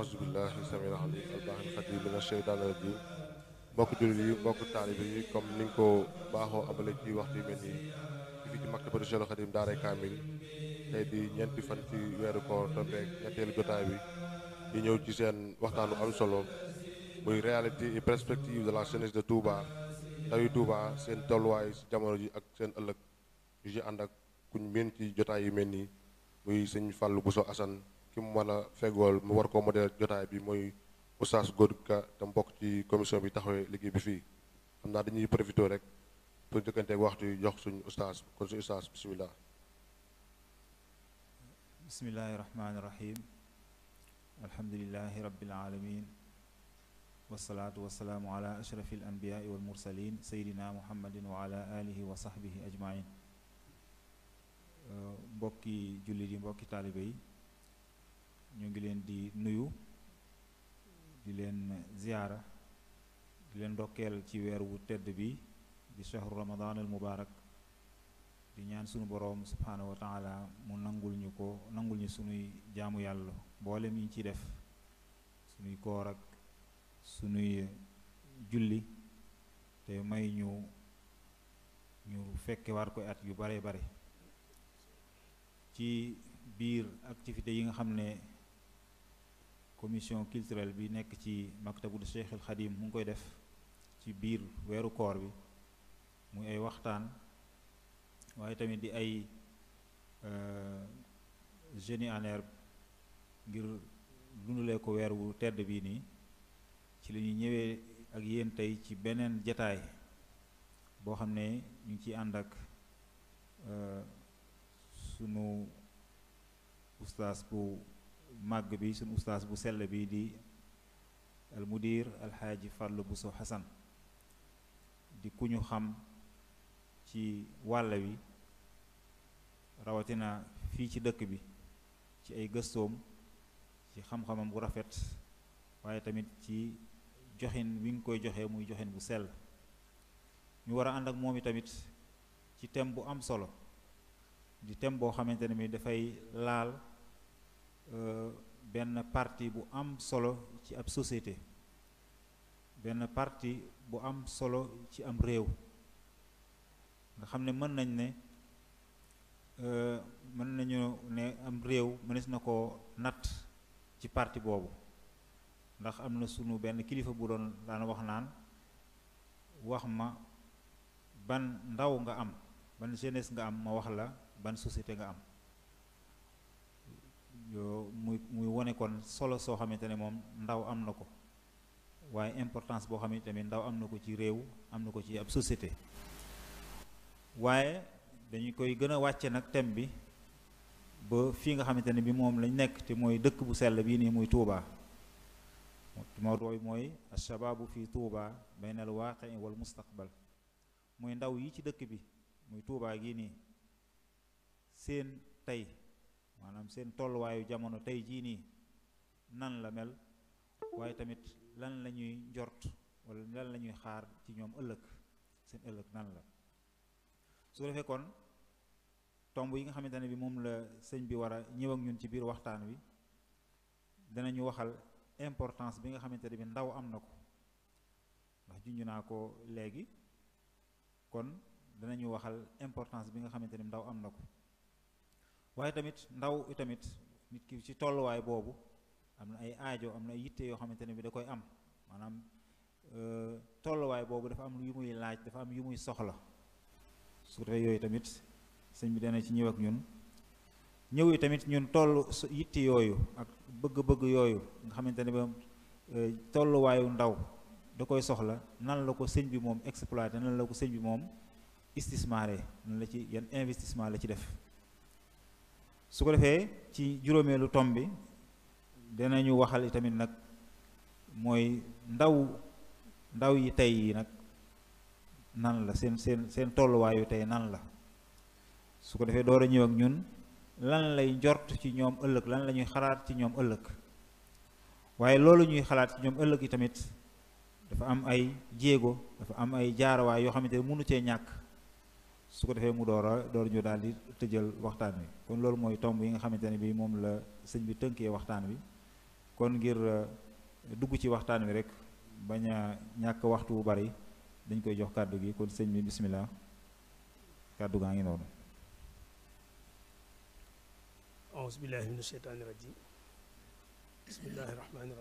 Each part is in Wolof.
ahousubillah samil alim albaaxil xadim mina sheytaan rajim mbokk jullit yi bokk taalibe yi comme ni ko baaxoo amale ci waxtu yu mel nii fii ci maktabatu Cheikhoul Khadim daaray kaamil tey di ñeenti fan ci weeru koor tombeek ñetteelu jotaay bi di ñëw ci seen waxtaanu am solo muy réalité et perspective de la jeunesse de Touba tawi Touba seen tolluwaay jamono ji ak seen ëllëg ñu ci ànd ak kuñ mën ci jotaay yu mel nii muy sëñ Fallou Bousso Assane ki mu fegool mu war ko modèle jotaay bi mooy Oustaz Góor Ka te mbokk ci commission bi taxawee liggéey bi fii xam naa dañuy profité rek pour jëkkanteeg waxtu yi jox suñu Oustaz kon suñu Oustaz bisimilah. bismillahi rahmaani rahim alhamdulilahi rabbil alamin wasalaatu wasalaamu ala ashrafi al anbiyaai wal mursalin seydina muhammadin wa ala alihi wa sahbihi ajmain mbokki jullit yi mbokki taalibe yi ñu ngi leen di nuyu di leen ziyaara di leen ndokkeel ci weer wu tedd bi di shahru ramadan al mubarak di ñaan sunu boroom subhaanahu wa mu nangul ñu ko nangul ñu sunuy jaamu yàlla mboolem yi ñu ci def sunuy koor ak sunuy julli te may ñu ñu fekke war koy at yu bare bare ci biir activité yi nga xam ne commission culturelle bi nekk ci maktabul Cheikh al Xadim mu ngi koy def ci biir weeru koor bi muy ay waxtaan waaye tamit di ay génie euh, en herbe ngir dundalee ko weer wu tedd bii nii ci li ñëwee ak yéen tey ci beneen jataay boo xam ne ñu ngi ciy ànd ak euh, sunu ustaas bu màgg bi suñu ustaas bu sell bi di al mudir alxaaji Fàllu Buso Xasan di ku ñu xam ci wàll wi rawatina fii ci dëkk bi ci ay gëstoom ci xam-xamam bu rafet waaye tamit ci joxin wi nga koy joxe muy joxin bu sell ñu war ànd ak moom i tamit ci thème bu am solo di thème boo xamante ne mi dafay laal Euh, benn partie bu am solo ci ab société benn parti bu am solo ci am réew nga xam ne mën nañ ne euh, mën nañu ne am réew mënees na ko natt ci parti boobu ndax am na sunu benn kilifa bu doon daan wax naan wax ma ban ndaw nga am ban jeunesse nga am ma wax la ban société nga am yoo muy muy wone kon solo soo xamante ne moom ndaw am na ko waaye importance boo xam ne ndaw am na ko ci réew am na ko ci ab société waaye dañu koy gën a wàcce nag thème bi ba fii nga xamante ne bi moom lañ nekk te mooy dëkk bu sell bii nii muy Touba mawduu mooy ashabaabu fi Touba bayna al waaqi wal mustaqbal muy ndaw yi ci dëkk bi muy Touba gii nii seen tey maanaam seen tolluwaayu jamono tey jii nii nan la mel waaye tamit lan lañuy ñuy njort wala lan la ñuy xaar ci ñoom ëllëg seen ëllëg nan la su defee kon tomb yi nga xamante ne bi moom la sëñ bi war a ñëw ak ñun ci biir waxtaan wi danañu waxal importance bi nga xamante ne bi ndaw am na ko ndax junj naa ko léegi kon danañu waxal importance bi nga xamante ne bi ndaw am na ko waaye tamit ndaw tamit nit ki ci tolluwaay boobu am na ay aajo am na ay yitte yoo xamante ne bi da koy am maanaam euh, tolluwaay boobu dafa am yu muy laaj dafa am yu muy soxla su defee yooyu tamit sëñ bi na ci ñëw ak ñun ñëw yi tamit ñun toll yitti yooyu ak bëgg-bëgg yooyu nga xamante ne bi euh, tolluwaayu ndaw da koy soxla nan la ko sëñ bi moom exploité nan la ko sëñ bi moom istismaare nan la ci yan investissement la ci def su ko defee ci juróomeelu tom bi dina ñu waxal itamit nag mooy ndaw ndaw yi tey yi nag nan la seen seen seen tolluwaayu tey nan la su ko defee door a ñëw ak ñun lan lay njort ci ñoom ëllëg lan lañuy ñuy xalaat ci ñoom ëllëg waaye loolu ñuy xalaat ci ñoom ëllëg yi tamit dafa am ay jéego dafa am ay jaarawaay yoo xamante ne mënu cee ñàkk su ko defee mu door a door ñu daal di tëjal waxtaan wi kon loolu mooy tomb yi nga xamante ne bi moom la sëñ bi tënkee waxtaan wi kon ngir uh, dugg ci waxtaan wi rek bañ ñàkk waxtu bu bari dañ koy jox kàddu gi kon sëñ bi bisimilah kàddu gaa ngi noonu aousubillahi min asheytaani rajim bismillahi rahmaani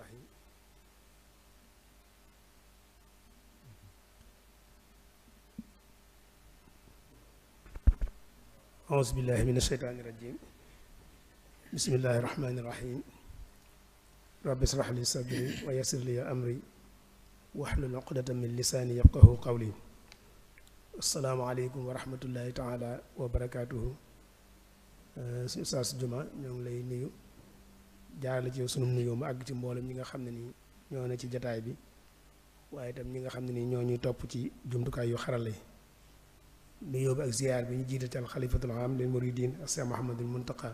aus billahi min asheytaani rajim bismillahi rahmaani rahim rabbi israh li sadri wa yassir li amri wahlul uqdatan min lisaani yafqahu qawli asalaamaaleykum wa rahmatullahi taala wa barakaatuhu eh, suñu saas juma ñoo ngi lay nuyu jaarale ci ci mboolem ñi nga xam ne nii ñoo ne ci jataay bi waaye itam ñi nga xam ne nii ñoo ñuy topp ci jumtukaay yu xarale yi nuyoo bi ak ziar bi ñu jiitatal xalifatul am lil muridin ak Cheikh Mouhamadul Muntaqa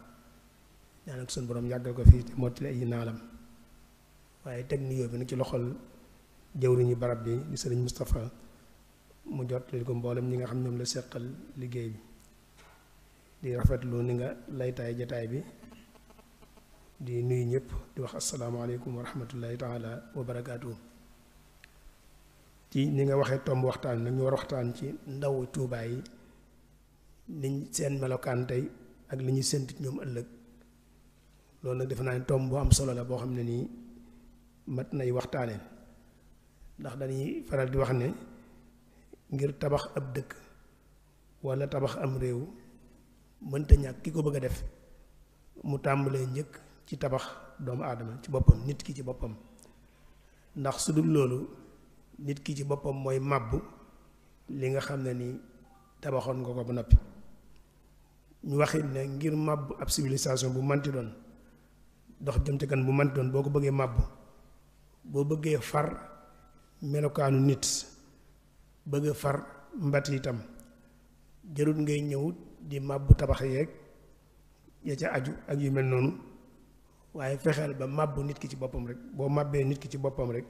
ñaan ak suñu borom yàggal ko fii te mottali ay naalam waaye teg nuyoo bi nag ci loxol jëwriñu barab bi di sëriñ Moustapha mu jot li ko mboolem ñi nga xam ñoom la seqal liggéey bi di rafetlu ni nga laytaay jataay bi di nuyu ñëpp di wax asalaamaaleykum wa rahmatullahi taala wa ci ni nga waxee tomb waxtaan nañu war waxtaan ci ndaw tuubaay yi liñ seen melokaan tey ak li ñu sént ñoom ëllëg loolu nag defe naa ne tomb bu am solo la boo xam ne nii mat nay waxtaanee ndax dañuy faral di wax ne ngir tabax ab dëkk walla tabax am réew mënta ñàkk ki ko bëgg a def mu tàmbalee njëkk ci tabax doomu aadama ci boppam nit ki ci boppam ndax su dul loolu nit ki ci boppam mooy màbb li nga xam ne ni tabaxoon nga ko ba noppi ñu waxit ne ngir màbb ab civilisation bu manti doon dox jëm ci kan bu manti doon boo ko bëggee màbb boo bëggee far melokaanu nit bëgg far mbat itam jarut ngay ñëw di màbbu tabax yeeg ya ca aju ak yu mel noonu waaye fexeel ba màbbu nit ki ci boppam rek boo màbbee nit ki ci boppam rek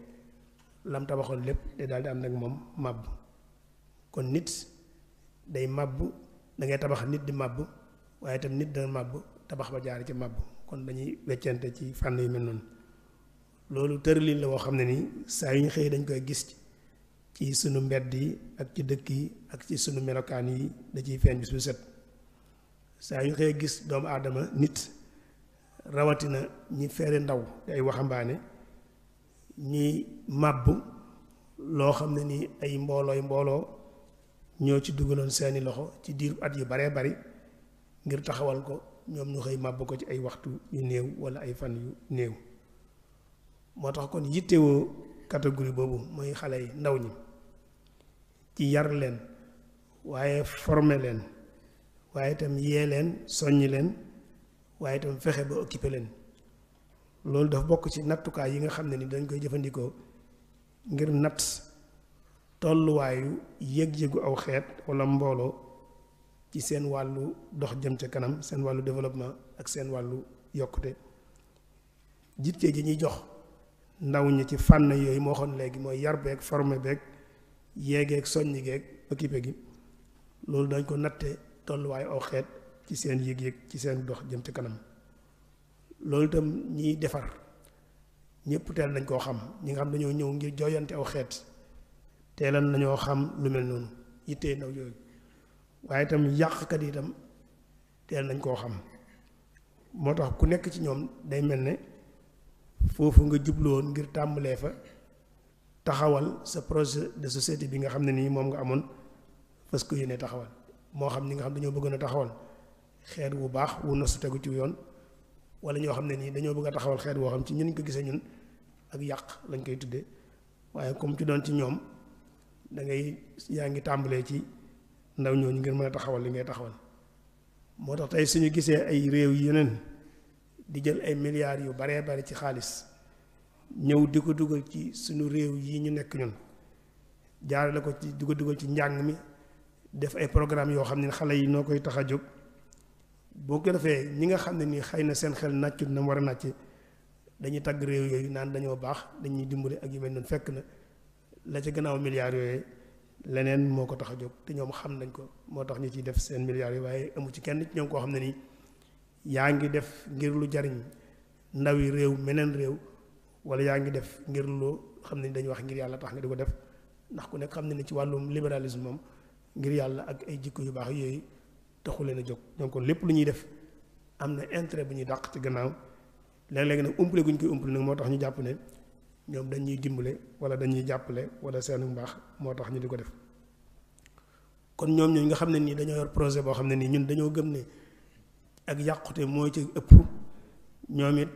lam tabaxoon lépp day daal di ànd ak moom màbb kon nit day màbb dangay tabax nit di màbb waaye tam nit dana màbb tabax ba jaar ci màbb kon dañuy weccante ci fànn yu mel noonu loolu tëralin la woo xam ne nii saa yu ñu xëyee dañ koy gis ci sunu mbedd yi ak ci dëkk yi ak ci sunu melokaan yi da ciy feeñ bis bu set saa yu ñu xëyee gis doomu aadama nit rawatina ñi feere ndaw ay waxambaane ñuy màbb loo xam ne ni ay mboolooy mbooloo ñoo ci dugaloon seeni loxo ci diir at yu baree bari ngir taxawal ko ñoom ñu xëy màbb ko ci ay waxtu yu néew wala ay fan yu néew moo tax kon yittewoo catégorie boobu mooy xale yi ndaw ñi ci yar leen waaye forme leen waaye itam yee leen soññ leen waaye tam fexe ba occuper leen loolu dafa bokk ci nattukaay yi nga xam ne ni dañ koy jëfandikoo ngir natt tolluwaayu yëg-yëgu aw xeet walla mbooloo ci seen wàllu dox jëm ca kanam seen wàllu développement ak seen wàllu yokkute jitte ji ñuy jox ndaw ñi ci fànn yooyu moo xoon léegi mooy yar beeg formé beeg yeegeeg soññi geeg occupé gi loolu dañ ko natte tolluwaayu aw xeet ci seen yëg-yëg ci seen dox jëm ca kanam loolu itam ñiy defar ñëpp teel nañ koo xam ñi nga xam dañoo ñëw ngir jooyante aw xeet teelan nañoo xam lu mel noonu yittee ndaw yooyu waaye itam yàqkat yi itam teel nañ koo xam moo tax ku nekk ci ñoom day mel ne foofu nga jubluwoon ngir tàmbalee fa taxawal sa projet de société bi nga xam ne nii moom nga amoon parce que yéene taxawal moo xam ñi nga xam dañoo bëggoon a taxawal xeet bu baax wu su tegu ci yoon wala ñoo xam ne nii dañoo bëgg a taxawal xeet woo xam ci ñun ñu ko gisee ñun ak yàq lañ koy tuddee waaye comme ci doon ci ñoom da ngay yaa ngi tàmbalee ci ndaw ñooñu ngir mën a taxawal li ngay taxawal moo tax tey suñu gisee ay réew yeneen di jël ay milliards yu baree bari ci xaalis ñëw di ko dugal ci suñu réew yi ñu nekk ñun jaarale ko ci di dugal ci njàng mi def ay programme yoo xam ne xale yi noo koy tax a jóg boo ko defee ñi nga xam ne nii xëy na seen xel nàccut na mu war a nàcce dañuy tagg réew yooyu naan dañoo baax dañuy dimbali ak yu mel noonu fekk na la ca gannaaw milliards yooyu leneen moo ko tax a jóg te ñoom xam nañ ko moo tax ñu ciy def seen milliards yi waaye amu ci kenn ñoom koo xam ne nii yaa ngi def ngir lu jariñ ndaw yi réew meneen réew wala yaa ngi def ngir loo xam ne dañu wax ngir yàlla tax nga di ko def ndax ku nekk xam ne ni ci wàllum libéralisme moom ngir yàlla ak ay jikko yu baax yooyu taxu leen a jóg ñoom kon lépp lu ñuy def am na intérêt bu ñuy dàq ci gannaaw léeg-léeg nag umpale guñ koy umpale nag moo tax ñu jàpp ne ñoom dañuy dimbale wala dañuy jàppale wala seenu mbaax moo tax ñu di ko def kon ñoom ñooñu nga xam ne nii dañoo yor projet boo xam ne nii ñun dañoo gëm ne ak yàqute mooy ci ëpp ñoom it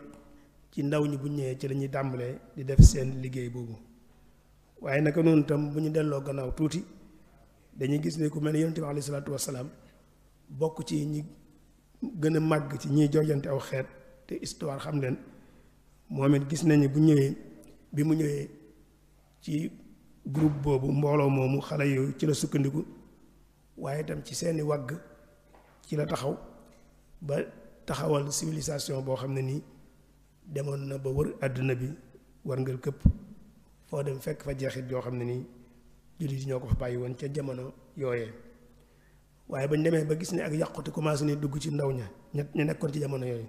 ci ndaw ñi bu ñëwee ci lañuy tàmbalee di def seen liggéey boobu waaye naka noonu tam bu ñu delloo gannaaw tuuti dañuy gis ne ku mel ne yonent bi wasalaam bokk ci ñi gën a màgg ci ñiy jojante aw xeet te histoire xam leen moom it gis nañu bu ñëwee bi mu ñëwee ci groupe boobu mbooloo moomu xale yooyu ci la sukkandiku waaye itam ci seeni wagg ci la taxaw ba taxawal civilisation boo xam ne nii demoon na ba wër àdduna bi war ngal këpp foo dem fekk fa jeexit yoo xam ne nii jullit ñoo ko fa bàyyi woon ca jamono yooyee waaye ba ñu demee ba gis ne ak yàquti commencé ne dugg ci ndaw ña ñu nekkoon ci jamono yooyu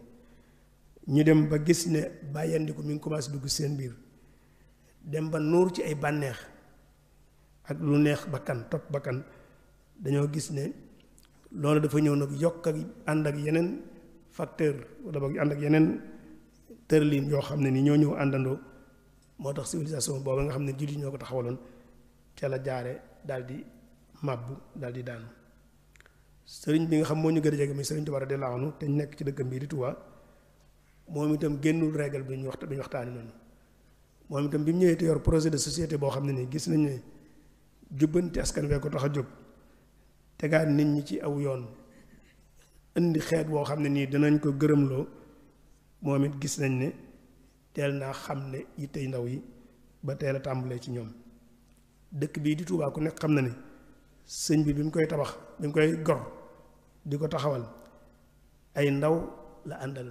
ñu dem ba gis ne bàyyandiku mi ngi commencé dugg seen biir dem ba nuur ci ay bànneex ak lu neex bakkan topp bakkan dañoo gis ne loolu dafa ñëw nag yokk ak ànd ak yeneen facteur wala boog ànd ak yeneen tërlin yoo xam ne ni ñoo ñëw àndandoo moo tax civilisation boobu nga xam ne jullit ñoo ko taxawaloon ca la jaare daal di màbbu daal di daanu sëriñ bi nga xam moo ñu gën a jege muy sëriñ Tuubaa radiyallaahu anhu te nekk ci dëkkam bii di Tuubaa moom itam génnul regal bi ñu waxta bi ñu waxtaani noonu moom itam bi mu ñëwee te yor projet de société boo xam ne nii gis nañu ne jubbanti askan wee ko tax a jóg tegaat nit ñi ci aw yoon indi xeet boo xam ne nii dinañ ko gërëmloo moom it gis nañ ne teel naa xam ne yittey ndaw yi ba teel a tàmbalee ci ñoom dëkk bii di Tuubaa ku nekk xam na ne sëñ bi bi mu koy tabax bi mu koy gor di ko taxawal ay ndaw la àndal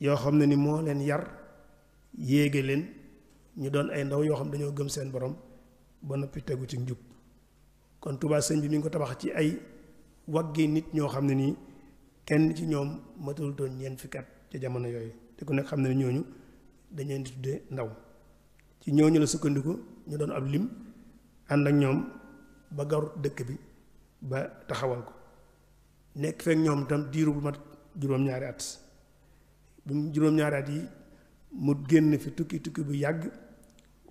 yoo xam ne ni moo leen yar yéege leen ñu doon ay ndaw yoo xam ne dañoo gëm seen borom ba noppi tegu ci njub kon Touba sëñ bi mi ko tabax ci ay waggi nit ñoo xam ne nii kenn ci ñoom matul doon ñeent fukki at ca jamono yooyu te ku nekk xam ne ñooñu dañu leen di tuddee ndaw ci ñooñu la sukkandiku ñu doon ab lim àndak ñoom ba garu dëkk bi ba taxawal ko nekk fekk ñoom itam diiru bu mat juróom-ñaari at bu mu juróom-ñaari at yi mu génn fi tukki tukki bu yàgg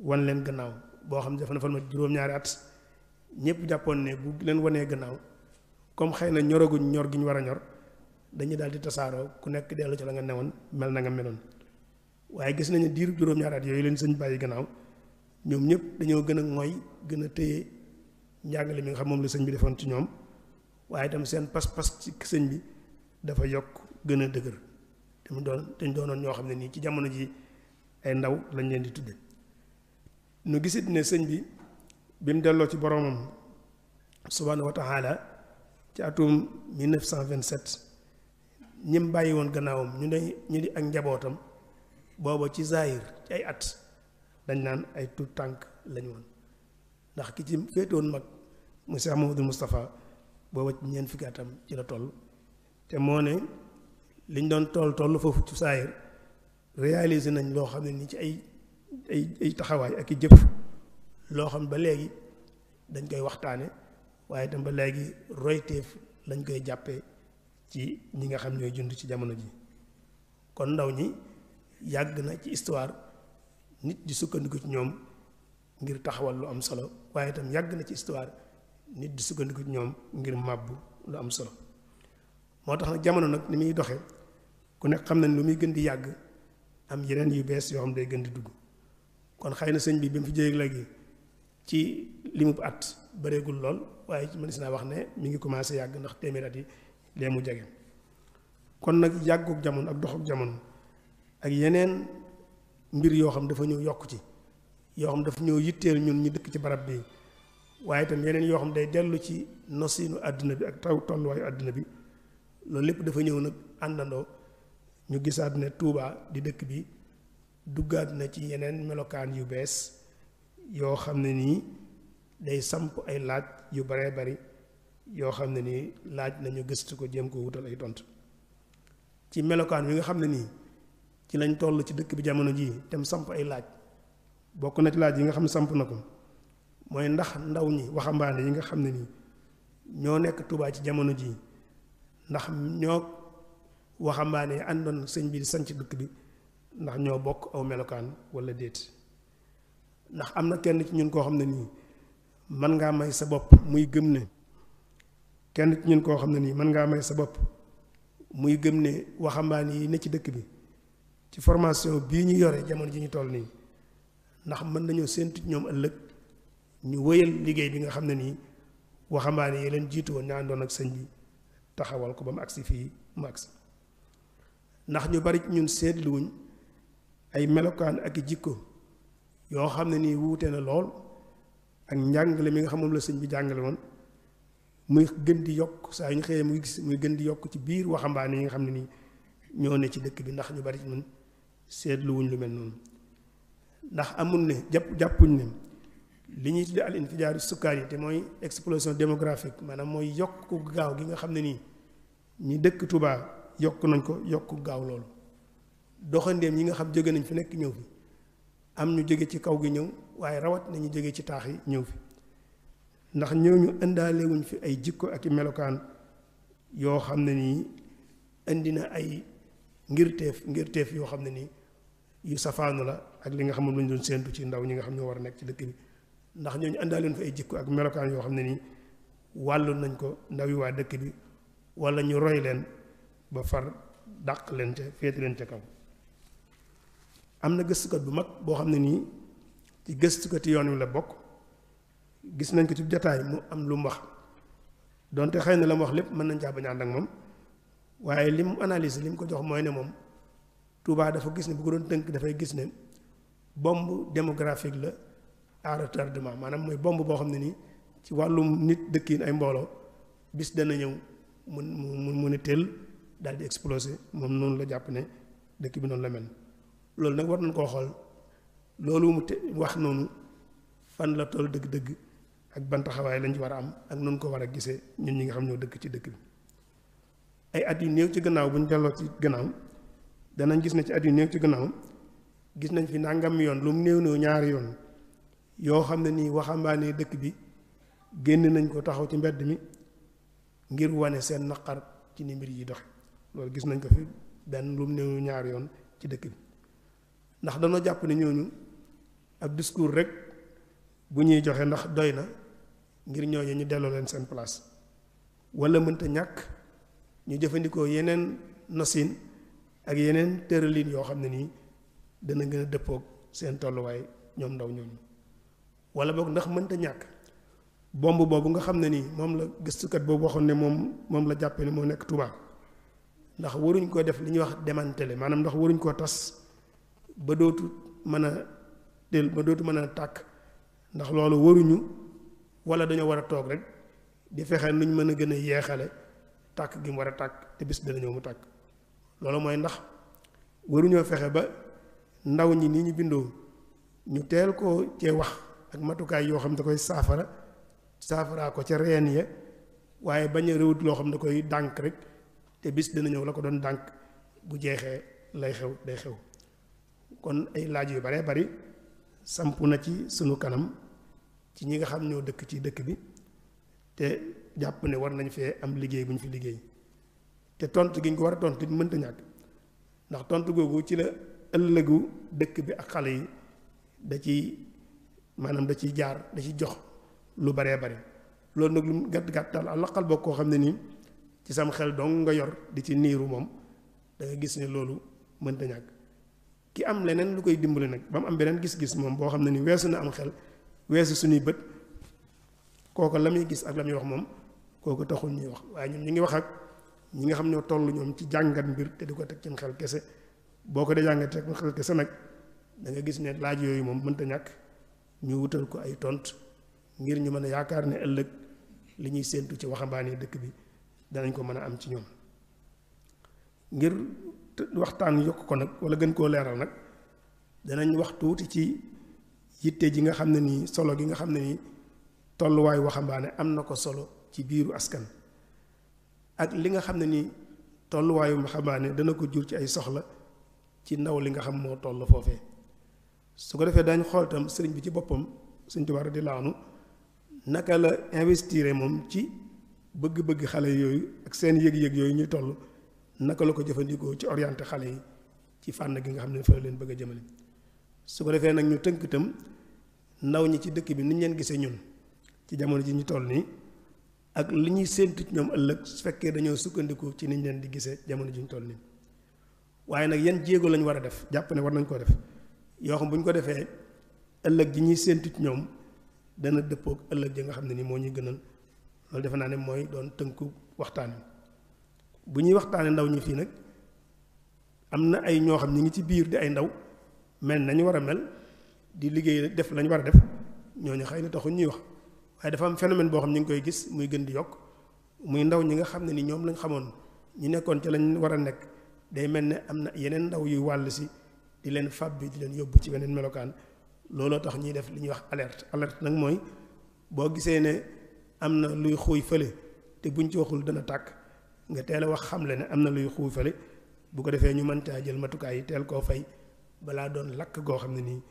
wan leen gannaaw boo xam ne dafa defal ma juróom-ñaari at ñëpp jàppoon ne bu leen wanee gannaaw comme xëy na ñoraguñ ñor gi ñu war a ñor dañuy daal di tasaaroo ku nekk dellu ci la nga newoon mel na nga meloon waaye gis nañu diiru juróom-ñaari at yooyu leen sëñ bàyyi gannaaw ñoom ñëpp dañoo gën a mooy gën a téye njàngale mi nga xam moom la sëñ bi defoon ci ñoom waaye itam seen pas-pas ci sëñ bi dafa yokk gën a dëgër te mu doon dañ doonoon ñoo xam ne nii ci jamono ji ay ndaw lañ leen di tudde nu gisit ne sëñ bi bi mu delloo ci boromam subhaanahu wa taala ci atum 1927 ñim bàyyi woon gannaawam ñu ne ñu di ak njabootam booba ci zahir ci ay at dañ naan ay tuut tànk lañ woon ndax ki ci féetoon mag mu Cheikh Mamadou Moustapha booba ñeent fukki atam ci la toll te moo ne liñ doon toll toll foofu ci saayir réalisé nañ loo xam ne ni ci ay ay taxawaay ak i jëf loo xam ba léegi dañ koy waxtaane waaye tam ba léegi royteef lañ koy jàppe ci ñi nga xam ñooy jund ci jamono ji kon ndaw ñi yàgg na ci histoire nit di sukkandiku ci ñoom ngir taxawal lu am solo waaye tam yàgg na ci histoire nit di sukkandiku ñoom ngir màbbu lu am solo moo tax nag jamono nag ni muy doxee ku nekk xam nañ lu muy gën di yàgg am yeneen yu bees yoo xam day gën di dugg kon xëy na sëñ bi bi mu léegi ci limu at bareegul lool waaye man si naa wax ne mi ngi commencé yàgg ndax téeméer at mu jege kon nag yàggug jamono ak doxug jamono ak yeneen mbir yoo xam dafa ñëw yokk ci yoo xam dafa ñëw yitteel ñun ñu dëkk ci barab bi waaye itam yeneen yoo xam day dellu ci nosinu àddina bi ak taw tolluwaayu àddina bi loolu lépp dafa ñëw nag àndandoo ñu gisaat ne tuubaa di dëkk bi duggaat na ci yeneen melokaan yu bees yoo xam ne nii day samp ay laaj yu baree bari yoo xam ne nii laaj nañu gëstu ko jéem ko wutal ay tontu ci melokaan bi nga xam ne nii ci lañ toll ci dëkk bi jamono jii dem samp ay laaj bokk na ci laaj yi nga xam ne samp na ko mooy ndax ndaw ñi waxambaane yi nga xam ne nii ñoo nekk Touba ci jamono jii ndax ñoo waxambaane yi àndoon sëñ bi di sanc dëkk bi ndax ñoo bokk aw melokaan wala déet ndax am na kenn ci ñun koo xam ne nii mën ngaa may sa bopp muy gëm ne kenn ñun koo xam ne nii mën ngaa may sa bopp muy gëm ne waxambaane yi ne ci dëkk bi ci formation bii ñu yore jamono ji ñu toll nii ndax mën nañoo séentu ñoom ëllëg. ñu wëyal liggéey bi nga xam ne nii waxambaane yi leen jiitoo woon ak sëñ bi taxawal ko ba mu agsi fii mu agsi ndax ñu bari ñun seetluwuñ ay melokaan ak i jikko yoo xam ne nii wuute na lool ak njàngale mi nga xam moom la sëñ bi jàngale woon muy gën di yokk saa yu xëyee muy gis muy gën di yokk ci biir waxambaane yi nga xam ne nii ñoo ne ci dëkk bi ndax ñu bari ñun seetluwuñ lu mel noonu ndax amul ne jàpp jàppuñ ne li ñuy tudde al infijaaru sukkaar yi te mooy explosion démographique maanaam mooy yokk gaaw gi nga xam ne nii ñi dëkk tubaa yokk nañ ko yokk gaaw loolu doxandeem ñi nga xam jóge nañ fi nekk ñëw fi am ñu jóge ci kaw gi ñëw waaye rawat nañu jóge ci taax yi ñëw fi ndax ñooñu indaalewuñ fi ay jikko ak i melokaan yoo xam ne nii indi na ay ngirteef ngirteef yoo xam ne nii yu safaanu la ak li nga xam ne lañ doon séentu ci ndaw ñi nga xam ñoo war a nekk ci dëkk bi ndax ñooñu àndaale fa ay jikko ak melokaan yoo xam ne nii wàllu nañ ko ndaw yi waa dëkk bi wala ñu roy leen ba far dàq leen ca féete leen ca kaw. am na gëstukat bu mag boo xam ne nii ci gëstukati yoon wi la bokk gis nañ ko ci jataay mu am lu mu wax donte xëy na la mu wax lépp mën nañ caa bañaan ànd moom waaye li mu analyse li ko jox mooy ne moom Touba dafa gis ne bu ko doon tënk dafay gis ne bombe démographique la. à maanaam mooy bomb boo xam ne nii ci wàllum nit dëkkin ay mbooloo bis dana ñëw mu mu mu ne teel daal di exploser moom noonu la jàpp ne dëkk bi noonu la loolu nag war nañ koo xool loolu mu wax noonu fan la toll dëgg-dëgg ak ban taxawaay lañ ci war a am ak noonu ko war a gisee ñun ñi nga xam ñoo dëkk ci dëkk bi ay at yu néew ci gannaaw bu ñu delloo ci gannaaw danañ gis na ci at yu néew ci gannaaw gis nañ fi nangam yoon lu mu néew néew ñaari yoon. yoo xam ne nii waxambaane dëkk bi génn nañ ko taxaw ci mbedd mi ngir wane seen naqar ci ni mbir yi doxe loolu gis nañ ko fi benn lu mu néew ñaar yoon ci dëkk bi ndax dañoo jàpp ne ñooñu ab discours rek bu ñuy joxe ndax doy na ngir ñooñu ñu delloo leen seen place walla mënta ñàkk ñu jëfandikoo yeneen nosin ak yeneen tëralin yoo xam ne nii dana gën a dëppoog seen tolluwaay ñoom ndaw ñooñu wala boog ndax mënta ñàkk bomb boobu nga xam ne nii moom la gëstukat boobu waxoon ne moom moom la jàppe ne moo nekk Touba ndax waruñ koo def li ñuy wax démantelé maanaam ndax waruñ koo tas ba dootu mën a ba dootu mën a tàkk ndax loolu waruñu wala dañoo war a toog rek di fexe nuñ mën a gën a yeexale tàkk gi war a tàkk te bis mu tàkk mooy ndax waruñoo fexe ba ndaw ñi ni ñu bindoo ñu teel koo cee wax ak matukaay yoo xam da koy saafara saafaraa ko ca reen ya waaye bañ a réwut loo xam da koy dànk rek te bis dina ñëw la ko doon dànk bu jeexee lay xew day xew kon ay laaj yu bare bari samp na ci sunu kanam ci ñi nga xam ñoo dëkk ci dëkk bi te jàpp ne war nañ fee am liggéey bu ñu fi liggéey te tontu gi ñu ko war a tont it mënta ñàkk ndax tontu googu ci la ëllëgu dëkk bi ak xale yi da ciy maanaam da ciy jaar da ciy jox lu baree bari loolu nag lu gàtt gàtt daal alaqal bokk koo xam ne nii ci sam xel dong nga yor di ci niiru moom da gis ne loolu mënta ñàkk ki am leneen lu koy dimbali nag ba mu am beneen gis-gis moom boo xam ne ni weesu na am xel weesu suñuy bët kooku la muy gis ak la muy wax moom kooku taxul ñuy wax waaye ñoom ñu ngi wax ak ñi nga xam ñoo toll ñoom ci jàngat mbir te di ko teg ci xel kese boo ko dee jàngat teg xel nag da gis ne laaj yooyu moom mënta ñàkk. ñu wutal ko ay tont ngir ñu mën a yaakaar ne ëllëg li ñuy séentu ci waxambaane dëkk bi danañ ko mën a am ci ñoom ngir waxtaan yokk ko nag wala gën koo leeral nag danañ wax tuuti ci yitte ji nga xam ne nii solo gi nga xam ne nii tolluwaayu waxambaane am na ko solo ci biiru askan ak li nga xam ne nii tolluwaayu waxambaane dana ko jur ci ay soxla ci ndaw li nga xam moo toll foofe su ko defee daañu xool itam sëriñ bi ci boppam sëriñ Tuubaa radiyallaahu anhu naka la investir moom ci bëgg-bëgg xale yooyu ak seen yëg-yëg yooyu ñuy toll naka la ko jëfandikoo ci orienté xale yi ci fànn gi nga xam ne fa leen bëgg a jëmale su ko defee nag ñu tënk itam ndaw ñi ci dëkk bi niñ leen gisee ñun ci jamono ji ñu toll nii ak li ñuy séentu ñoom ëllëg su fekkee dañoo sukkandiku ci niñ leen di gisee jamono ji ñu toll nii waaye nag yan jéego lañ war a def jàpp ne war nañ koo def. yoo xam bu ñu ko defee ëllëg ji ñuy séentu ñoom dana dëppoog ëllëg ji nga xam ne ni moo ñuy gënal loolu defe naa ne mooy doon tënku waxtaan bu ñuy waxtaanee ndaw ñu fii nag am na ay ñoo xam ngi ci biir ay ndaw mel nañu war a mel di liggéey def lañu war a def ñooñu xëy na taxul ñuy wax waaye dafa am phénomène boo xam ñu ngi koy gis muy gën di yokk muy ndaw ñi nga xam ne ni ñoom lañ xamoon ñu nekkoon ci lañ war a nekk day mel ne am na yeneen ndaw yuy wàll si di leen fàbbi di leen yóbbu ci beneen melokaan looloo tax ñuy def li ñuy wax alerte alerte nag mooy boo gisee ne am na luy xuuy fële te buñ ci waxul dana tàkk nga teel a wax xamle ne am na luy xuuy bu ko defee ñu mën caa jël matukaay yi teel koo fay balaa doon lakk goo xam ne nii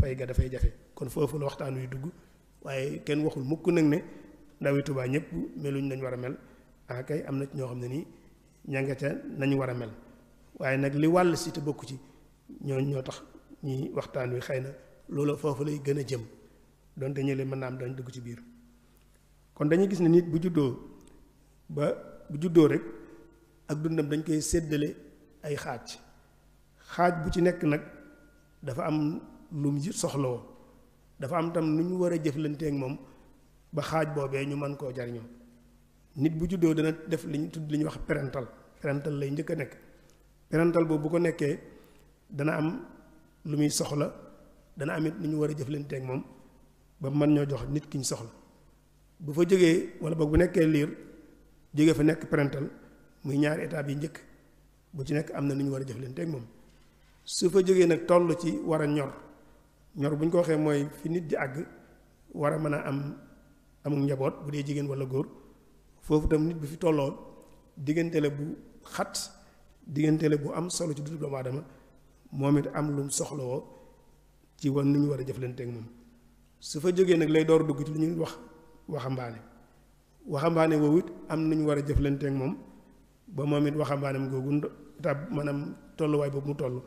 fay ga dafay jafe kon foofu la waxtaan wi dugg waaye kenn waxul mukk nag ne ndawi tubaa ñëpp meluñ nañ war a mel akay ah, am na ñoo xam ne nii ña nga ca nañ war a mel waaye nag li wàll si te bokku ci ñooñu ñoo tax ñi waxtaan wi xëy na loolu foofu lay gën a jëm donte ñële mën naa am dañ dugg ci biir kon dañuy gis ne nit bu juddoo ba bu juddoo rek ak dundam dañ koy séddale ay xaaj xaaj bu ci nekk nag dafa am lu mu soxlawoo dafa am tam lu ñu war a jëflanteek moom ba xaaj boobee ñu mën koo jariñoo nit bu juddoo dana def li ñu tudd li ñuy wax parental parental lay njëkk a nekk parental boobu bu ko nekkee dana am lu muy soxla dana am it nu ñu war a jëf jëflanteeg moom ba mu man ñoo jox nit ki ñu soxla bu fa jógee wala ba bu nekkee liir jógee fa nekk parental muy ñaari étape yi njëkk bu ci nekk am na nu ñu war a jëflanteeg moom su fa jógee nag toll ci war a ñor ñor bu ñu ko waxee mooy fi nit di àgg war a mën a am amul njaboot bu dee jigéen wala góor foofu tam nit bi fi tolloo diggante bu xat diggante bu am solo ci dundu doomu aadama moom it am lu mu soxlawoo ci wan nu ñu war a jëflante moom su fa jógee nag lay door dugg ci lu ñuy wax waxambaane waxambaane woowu am nu ñu war a jëflante moom ba moom it waxambaaneem googu maanaam tolluwaay boobu mu toll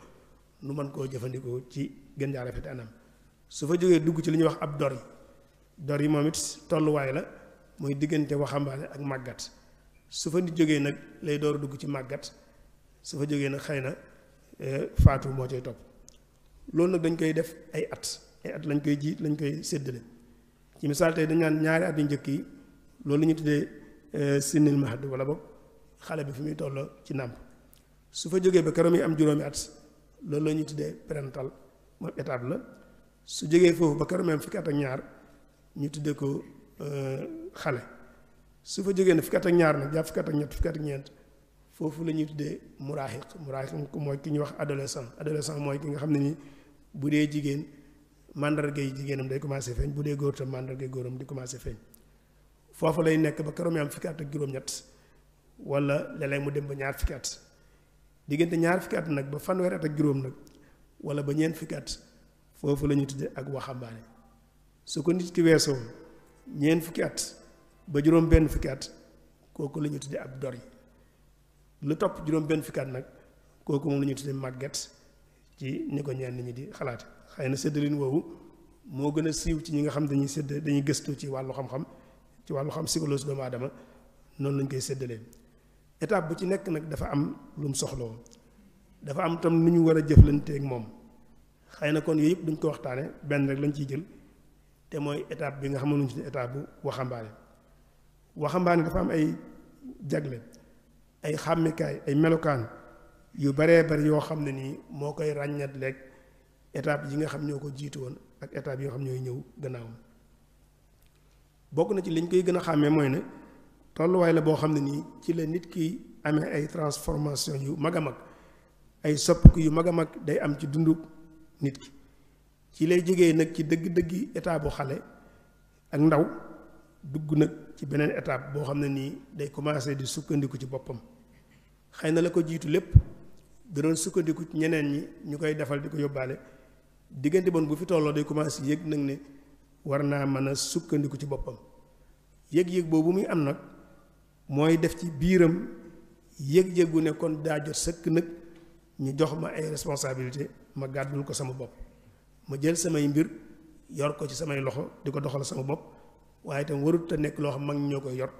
nu mën koo jëfandikoo ci gën jaa su fa jógee dugg ci li ñuy wax ab dor dor yi moom it tolluwaay la mooy diggante waxambaane ak màggat su fa nit jógee nag lay door dugg ci màggat su fa jógee nag xëy na faatu moo cay topp loolu nag dañ koy def ay at ay at lañ koy ji lañ koy séddale ci misaal tey dañ naan ñaari at yu njëkk yi loolu la ñu tuddee euh, sinnil mahad wala boog xale bi fi muy toll ci nàmp su fa jógee ba keroog mi am juróomi at loolu la ñuy tuddee parental moom la su jógee foofu ba keroog mi am ak ñaar ñu tuddee ko euh, xale su fa jógee ne fukki at ak ñaar nag jàpp fukki at ak ñett fukki at ak ñeent. foofu la ñuy tuddee muraaxiq muraaxiq mooy ki ñuy wax adolescent adolescent mooy ki nga xam ne ni bu dee jigéen mandarga yi jigéenam day commencé feeñ bu dee góor tam mandarga góoram di commencé feeñ foofu lay nekk ba keroog mi fukki at ak wala léeg mu dem ba ñaar fukki at diggante ñaar fukki nag ba fanweeri at ak wala ba ñeent fukki at foofu la ñuy tuddee ak waxambaane su ko nit ki weesoo ñeent fukki at ba juróom benn fukki at kooku la ñuy tuddee ab dor yi lu topp juróom benn fukki nag kooku moom la ñuy tuddee màgget ci ñu ko ñenn ñu di xalaat xëy na séddalin woowu moo gën a siiw ci ñi nga xam dañuy sédd dañuy gëstu ci wàllu xam-xam ci wàllu xam psychologie doomu aadama noonu lañ koy séddalee étape bu ci nekk nag dafa am lu mu dafa am tam nu ñu war a jëflanteeg moom xëy na kon yooyu yëpp duñ ko waxtaane benn rek lañ ciy jël te mooy étape bi nga xam ne ñu ci étape bu waxambaane waxambaane dafa am ay jagle. ay xàmmikaay ay melokaan yu baree bari yoo xam ne nii moo koy ràññat lekk étape yi nga xam ñoo ko jiitu woon ak étape yoo xam ñooy ñëw gannaawam bokk na ci liñ koy gën a xàmmee mooy ne tolluwaay la boo xam ne nii ci la nit ki amee ay transformation yu mag a mag ay soppiku yu mag a mag day am ci dundu nit ki ci lay jógee nag ci dëgg-dëggi étape bu xale ak ndaw dugg nag ci beneen étape boo xam ne nii day commencer di sukkandiku ci boppam xëy na la ko jiitu lépp da doon sukkandiku ñeneen ñi ñu koy defal di ko yóbbaale diggante bon bu fi tolloo day commencé yëg nag ne war naa mën a sukkandiku ci boppam yëg-yëg boobu muy am nag mooy def ci biiram yëg-yëg gu ne kon daa jot sëkk nag ñu jox ma ay responsabilité ma gàddul ko sama bopp ma jël samay mbir yor ko ci samay loxo di ko doxal sama bopp waaye tam warut a nekk loo xam mag ñoo koy yor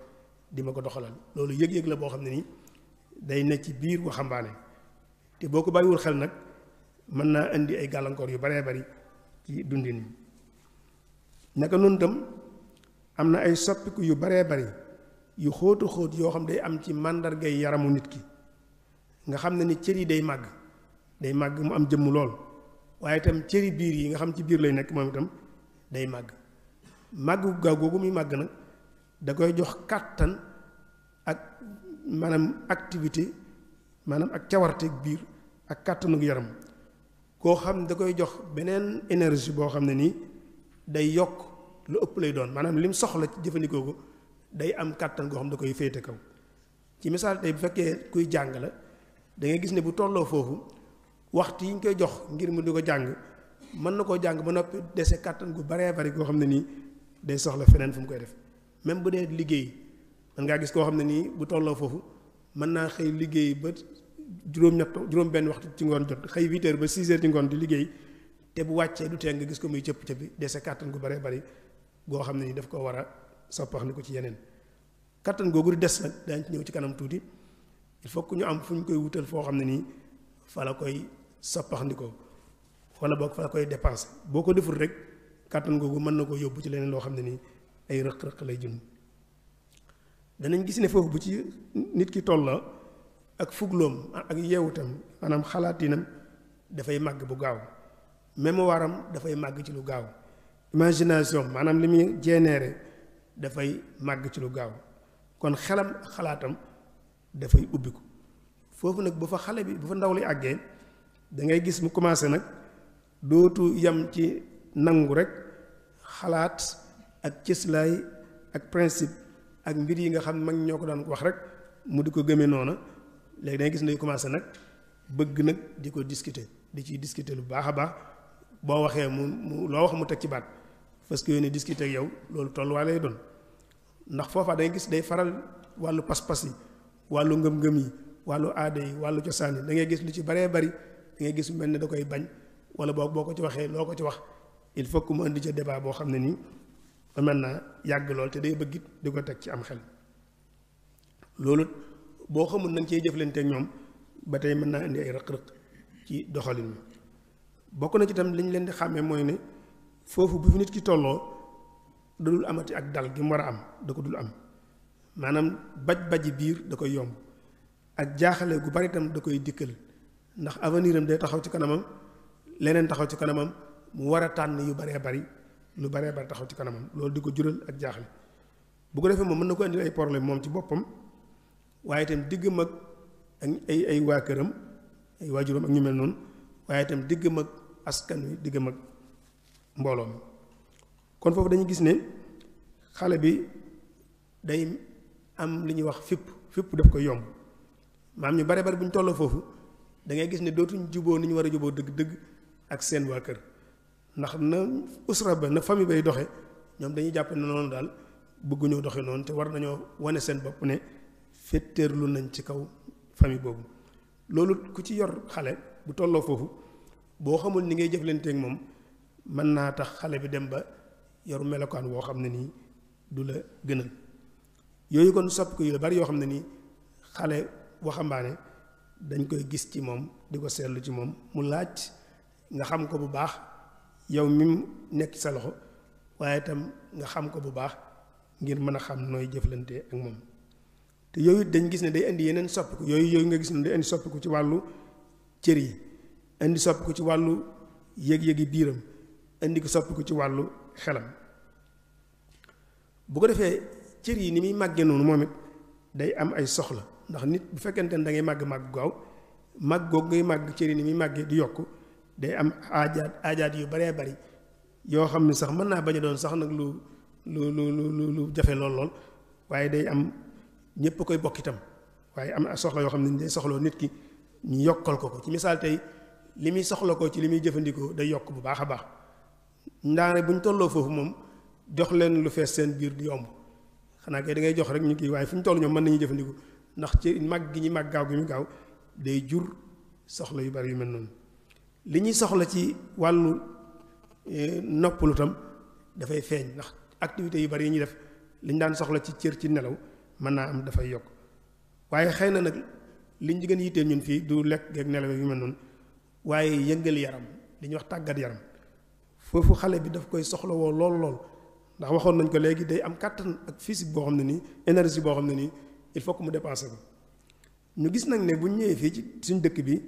di ma ko doxalal loolu yëg-yëg la boo xam ne day nekk ci biir waxambaane te boo ko bariwul xel nag mën naa indi ay gàllankoor yu baree bari ci dundin yi naka noonu tam am na ay soppiku yu baree bari yu xóotu xóot yoo xam day am ci màndargay yaramu nit ki nga xam ne ni cër yi day màgg day màgg mu am jëmm lool waaye itam cëri biir yi nga xam ci biir lay nekk moom itam day màgg màgg gaaw googu muy màgg nag da koy jox kàttan ak maanaam activité maanaam ak cawarteeg biir ak kàttanu yaram koo xam ne da koy jox beneen énergie boo xam ne nii day yokk lu ëpp lay doon maanaam lim soxla ci jëfandikoo ko day am kàttan goo xam ne da koy féete kaw ci misaal tey bu fekkee kuy jàng la da ngay gis ne bu tolloo foofu waxtu yi ñu koy jox ngir mu di ko jàng mën na koo jàng ba noppi dese kàttan gu baree bari goo xam ne nii day soxla feneen fu mu koy def même bu dee liggéey man ngaa gis koo xam ne nii bu tolloo foofu mën naa xëy liggéey ba juróom-ñett juróom-benn waxtu ci ngoon jot xëy 8 heures ba 6 ci ngoon di liggéey te bu wàccee du tee nga gis ko muy cëpp cëppi dese kàttan gu bare bari goo xam ne nii daf ko war a soppax ni ko ci yeneen kàttan googu di des nag daañ ci ñëw ci kanam tuuti il faut ñu am fu ñu koy wutal foo xam ne nii fa la koy soppaxndikoo wala boog fa la koy dépensé boo ko deful rek kàttan googu mën na ko yóbbu ci leneen loo xam ne nii ay rëq-rëq lay junn danañ gis ne foofu bu ci nit ki tolloo ak fugloom ak yeewutam maanaam xalaat yi xalaatinam dafay màgg bu gaaw mémoire am dafay màgg ci lu gaaw imagination maanaam li muy généré dafay màgg ci lu gaaw kon xelam xalaatam dafay ubbiku foofu nag bu fa xale bi bu fa ndaw li àggee da ngay gis mu commencé nag dootu yam ci nangu rek xalaat ak cëslaay ak principe ak mbir yi nga xam mag ñoo ko daan wax rek mu di ko gëmee noonu léegi dangay gis ne commencé nag bëgg nag di ko discuter di ci discuter lu baax a baax boo waxee mu mu loo wax mu teg ci baat parce que yéen discuter yow loolu tolluwaay lay doon ndax foofa dangay gis day faral wàllu pas-pas yi wàllu ngëm-ngëm yi wàllu aada yi wàllu cosaan yi da ngay gis lu ci baree bari da ngay gis mel ne da koy bañ wala boo boo ko ci waxee loo ko ci wax il faut que mu indi ca débat boo xam ne nii. ba mën naa yàgg lool te day it di ko teg ci am xel loolu boo xamul nañ cey jëflante ak ñoom ba tey mën naa indi ay rëq-rëq ci doxalin mi bokk na ci tam liñ leen di xàmmee mooy ne foofu bu fi nit ki tolloo da dul amati ak dal gi mu war a am da ko dul am maanaam baj yi biir da koy yomb ak jaaxale gu bari tam da koy dikkal ndax avenir am day taxaw ci kanamam leneen taxaw ci kanamam mu war a tànn yu baree bari lu baree bari taxaw ci kanamam loolu di ko jural ak jaaxle bu ko defee moom mën na ko indil ay problème moom ci boppam waaye itam diggam ak ay ay waa këram ay waajuram ak ñu mel noonu waaye itam diggam ak askan wi diggam ak mbooloo mi kon foofu dañu gis ne xale bi day am li ñuy wax fipp fipp daf koy yomb maam ñu bare bari bu ñu tolloo foofu dangay gis ne dootuñ juboo ni ñu war a juboo dëgg-dëgg ak seen waa kër ndax na usra ba na famille bay doxe ñoom dañuy jàpp ne noonu daal bëgguñoo doxe noonu te war nañoo wane seen bopp ne féttéerlu nañ ci kaw famille boobu loolu ku ci yor xale bu tolloo foofu boo xamul ni ngay jëflanteeg moom mën naa tax xale bi dem ba yoru melokaan woo xam ne nii du la gënal yooyu kon sopp ko yu la bari yoo xam ne nii xale waxambaane dañ koy gis ci moom di ko seetlu ci moom mu laaj nga xam ko bu baax yow mi mu nekk ci sa loxo waaye itam nga xam ko bu baax ngir mën a xam nooy jëflante ak moom te yow it dañ gis ne day indi yeneen soppiku yooyu yooyu nga gis ne day indi soppiku ci wàllu cër yi indi ko ci wàllu yëg-yëgi biiram indi ko ko ci wàllu xelam bu ko defee cër yi ni muy màggee noonu moom it day am ay soxla ndax nit bu fekkente ne da màgg màgg gaaw màgg ngay màgg cër yi ni muy màggee di yokk day am aajaat aajaat yu baree bari yoo xam ne sax mën naa bañ a doon sax nag lu lu lu lu jafe lool lool waaye day am ñëpp koy bokk itam waaye am soxla yoo xam ne day soxla nit ki ñu yokkal ko ko ci misaal tey li muy soxla ko ci li muy jëfandikoo day yokk bu baax a baax ndaare bu ñu tolloo foofu moom jox leen lu fees seen biir di yomb xanaa kay da ngay jox rek ñu kii waaye fu ñu toll ñoom mën nañu jëfandikoo ndax ci mag gi ñu mag gaaw gi mu gaaw day jur soxla yu bari yu mel noonu. li ñuy soxla ci wàllu eh, noppalu tam dafay feeñ ndax activités yu bari yi ñuy def li ñu daan soxla ci cër ci nelaw mën naa am dafay yokk waaye xëy na nag liñ ci gën a yitteel ñun fii du lekk geeg nelaw yu mel noonu waaye yëngal yaram li ñuy wax tàggat yaram foofu xale bi daf koy soxla woo lool lool ndax waxoon nañ ko léegi day am kàttan ak physique boo xam ne nii énergie boo xam ne nii il faut que mu dépenser ko ñu gis nag ne bu ñëwee fii ci suñ dëkk bi.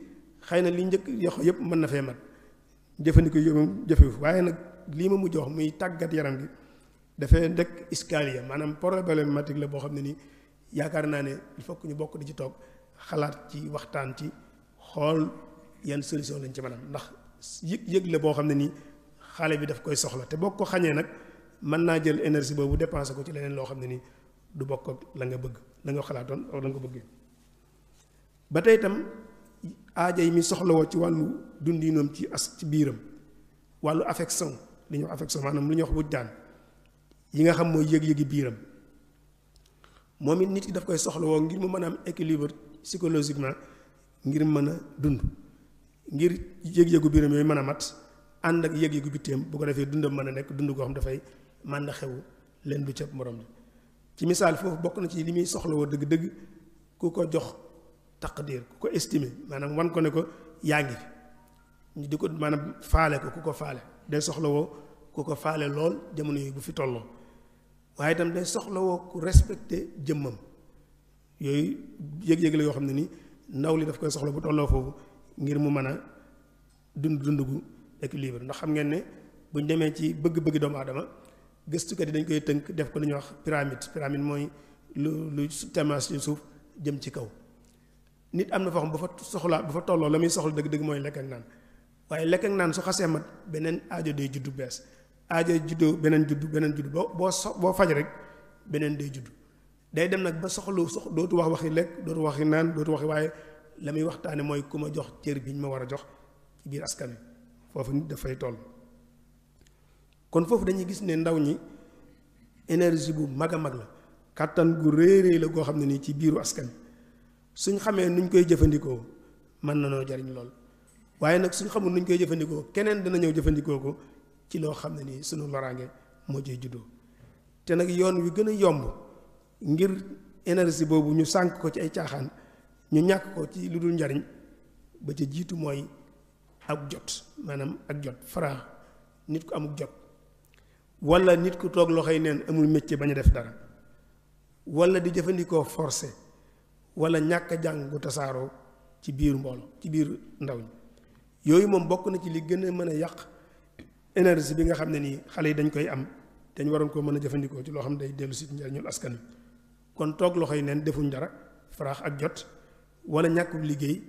xëy na li njëkk yox yëpp mën na fee mat jëfandikoo yow moom jëfewu nag lii ma mu jox muy tàggat yaram gi dafay nekk escalier maanaam problématique la boo xam ne nii yaakaar naa ne il bokk di ci toog xalaat ci waxtaan ci xool yan solution lañ ci mën ndax yëg la boo xam ne nii xale bi daf koy soxla te bokk ko xañee nag mën naa jël énergie boobu dépensé ko ci leneen loo xam ne nii du bokk la nga bëgg la nga xalaatoon wala la nga bëggee ba tey itam aja yi mi soxlawoo ci wàllu dundiinoom ci as ci biiram wàllu affection li ñuy wax affection maanaam lu ñu wax wujdaan yi nga xam mooy yëg-yëgi biiram moom it nit ki daf koy soxlawoo ngir mu mën a am équilibre psychologiquement ngir mën a dund ngir yëg-yëgu biiram yooyu mën a mat ànd ak yëg-yëgu bitteem bu ko defee dundam mën a nekk dund koo xam dafay mën xew leen du cëb morom ci misaal foofu bokk na ci li muy soxlawoo dëgg-dëgg ku ko jox taqdir ku ko estimer maanaam wan ko ne ko yaa ngi di ko maanaam faale ko ku ko faale day soxlawoo ku ko faale lool jamono yi bu fi tolloo waaye tam day soxlawoo ku respecté jëmmam yooyu yëg-yëg la yoo xam ne ni ndaw li daf koy soxla bu tolloo foofu ngir mu mën a dund dund ku équilibre ndax xam ngeen ne buñ demee ci bëgg-bëgg doomu aadama gëstukat dañ koy tënk def ko lu ñuy wax pyramide pyramide mooy lu lu tamaas ci suuf jëm ci kaw nit am na foo xam bu fa soxlaa bu fa tolloo la muy soxla dëgg-dëgg mooy lekk ak naan waaye lekk ak naan su xasee mat beneen aajo day juddu bees aajo juddoo beneen juddu beneen juddu boo boo so boo faj rek beneen day juddu day dem nag ba soxlu sox dootu wax waxi lekk dootu waxi naan dootu waxi waaye la muy waxtaane mooy ku ma jox cër bi ñu ma war a jox ci askan wi foofu dafay toll kon foofu dañuy gis ne ndaw ñi énergie bu mag a mag la kàttan gu réeréy la xam ne nii ci biiru askan wi suñ xamee nuñ koy jëfandikoo mën na noo jariñ lool waaye nag suñ xamul nuñ koy jëfandikoo keneen dana ñëw jëfandikoo ko ci loo xam ne nii suñu loraange moo ciy juddoo te nag yoon wi gën a yomb ngir énergie boobu ñu sànk ko ci ay caaxaan ñu ñàkk ko ci lu dul njariñ ba ci jiitu mooy ak jot maanaam ak jot faraa nit ku amul jot walla nit ku toog loxoy neen amul métier bañ a def dara wala di jëfandikoo forcé wala ñàkk a tasaaroo ci biir mbooloo ci biir ndaw ñi yooyu moom bokk na ci li gën a mën a yàq énergie bi nga xam ne nii xale yi dañ koy am dañ waroon ko mën a jëfandikoo ci loo xam ne day dellu si njariñul askan wi kon toog loxo yi neen defuñ dara faraax ak jot wala ñàkkub liggéey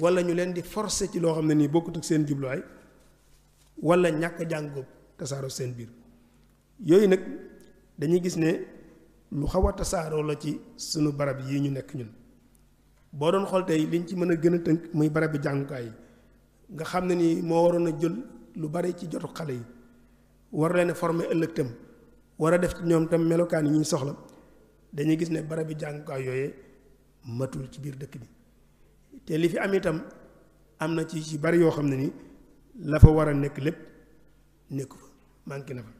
wala ñu leen di forcer ci loo xam ne nii bokkut seen jubluwaay walla ñàkk jàngoob tasaaroo seen biir yooyu nag dañu gis ne lu xaw a tasaaroo la ci sunu barab yii ñu nekk ñun boo doon xool tey liñ ci mën a gën a tënk muy barabi bi jàngukaay yi nga xam ne ni moo waroon a jël lu bari ci jotu xale yi war leen a former ëllëg tam war a def ñoom tam melokaan yi ñuy soxla dañuy gis ne barab bi jàngukaay yooyee matul ci biir dëkk bi te li fi am itam am na ci ci bari yoo xam ne ni la fa war a nekk lépp nekku fa manqué na fa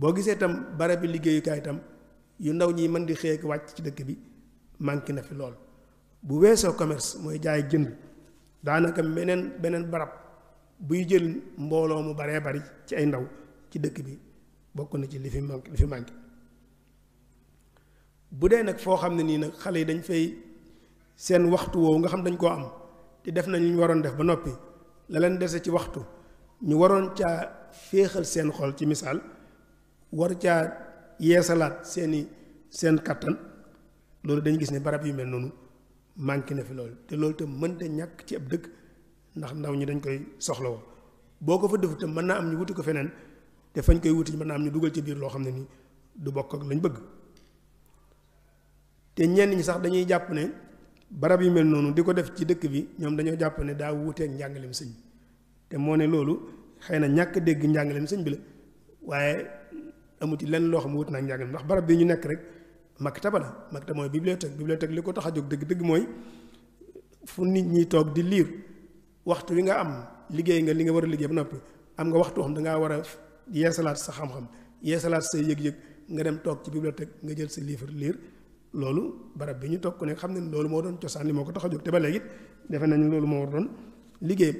boo gisee tam barab bi liggéeyukaay itam yu ndaw ñi mën di xëy ak wàcc ci dëkk bi manqué na fi lool bu weesoo commerce mooy jaay jënd daanaka beneen beneen barab buy jël mbooloo mu baree bari ci ay ndaw ci dëkk bi bokk na ci li fi manqué li fi manqué bu dee nag foo xam ne nii nag xale yi dañ fay seen waxtu woowu nga xam dañ koo am te def nañ li ñu waroon def ba noppi la leen dese ci waxtu ñu waroon caa féexal seen xol ci misaal war caa yeesalaat seeni seen kàttan loolu dañ gis ne barab yu mel noonu manqué na fi loolu te loolu itam mënta ñàkk ci ab dëkk ndax ndaw ñi dañ koy soxlawoo boo ko fa defu tam mën naa am ñu wuti ko feneen te fañ koy wuti mën naa am ñu dugal ci biir loo xam ne nii du bokk ak lañu bëgg te ñenn ñi sax dañuy jàpp ne barab yi mel noonu di ko def ci dëkk bi ñoom dañoo jàpp ne daa wuuteeg njàngaleem sëñ bi te moo ne loolu xëy na ñàkk dégg njàngaleem sëñ bi la waaye amu ci lenn loo xam wut naag njàngaleem ndax barab bi ñu nekk rek maktaba la maktaba mooy bibliothèque bibliothèque li ko tax a jóg dëgg-dëgg mooy fu nit ñi toog di liir waxtu wi nga am liggéey nga li nga war a liggéey ba noppi am nga waxtu xam da ngaa war a yeesalaat sa xam-xam yeesalaat sa yëg-yëg nga dem toog ci bibliothèque nga jël sa livre liir loolu barab bi ñu toog ku nekk xam ne loolu moo doon cosaan li moo ko tax a jóg te ba léegi defe nañu loolu moo war doon liggéeyam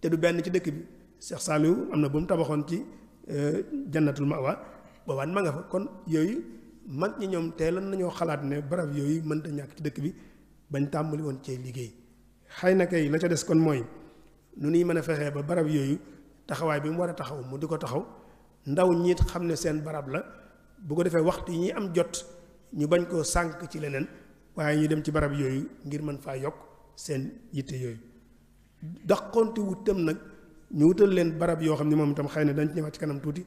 te du benn ci dëkk bi Cheikh Saliou am na bu mu tabaxoon ci euh, jannatul mawa boobaan ma nga fa kon yooyu mag ñi ñoom tey lan nañoo xalaat ne barab yooyu mënta ñàkk ci dëkk bi bañ tàmbali woon cee liggéey xëy na kay la ca des kon mooy nu ñuy mën a fexee ba barab yooyu taxawaay bi mu war a taxaw mu di ko taxaw ndaw ñiit xam ne seen barab la bu ko defee waxtu yi ñuy am jot ñu bañ koo sànq ci leneen waaye ñu dem ci barab yooyu ngir mën faa yokk seen yitte yooyu daqonte wutam nag ñu wutal leen barab yoo xam ne moom itam xëy na dañ ci ñëwaat ci kanam tuuti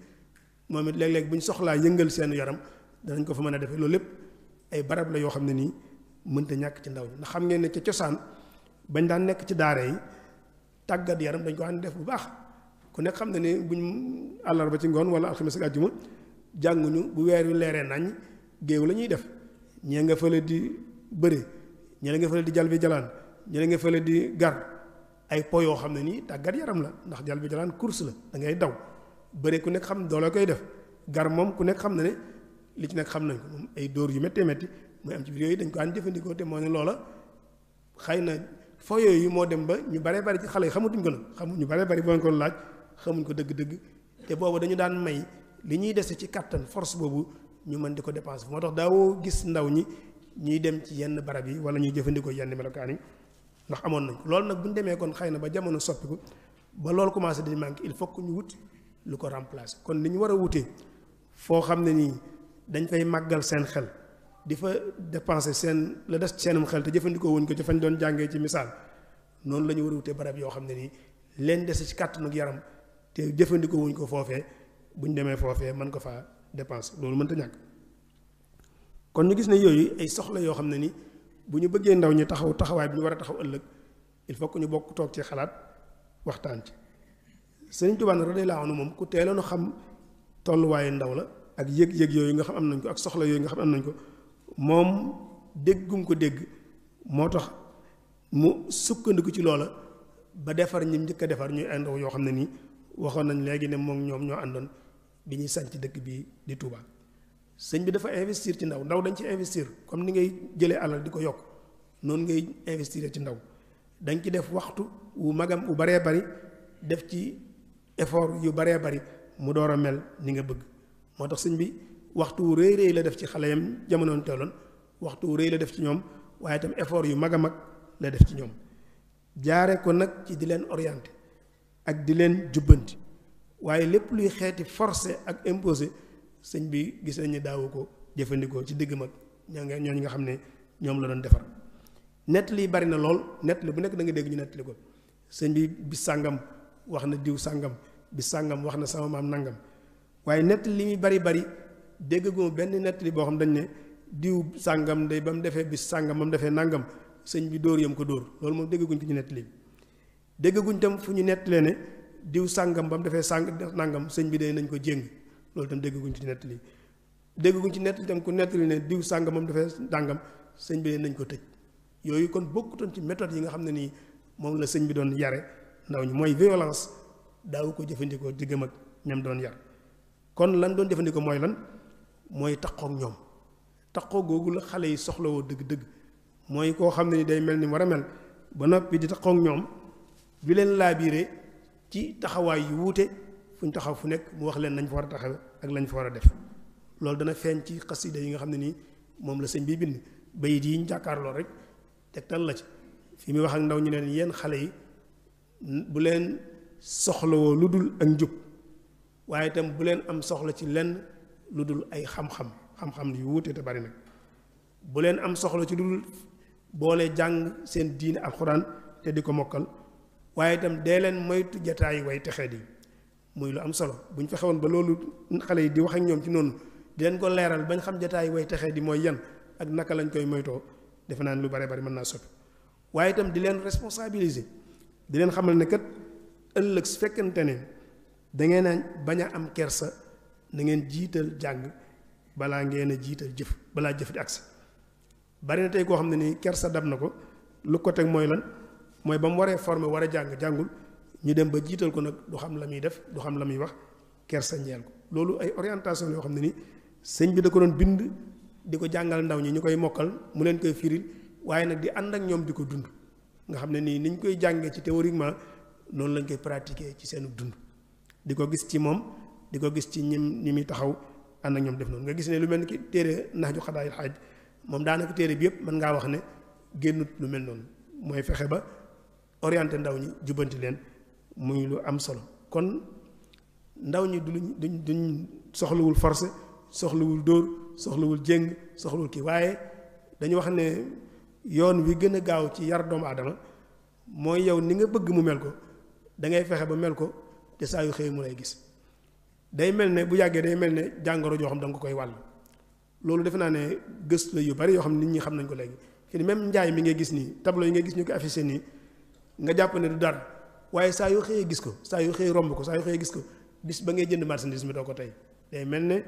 moom it léeg-léeg bu ñu soxlaa yëngal seen yaram danañ ko fa mën a defee loolu lépp ay barab la yoo xam ne nii mënta ñàkk ci ndaw ñi ndax xam ngeen ne ci cosaan bañ daan nekk ci daara yi tàggat yaram dañ ko daan def bu baax ku nekk xam ne ne buñ àllarba ci ngoon wala alxames ak àjjuma jànguñu bu weer wi leeree nañ géew la ñuy def ñee nga fële di bëre ñee nga fële di jal bi jalaan ñee nga fële di gar ay po yoo xam ne nii tàggat yaram la ndax jal bi jalaan course la da ngay daw bëre ku nekk xam doole koy def gar moom ku nekk xam ne ne li ci nag xam nañ ko ay dóor yu méttee métti mooy am ci biir yooyu dañ ko daan jëfandikoo te moo ne loola xëy na foyo yi moo dem ba ñu baree bari ci xale yi xamatuñ ko nag xamuñu baree bari boo ko laaj xamuñ ko dëgg-dëgg te boobu dañu daan may li ñuy dese ci kàttan force boobu ñu mën di ko dépenser moo tax daawoo gis ndaw ñi ñuy dem ci yenn barab yi wala ñuy jëfandikoo yenn melokaan ndax amoon nañ ko loolu nag bu ñu demee kon xëy na ba jamono soppiku ba loolu commencé dañu manqué il faut ñu wut lu ko remplacer kon li ñu war a wutee foo xam ne nii dañ fay màggal seen xel di fa dépenser seen la des seenum xel te jëfandikoo wuñ ko ci fañ doon jàngee ci misaal noonu lañu ñu war a wutee barab yoo xam ne nii leen des ci kàttan yaram te jëfandikoo wuñ ko foofee bu ñu demee foofee mën ko faa dépenser loolu mënta ñàkk. kon ñu gis ne yooyu ay soxla yoo xam ne ni bu ñu bëggee ndaw ñi taxaw taxawaay bi ñu war a taxaw ëllëg il faut que ñu bokk toog ci xalaat waxtaan ci Sëriñ Tuubaa radiyallaahu anhu moom ku teeloon xam tolluwaayu ndaw la. ak yëg-yëg yooyu nga xam am nañ ko ak soxla yooyu nga xam am nañ ko moom déggum ko dégg moo tax mu sukkandiku ci loola ba defar ñi njëkk a defar ñuy ay yoo xam ne nii waxoon nañ léegi ne moom ñoom ñoo àndoon bi ñuy sànc dëkk bi di Touba sëñ bi dafa investir ci ndaw ndaw dañ ci investir comme ni ngay jëlee alal di ko yokk noonu ngay investir ci ndaw dañ ci def waxtu wu magam wu baree bari def ci effort yu baree bari mu door a mel ni nga bëgg moo tax sëñ bi waxtu wu rëy rëy la def ci xale yam jamonoon teeloon waxtu wu rëy la def ci ñoom waaye itam effort yu mag a mag la def ci ñoom jaare ko nag ci di leen orienté ak di leen jubbanti waaye lépp luy xeeti forcé ak imposé sëñ bi gis nañu daawu ko jëfandikoo ci digg mag ñoo nga nga xam ne ñoom la doon defar nett lii bari na lool nett li bu nekk da nga dégg ñu nett li ko sëñ bi bi sàngam wax na diw sàngam bi sàngam wax na sama maam nangam waaye nett li muy bari bari dégg gu benn nett li boo xam dañ ne diw sàngam day ba mu defee bis sàngam ba mu defee nàngam sëñ bi dóor yam ko dóor loolu moom dégg guñ ko ñu nett li dégg guñ fu ñu nett lee ne diw sàngam ba mu defee sàng nàngam sëñ bi day nañ ko jéng loolu tam dégg guñ ci nett li dégg guñ ci nett li tam ku nett li ne diw sàngam ba mu defee nàngam sëñ bi day nañ ko tëj yooyu kon bokkutoon ci méthode yi nga xam ne nii moom la sëñ bi doon yare ndaw ñi mooy violence daaw ko jëfandikoo diggam ak ñam doon yar kon lan doon jëfandikoo mooy lan mooy taqoog ñoom taqoo googu la xale yi soxlawoo dëgg-dëgg mooy koo xam ne ni day mel ni war a mel ba noppi di taxook ñoom bi leen laabiire ci taxawaay yu wuute fu ñu taxaw fu nekk mu wax leen nañ fa war a taxaw ak lañ fa war a def loolu dana feeñ ci xasida yi nga xam ne nii moom la sëñ bi bind bayit yi ñu jàkkaarloo rek tegtal la ci fi muy wax ak ndaw ñu leen yéen xale yi bu leen soxlawoo lu dul ak njub waaye itam bu leen am soxla ci lenn lu dul ay xam-xam xam-xam yu wuute te bari nag bu leen am soxla ci lu dul boole jàng seen diine alxuraan te di ko mokkal waaye itam dee leen moytu jataay way texee yi muy lu am solo bu ñu ba loolu xale yi di wax ñoom ci noonu di leen ko leeral bañ xam jataay way texeet yi mooy yan ak naka lañ koy moytoo defe naa lu bare bari mën naa soppi waaye itam di leen responsabiliser di leen xamal ne kat ëllëg su fekkente ne. da ngeen a bañ a am kersa na ngeen jiital jàng balaa ngeen a jiital jëf balaa jëf di agsi bari tey koo xam ne nii kersa dab na ko lu ko teg mooy lan mooy ba mu waree former war a jàng jàngul ñu dem ba jiital ko nag du xam la muy def du xam la muy wax kersa ñeel ko loolu ay orientation yoo xam ne nii sëñ bi da ko doon bind di ko jàngal ndaw ñi ñu koy mokkal mu leen koy firil waaye nag di ànd ak ñoom di ko dund nga xam ne nii niñ koy jàngee ci théoriquement noonu lañ koy pratiquer ci seenu dund di ko gis ci moom di ko gis ci ñim ñi muy taxaw ànd na ñoom def noonu nga gis ne lu mel ni ki téere nax ju xadaayil xaaj moom daanaka téere bi yëpp mën ngaa wax ne génnut lu mel noonu mooy fexe ba orienté ndaw ñi jubanti leen muy lu am solo kon ndaw ñi du duñ duñ soxlawul force soxlawul dóor soxlawul jéng soxlawul kii waaye dañu wax ne yoon wi gën a gaaw ci yar doomu aadama mooy yow ni nga bëgg mu mel ko da ngay fexe ba mel ko te saa yu xëy mu lay gis day mel ne bu yàggee day mel ne jàngoro joo xam da nga ko koy wàll loolu defe naa ne gëstu la yu bari yoo xam nit ñi xam nañ ko léegi même njaay mi ngay gis nii tableau yi ngay gis ñu ko affiché nii nga jàpp ne du dara waaye saa yu xëyee gis ko saa yu xëyee romb ko saa yu xëyee gis ko bis ba ngay jënd marchandise mi doo ko tey day mel ne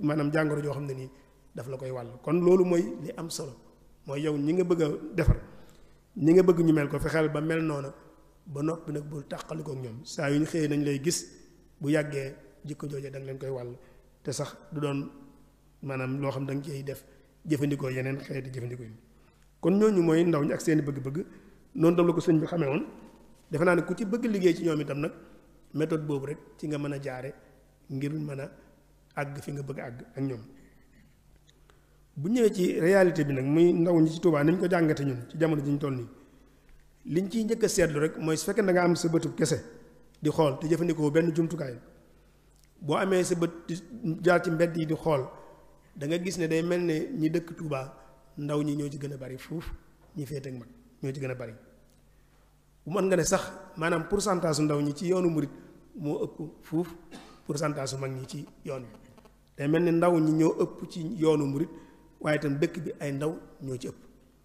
maanaam jàngoro joo xam ne nii daf la koy wàll kon loolu mooy li am solo mooy yow ñi nga bëgg a defar ñi nga bëgg ñu mel ko fexeel ba mel noona ba noppi nag bul tàqalikook ñoom saa yu ñu xëyee nañ lay gis bu yàggee jikko jooje danga leen koy wàll te sax du doon maanaam loo xam danga nga def jëfandikoo yeneen xeeti jëfandikoo yi kon ñooñu mooy ndaw ñi ak seen bëgg-bëgg noonu tam la ko sëñ bi xamee woon defe naa ne ku ci bëgg liggéey ci ñoom itam nag méthode boobu rek ci nga mën a jaare ngir mën a àgg fi nga bëgg àgg ak ñoom bu ñëwee ci réalité bi nag muy ndaw ñu ci Tuubaa nañ ko jàngate ñun ci jamono ji toll nii liñ ciy njëkk a seetlu rek mooy su fekkee da nga am sa bëtub kese di xool te jëfandikoo benn jumtukaay boo amee sa bët di jaar ci mbedd yi di xool da nga gis ne day mel ne ñi dëkk tuubaa ndaw ñi ñoo ci gën a bari fuuf ñi féete ak mag ñoo ci gën a bari bu mën nga ne sax maanaam pourcentage su ndaw ñi ci yoonu murit moo ëpp fuuf pourcentage su mag ñi ci yoon wi day mel ne ndaw ñi ñoo ëpp ci yoonu murit waaye itam dëkk bi ay ndaw ñoo ci ëpp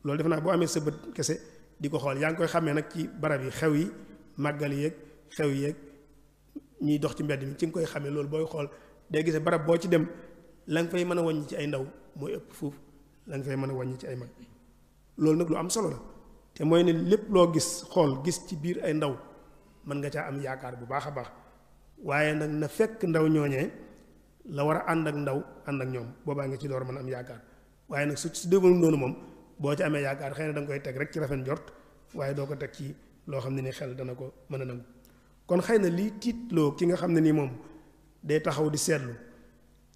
loolu defe naa boo amee sa bët kese di ko xool yaa ngi koy xamee nag ci barab yi xew yi màggal yéeg xew yéeg ñuy dox ci mbedd mi ci nga koy xamee loolu booy xool day gis barab boo ci dem la nga fay mën a wàññi ci ay ndaw mooy foofu la fay mën a wàññi ci ay mag loolu nag lu am solo la te mooy ne lépp loo gis xool gis ci biir ay ndaw mën nga caa am yaakaar bu baax a baax waaye nag na fekk ndaw ñooñee la war a ànd ak ndaw ànd ak ñoom boobaa nga ci door mën a am yaakaar waaye nag su su defoon noonu moom. boo ci amee yaakaar xëy na danga koy teg rek ci rafet njort waaye doo ko teg ci loo xam ne ni xel dana ko mën a nangu kon xëy na lii tiitloo ki nga xam ne nii moom day taxaw di seetlu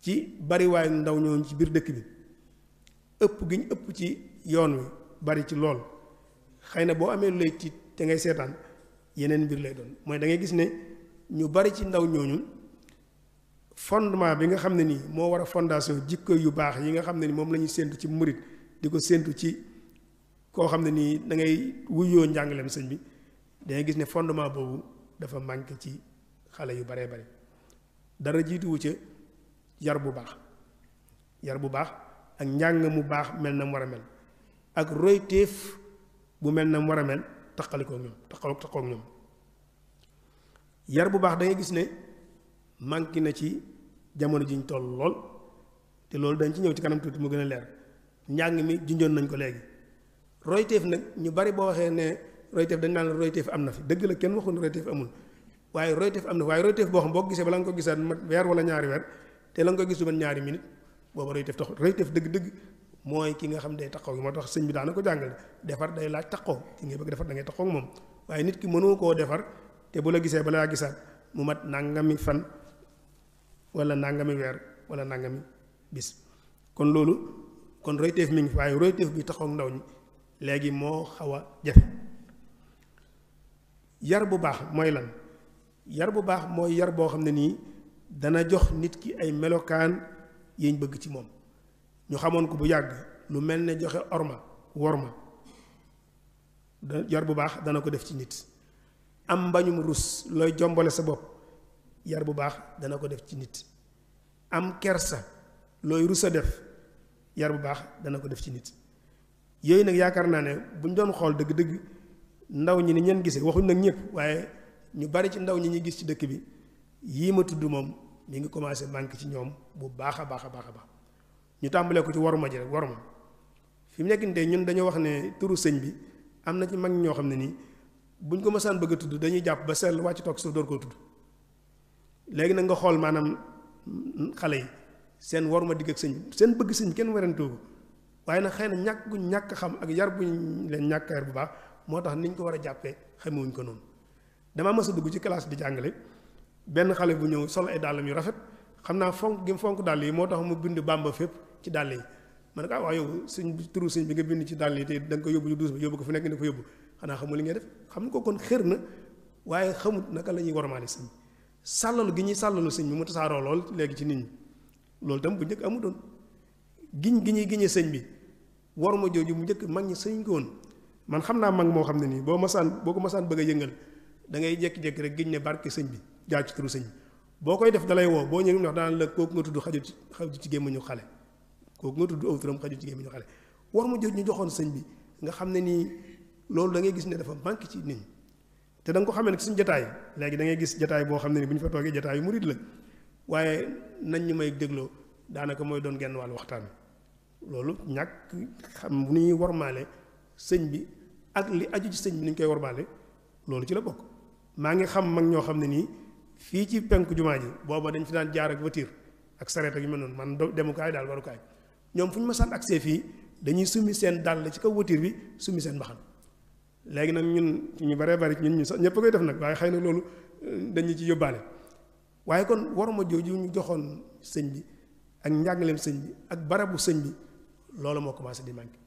ci bariwaayu ndaw ñooñu ci biir dëkk bi ëpp giñ ëpp ci yoon wi bari ci lool xëy na boo amee lu tiit te ngay seetaan yeneen mbir lay doon mooy dangay gis ne ñu bari ci ndaw ñooñu fondement bi nga xam ne nii moo war a fondation jikko yu baax yi nga xam ne ni moom la ñu séentu ci murit di ko séentu ci koo xam ne nii dangay wuyoo wuyoo njàngaleem sëñ bi dangay gis ne fondement boobu dafa manqué ci xale yu baree bare dara jiituwu ca yar bu baax yar bu baax ak njàng mu baax mel na mu war a mel ak royteef bu mel na mu war a mel taqalikoo ñoom taqal taqoo ñoom yar bu baax da gis ne manqué na ci jamono ji ñu toll lool te loolu dañ ci ñëw ci kanam tuuti mu gën a leer njàng mi junjoon nañ ko léegi royteef nag ñu bari boo waxee ne royteef dañ naan royteef am na fi dëgg la kenn waxuñu royteef amul waaye royteef am na fi waaye royteef boo xam boo ko gisee bala nga ko gisaat mat weer wala ñaari weer te la ko gis du man ñaari minute booba royteef tax royteef dëgg-dëgg mooy ki nga xam day taxaw moo tax sëñ bi daana ko jàngale defar day laaj taxaw ki bëgg defar da ngay taxaw moom waaye nit ki mënoo koo defar te bu la gisee balaa gisaat mu mat nangami fan wala nangami weer wala nangami bis kon loolu kon royteef mi ngi fi waaye royteef bi taxaw ndaw ñi léegi moo xaw a jafe yar bu baax mooy lan yar bu baax mooy yar boo xam ne nii dana jox nit ki ay melokaan yiñ bëgg ci moom ñu xamoon ko bu yàgg lu mel ne joxe orma worma da yar bu baax dana ko def ci nit am mbañum rus looy jombale sa bopp yar bu baax dana ko def ci nit am kersa looy rus a def yar bu baax dana ko def ci nit yooyu nag yaakaar naa ne bu ñu doon xool dëgg-dëgg ndaw ñi ni ñeen gisee waxuñ nag ñëpp waaye ñu bari ci ndaw ñi ñuy gis ci dëkk bi yii ma tudd moom mi ngi commencé manqué ci ñoom bu baax a baax a baax a baax ñu tàmbalee ko ci waruma ji rek waruma fi mu nekk nii ñun dañoo wax ne turu sëñ bi am na ci mag ñoo xam ne nii buñ ko mësaan bëgg a tudd dañuy jàpp ba sell wàcc toog suuf door koo tudd léegi nag nga xool maanaam xale yi seen waruma digg ak sëñ seen bëgg sëñ kenn werantoo ko waaye na xëy na ñàkk guñ ñàkk xam ak yar buñ leen ñàkk yar bu baax moo tax niñ ko war a jàppee xamewuñ ko noonu damaa mës a dugg ci classe di jàngale benn xale bu ñëw sol ay dàllam yu rafet xam naa fonk gi mu fonk dàll yi moo tax mu bind bàmba fépp ci dàll yi ma ne ko ah waaw yow sëñ turu sëñ bi nga bind ci dàll yi te da nga ko yóbbu ci duus bi yóbbu ko fu nekk ni ko yóbbu xanaa xamul li ngay def xam ko kon xér na waaye xamut naka la ñuy warmaale sëñ sàllalu gi ñuy sàllalu sëñ bi mu tasaaroo lool léegi ci nit ñi loolu tam bu njëkk amutoon giñ gi ñuy giñe sëñ bi waruma jooju mu njëkk mag ñi sëñ ko woon man xam naa mag moo xam ne nii boo masaan boo ko masaan bëgg a yëngal da ngay jékki rek giñ ne barke sëñ bi jaar ci turu sëñ bi boo koy def dalay woo boo ñëwee ndax daan la kooku nga tudd xaju ci xaju ci gémmiñu xale kooku nga tudd aw turam xaju ci gémmiñu war ma jooju ñu joxoon sëñ bi nga xam ne nii loolu dangay gis ne dafa manqué ci nit te da nga ko xamee nag suñu jataay léegi da ngay gis jataay boo xam ne ni bu ñu fa toogee jataay yu murid la waaye nañ ñu may dégloo daanaka mooy doon genn wàllu waxtaan loolu ñàkk xam ni ñuy wormaale sëñ bi ak li aju ci sëñ bi ni ñu koy wormaale loolu ci la bokk maa ngi xam mag ñoo xam ne nii fii ci penku jumaa ji booba dañ fi daan jaar ak voiture ak sareet ak yu mel noonu man demukaay daal warukaay ñoom fu ñu ma sant ak fii dañuy summi seen dàll ci kaw watiir bi summi seen mbaxan léegi nag ñun ñu baree bari ñun ñu sax ñëpp koy def nag waaye xëy na loolu euh, dañu ci yóbbaale waaye kon waruma jooju ñu joxoon sëñ bi ak njàngaleem sëñ bi ak barabu sëñ bi loolu moo commencé di manqué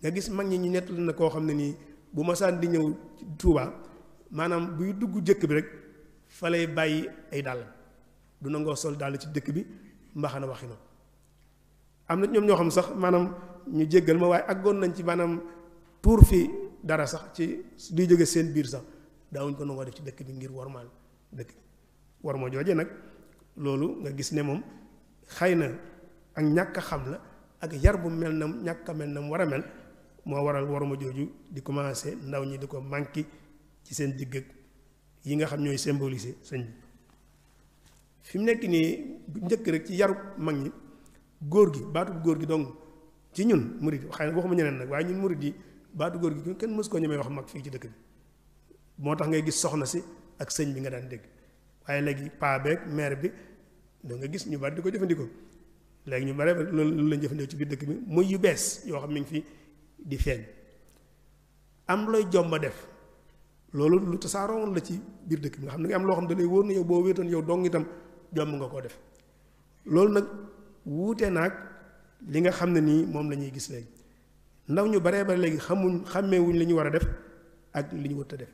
nga gis mag ñi ñu nett na koo xam ne nii bu masaan di ñëw Touba maanaam buy dugg jëkk bi rek fa lay bàyyi ay dàll du nangoo sol dàll ci dëkk bi mbaxana waxi na am na ñoom ñoo xam sax maanaam ñu jéggal ma waaye aggoon nañ ci maanaam tuur fi dara sax ci luy jóge seen biir sax daawuñ ko nangoo def ci dëkk bi ngir wormaal dëkk war ma jooje nag loolu nga gis ne moom xëy na ak ñàkk xam la ak yar bu mel na ñàkk a mel na mu war a mel moo waral waruma jooju di commencé ndaw ñi di ko manqué ci seen digg yi nga xam ñooy symboliser sëñ bi fi mu nekk nii njëkk rek ci yaru mag ñi góor gi baatu góor gi donc ci ñun murid xëy na waxuma ñeneen nag waaye ñun murid yi baatu góor gi kenn mësu ko ñemee wax mag fii ci dëkk bi moo tax ngay gis soxna si ak sëñ bi nga daan dégg waaye léegi paa beeg maire bi danga gis ñu bari di ko jëfandikoo léegi ñu bare loolu lañ jëfandikoo ci biir dëkk bi muy yu bees yoo xam ne fi di feeñ am looy jomba def loolu lu tasaaroo la ci biir dëkk bi nga xam ne am loo xam ne da lay wóor na yow boo wéetoon yow dong itam jomb nga koo def loolu nag wuute naag li nga xam ne nii moom la ñuy gis léegi ndaw ñu baree bare léegi xamuñ xàmmeewuñ li ñu war a def ak li ñu warut def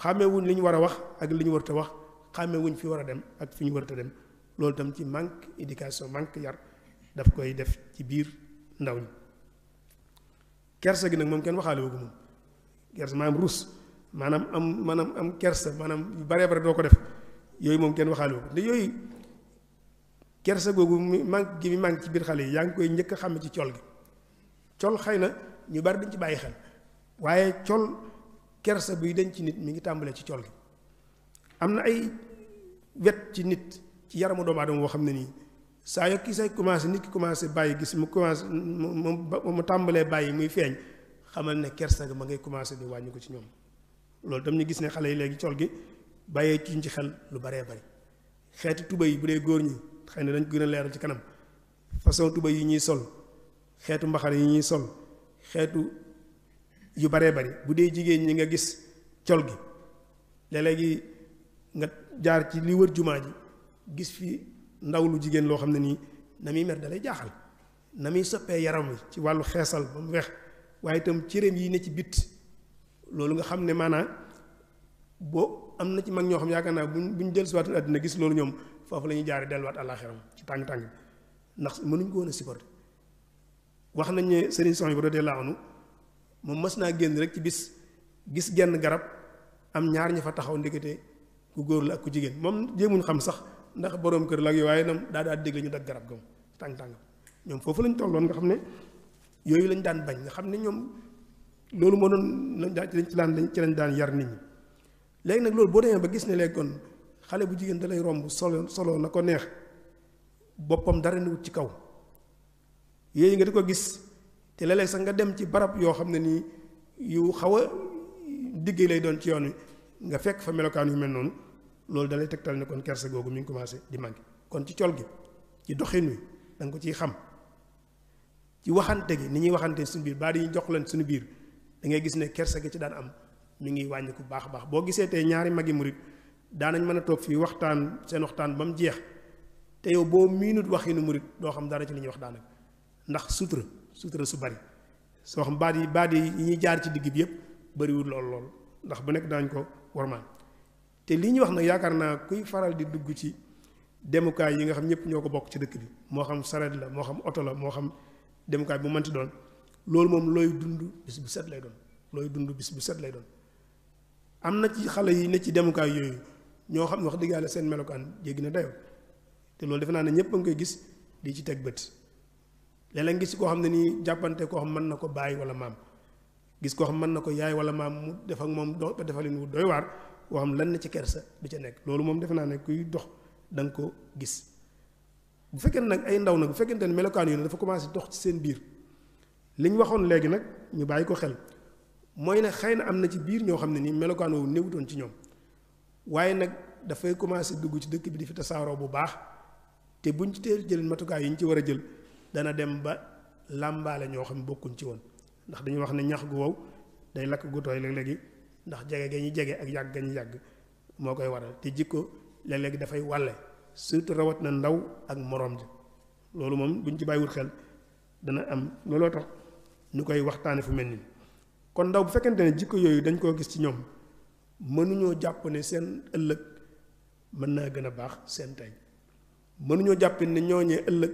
xàmmeewuñ li ñu war a wax ak li ñu warut a wax. xàmme wuñ fi war a dem ak fi ñu warata dem loolu tam ci manque éducation manque yar daf koy def ci biir ndaw ñi kerse gi nag moom kenn waxaale wu ko moom kersa maanaam rus maanaam am maanaam am kersa maanaam yu baree bare doo ko def yooyu moom kenn waxaale wu ko te yooyu kersa googu mi manque gi mi manque ci biir xale yi yaa ngi koy njëkk a xàmme ci col gi col xëy na ñu bari duñ ci bàyyi xel waaye col kersa buy deñ ci nit mi ngi tàmbalee ci col gi am na ay wet ci nit ci yaramu doomu aadama boo xam ne nii saa yoo kii say commencé nit ki commencé bàyyi gis mu commencé mu mu tàmbalee bàyyi muy feeñ xamal ne kersa ga ma ngay commencé di wàññi ko ci ñoom loolu tam ñu gis ne xale yi léegi col gi bàyyee ci ci xel lu baree bari xeetu tuba yi bu dee góor ñi xëy na dañ gën a leeral ci kanam façon tuba yi ñuy sol xeetu mbaxana yi ñuy sol xeetu yu baree bari bu dee jigéen ñi nga gis col gi léeg nga jaar ci lii wër jumaa ji gis fi ndaw lu jigéen loo xam ne nii na muy mer dalay jaaxal na muy soppee yaram wi ci wàllu xeesal ba mu weex waaye itam cëréem yi ne ci bit loolu nga xam ne maanaa boo am na ci mag ñoo xam yaakaar naa bu ñu jël siwaatu àddina gis loolu ñoom foofu la ñuy jaare delluwaat àllaaxiram ci tàng-tàng bi ndax mënuñ ko woon a wax nañ ne sëriñ son bi radiyallaahu anhu moom mas naa génn rek ci bis gis genn garab am ñaar ñi fa taxaw ndekete ku góor la ak ku jigéen moom jéemuñ xam sax ndax boroom kër la ak waaye nam daa daa dégg dagg garab gam tàng-tàng ñoom foofu lañu tolloon nga xam ne yooyu lañ daan bañ nga xam ne ñoom loolu moo doon ci daan lañ ci lañ daan yar nit ñi léegi nag loolu boo demee ba gis ne léegi xale bu jigéen da lay romb solo solo na ko neex boppam dara newut ci kaw yooyu nga di ko gis te léeg-léeg sax nga dem ci barab yoo xam ne nii yu xaw a digg lay doon ci yoon wi nga fekk fa melokaan yu mel noonu loolu dalay tegtal ne kon kerse googu mi ngi commencé di mag kon ci col gi ci doxin wi da ko ciy xam ci waxante gi ni ñuy waxante suñu biir baa di ñu jox leen suñu biir dangay gis ne kersa gi ci daan am mi ngi wàññi ku baax a baax boo gisee tey ñaari mag yi murit daanañ mën a toog fii waxtaan seen waxtaan ba mu jeex te yow boo miinut waxinu murit doo xam dara ci li ñuy wax daanaka ndax sutura sutura su bari soo xam baat yi baat yi ñuy jaar ci digg bi yëpp bariwul lool lool ndax bu nekk daañ ko warmaan te lii ñu wax nag yaakaar naa kuy faral di dugg ci demukaay yi nga xam ñëpp ñoo ko bokk ci dëkk bi moo xam saret la moo xam oto la moo xam demukaay bu mënti doon loolu moom looy dund bis bu set lay doon looy dund bis set lay doon am na ci xale yi ne ci demukaay yooyu ñoo xam wax dëgg yàlla seen melokaan jéggi na dayoo te loolu defe naa ne ñëpp a ngi koy gis di ci teg bët léeg-léeg gis koo xam ne nii jàppante koo xam mën na ko bàyyi wala maam gis koo xam mën na ko yaay wala maam def ak moom doo defalin wu doy waar woo xam lan na ci kersa du ca nekk loolu moom defe naa ne kuy dox danga nga ko gis bu fekkee nag ay ndaw nag bu fekkente ne melokaan yooyu dafa commencé dox ci seen biir li ñu waxoon léegi nag ñu bàyyi ko xel mooy ne xëy na am na ci biir ñoo xam ne nii melokaan woowu néewutoon ci ñoom waaye nag dafay commencé dugg ci dëkk bi di fi tasaaroo bu baax te buñ ci teel jël matukaay yu ñu ci war a jël dana dem ba làmbaale ñoo xam bokkuñ ci woon ndax dañuy wax ne ñax gu wow day lakk gu tooy léeg-léegi ndax jege ga ñu jege ak yàgg ga ñu yàgg moo koy waral te jikko léeg-léeg dafay wàlle surtout rawat na ndaw ak moroom ji loolu moom buñ ci bàyyiwul xel dana am looloo tax ñu koy waxtaane fu mel nii kon ndaw bu fekkente ne jikko yooyu dañ koo gis ci ñoom mënuñoo jàpp ne seen ëllëg mën naa gën a baax seen tey mënuñoo jàpp ne ñooñee ëllëg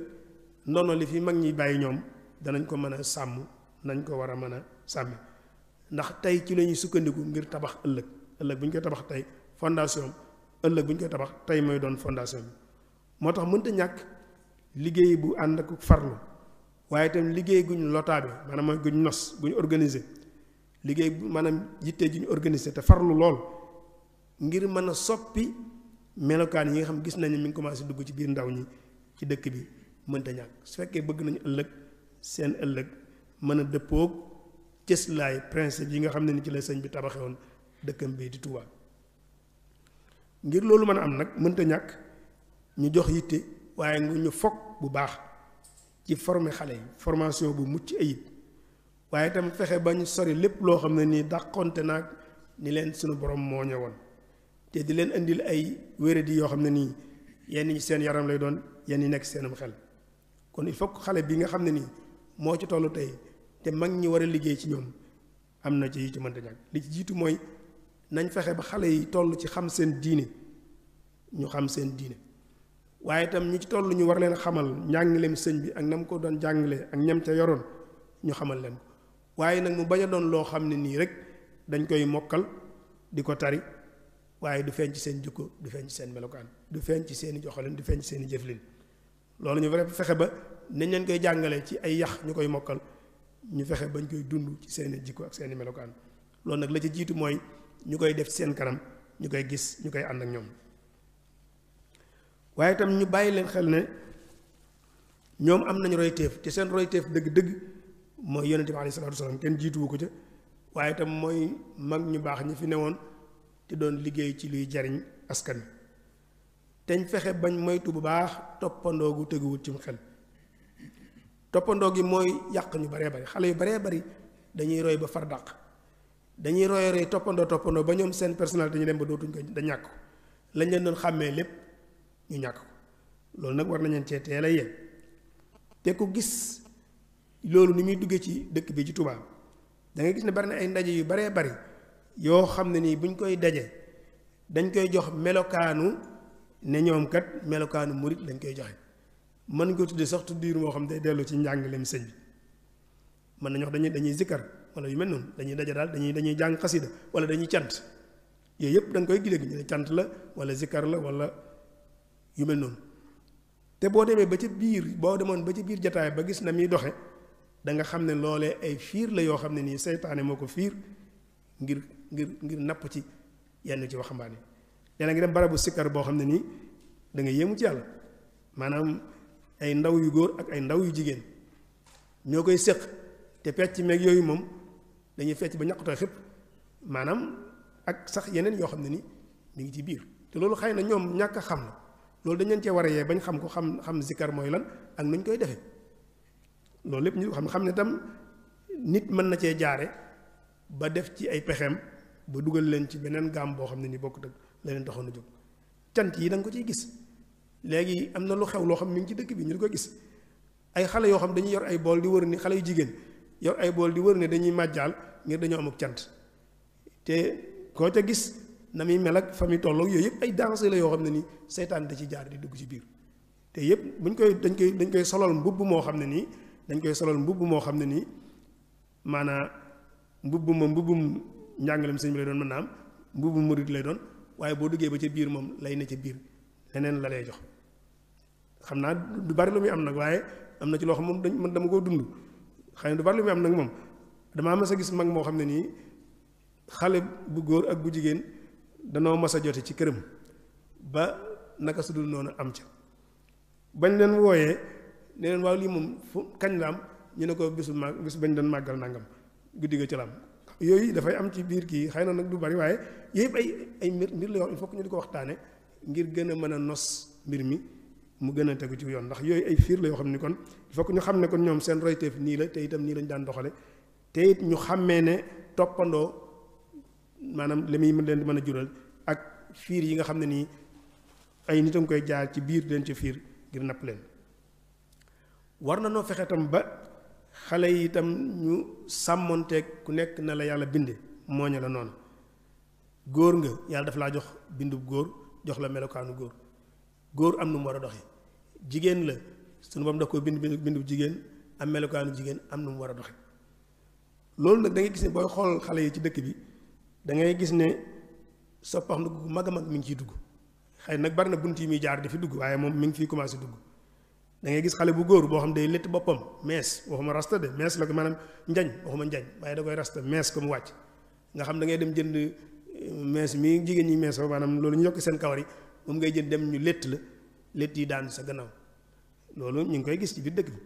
ndono li fi mag ñi bàyyi ñoom danañ ko mën a sàmm nañ ko war a mën a sàmmi ndax tey ci lañuy sukkandiku ngir tabax ëllëg ëllëg bu ñu koy tabax tey fondation ëllëg bu ñu koy tabax tey mooy doon fondation bi moo tax mënta ñàkk liggéey bu ànd ak farlu waaye itam liggéey guñ lotaabe maanaam mooy guñ nos ñu organiser liggéey maanaam yitte ji ñu organiser te farlu lool ngir mën a soppi melokaan yi nga xam gis nañu mi ngi commencé dugg ci biir ndaw ñi ci dëkk bi mënta ñàkk su fekkee bëgg nañu ëllëg seen ëllëg mën a dëppook cëslaay principe yi nga xam ne ni ci la sëñ bi tabaxee woon dëkkam bii di Touba ngir loolu mën a am nag mënta ñàkk ñu jox yitte waaye ngu ñu fokk bu baax ci former xale yi formation bu mucc ayib waaye itam fexe ba sori lépp loo xam ne nii dàqonte naag ni leen suñu borom moo ñëwoon te di leen indil ay wéradi yoo xam ne nii yenn ñi seen yaram lay doon yenn ñi nekk seenum xel kon il faut xale bi nga xam ne nii moo ci tollu tey te mag ñi war a liggéey ci ñoom am na ci yu ci mënta li ci jiitu mooy nañ fexe ba xale yi toll ci xam seen diine ñu xam seen diine waaye tam ñu ci toll ñu war leen xamal njàngaleem sëñ bi ak na mu ko doon jàngalee ak ñam ca yoroon ñu xamal leen ko waaye nag mu bañ a doon loo xam ne nii rek dañ koy mokkal di ko tari waaye du feeñ ci seen jukko du feeñ ci seen melokaan du feeñ ci seeni i joxalin du feeñ ci seen i jëflin loolu ñu fexe ba nañ leen koy jàngalee ci ay yax ñu koy mokkal ñu fexe bañ koy dund ci seeni jikko ak seeni melokaan loolu nag la ci jiitu mooy ñu koy def ci seen kanam ñu koy gis ñu koy ànd ak ñoom waaye itam ñu bàyyi leen xel ne ñoom am nañu royteef te seen royteef dëgg-dëgg mooy ti bi alayhi salaatu wasalaam kenn jiituwu ko ca waaye itam mooy mag ñu baax ñi fi newoon te doon liggéey ci luy jariñ askan wi teñ fexe bañ moytu bu baax toppandoo gu ci cim xel toppandoo gi mooy yàq ñu baree bari xale yu baree bari dañuy roy ba far dàq dañuy roy roy toppandoo toppandoo ba ñoom seen personnalité dañu dem ba dootuñ ko da ñàkk ko lañ leen doon xàmmee lépp ñu ñàkk ko loolu nag war na leen cee teel a te ku gis loolu ni muy duggee ci dëkk bi ci tubaab da gis ne bari na ay ndaje yu baree bari yoo xam ne nii buñ koy daje dañ koy jox melokaanu ne ñoom kat melokaanu murit lañ koy joxe mën nga tuddee sax tuddiir moo xam day dellu ci njàngaleem sëñ bi mën nañu wax dañuy dañuy zikkar wala yu mel noonu dañuy daja daal dañuy dañuy jàng xasida wala dañuy cant yooyu yëpp danga koy gile gi ñu ne cant la wala zikkar la wala yu mel noonu te boo demee ba ca biir boo demoon ba ca biir jataay ba gis na muy doxe da nga xam ne loole ay fiir la yoo xam ne nii seytaane moo ko fiir ngir ngir ngir napp ci yenn ci waxambaane léeg dem barabu sikkar boo xam ne nii da nga yéemu ci yàlla ay ndaw yu góor ak ay ndaw yu jigéen ñoo koy séq te pecc meeg yooyu moom dañuy fecc ba ñaqutoo xëpp maanaam ak sax yeneen yoo xam ne ni mi ngi ci biir te loolu xëy na ñoom ñàkk xam na loolu dañ leen cee war a yee bañ xam ko xam xam zikkar mooy lan ak nuñ koy defee loolu lépp ñu xam xam ne tam nit mën na cee jaare ba def ci ay pexeem ba dugal leen ci beneen gaam boo xam ne ni bokk dëgg leneen leen taxoon a jóg cant yi danga ko ciy gis léegi am na lu xew loo xam mi ngi ci dëkk bi ñu di ko gis ay xale yoo xam dañuy yor ay bool di wër ni xale yu jigéen yor ay bool di wër ne dañuy màjjaal ngir dañoo amuk cant te koo ca gis na muy mel ak fa muy tolloog yooyu yëpp ay danse la yoo xam ne nii seytaan da ci jaar di dugg ci biir te yëpp buñ koy dañ koy dañ koy solol mbubb moo xam ne nii dañ koy solol mbubb moo xam ne nii maanaa mbubbum ma mbubbum njàngalem sëñ bi lay doon mën naa am mbubbum lay doon waaye boo duggee ba ca biir moom lay ne ca biir leneen la lay jox xam naa du bari lu muy am nag waaye am na ci loo xam moom dañ man dama koo dund xëy na du bari lu am nag moom damaa mas a gis mag moo xam ne nii xale bu góor ak bu jigéen danoo mas a jote ci këram ba naka su dul noonu am ca bañ leen wooyee ne leen waaw lii moom fu kañ la am ñu ne ko bisu màgg bis bañ doon màggal nangam guddi ga ci la yooyu dafay am ci biir kii xëy na nag du bari waaye yëpp ay ay mbir mbir la fokk ñu di ko waxtaane ngir gën a mën a nos mbir mi mu gën a tegu ci yoon ndax yooyu ay fiir la yoo xam ni kon il faut que ñu xam ne kon ñoom seen royteef nii la te itam nii lañ daan doxale te it ñu xàmmee ne toppandoo maanaam li muy leen di mën a jural ak fiir yi nga xam ne nii ay nit a ngi koy jaar ci biir leen ci fiir ngir napp leen war na noo fexe tam ba xale yi itam ñu sàmmonteeg ku nekk na la yàlla binde mooñe la noonu góor nga yàlla dafa laa jox bindub góor jox la melokaanu góor góor am nu mu war a doxe jigéen la sunu borom da koo bind bindu jigéen am melokaanu jigéen am nu mu war a doxee loolu nag da gis ne booy xool xale yi ci dëkk bi da ngay gis ne soppax nag bu mag a mag mi ngi ciy dugg xay nag bari na bunt yi muy jaar di fi dugg waaye moom mi ngi fiy commencé dugg da ngay gis xale bu góor boo xam day létt boppam mees waxuma rasta de mees la ko maanaam njañ waxuma njañ waaye da koy rasta mees ko mu wàcc nga xam da ngay dem jënd eh, mees mi jigéen ñi mees ba loolu ñu seen kawar yi moom ngay jël dem ñu létt la létt yi daan sa gannaaw loolu ñu ngi koy gis ci biir dëkk bi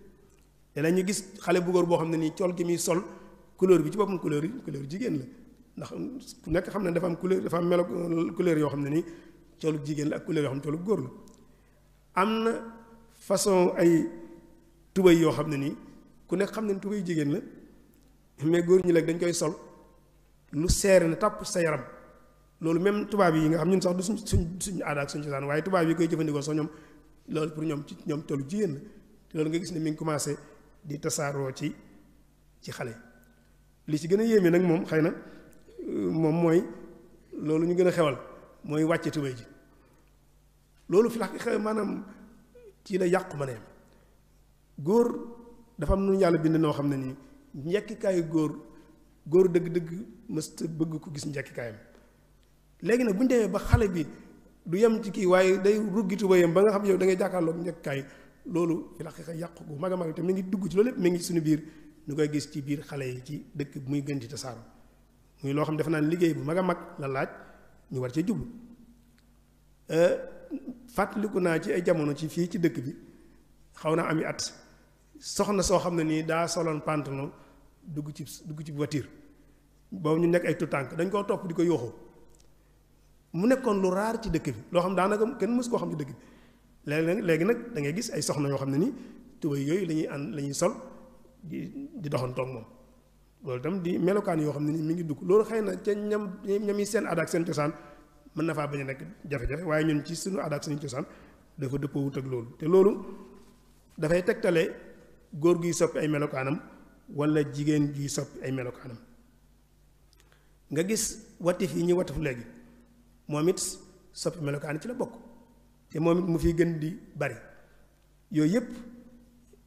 danañ ñu gis xale bu góor boo xam ne nii cool gi muy sol couleur bi ci boppam couleur yi couleur jigéen la ndax ku nekk xam ne dafa am couleur dafa am melo couleur yoo xam ne nii colub jigéen la ak couleur yoo ne colub góor am na façon ay tubay yoo xam ne nii ku nekk xam ne tubay jigéen la mais góor ñi léegi dañ koy sol lu seer na tàpp sa yaram loolu même tubaab yi nga xam ñun sax du suñ suñ suñ aada suñ cosaan waaye tubaab yi koy jëfandikoo sax ñoom loolu pour ñoom ci ñoom tollu jigéen la te loolu nga gis ne mi ngi commencé di tasaaroo ci ci xale li ci gën a yéeme nag moom xëy na euh, moom mooy loolu ñu gën a xewal mooy wàcce tubéy ji loolu fi la xew maanaam ci la yàqu ma ne góor dafa am nu yàlla bind noo xam ne nii njekkikaayu góor góor dëgg-dëgg mësta bëgg ko gis njekkikaayam léegi nag bu ñu demee ba xale bi du yem ci kii waaye day ruggitu ba yem ba nga xam yow da ngay jàkkaarloog njëkkaay loolu la yàqu gu mag a mag te mi ngi dugg ci lépp mi ngi suñu biir ñu koy gis ci biir xale yi ci dëkk bi muy gën di tasaaroo muy loo xam ne dafa liggéey bu mag a mag la laaj ñu war cee jublu euh, fàttaliku naa ci ay jamono ci fii ci dëkk bi xaw naa am at soxna soo xam ne nii daa soloon pantalon dugg ci dugg ci voiture boobu ñu nekk ay tutànk dañ koo topp di ko yooxoo mu nekkoon lu raar ci dëkk bi loo xam daanaka kenn mës koo xam ci dëkk bi léegi nag léegi gis ay soxna yoo xam ne nii tubéy yooyu lañuy ñuy ànd la sol di di doxantoo moom loolu di melokaan yoo xam ne ni mi ngi dugg loolu xëy na ca ñam ñami seen aada ak seen mën na faa bañ a jafe-jafe waaye ñun ci suñu aada ak suñu cosaan dafa dëppoo wut ak loolu te loolu dafay tegtale góor guy soppi ay melokaanam walla jigéen guy soppi ay melokaanam nga gis watif yi ñuy watif léegi. moom it soppi melokaan ci la bokk te moom it mu fi gën di bari yooyu yëpp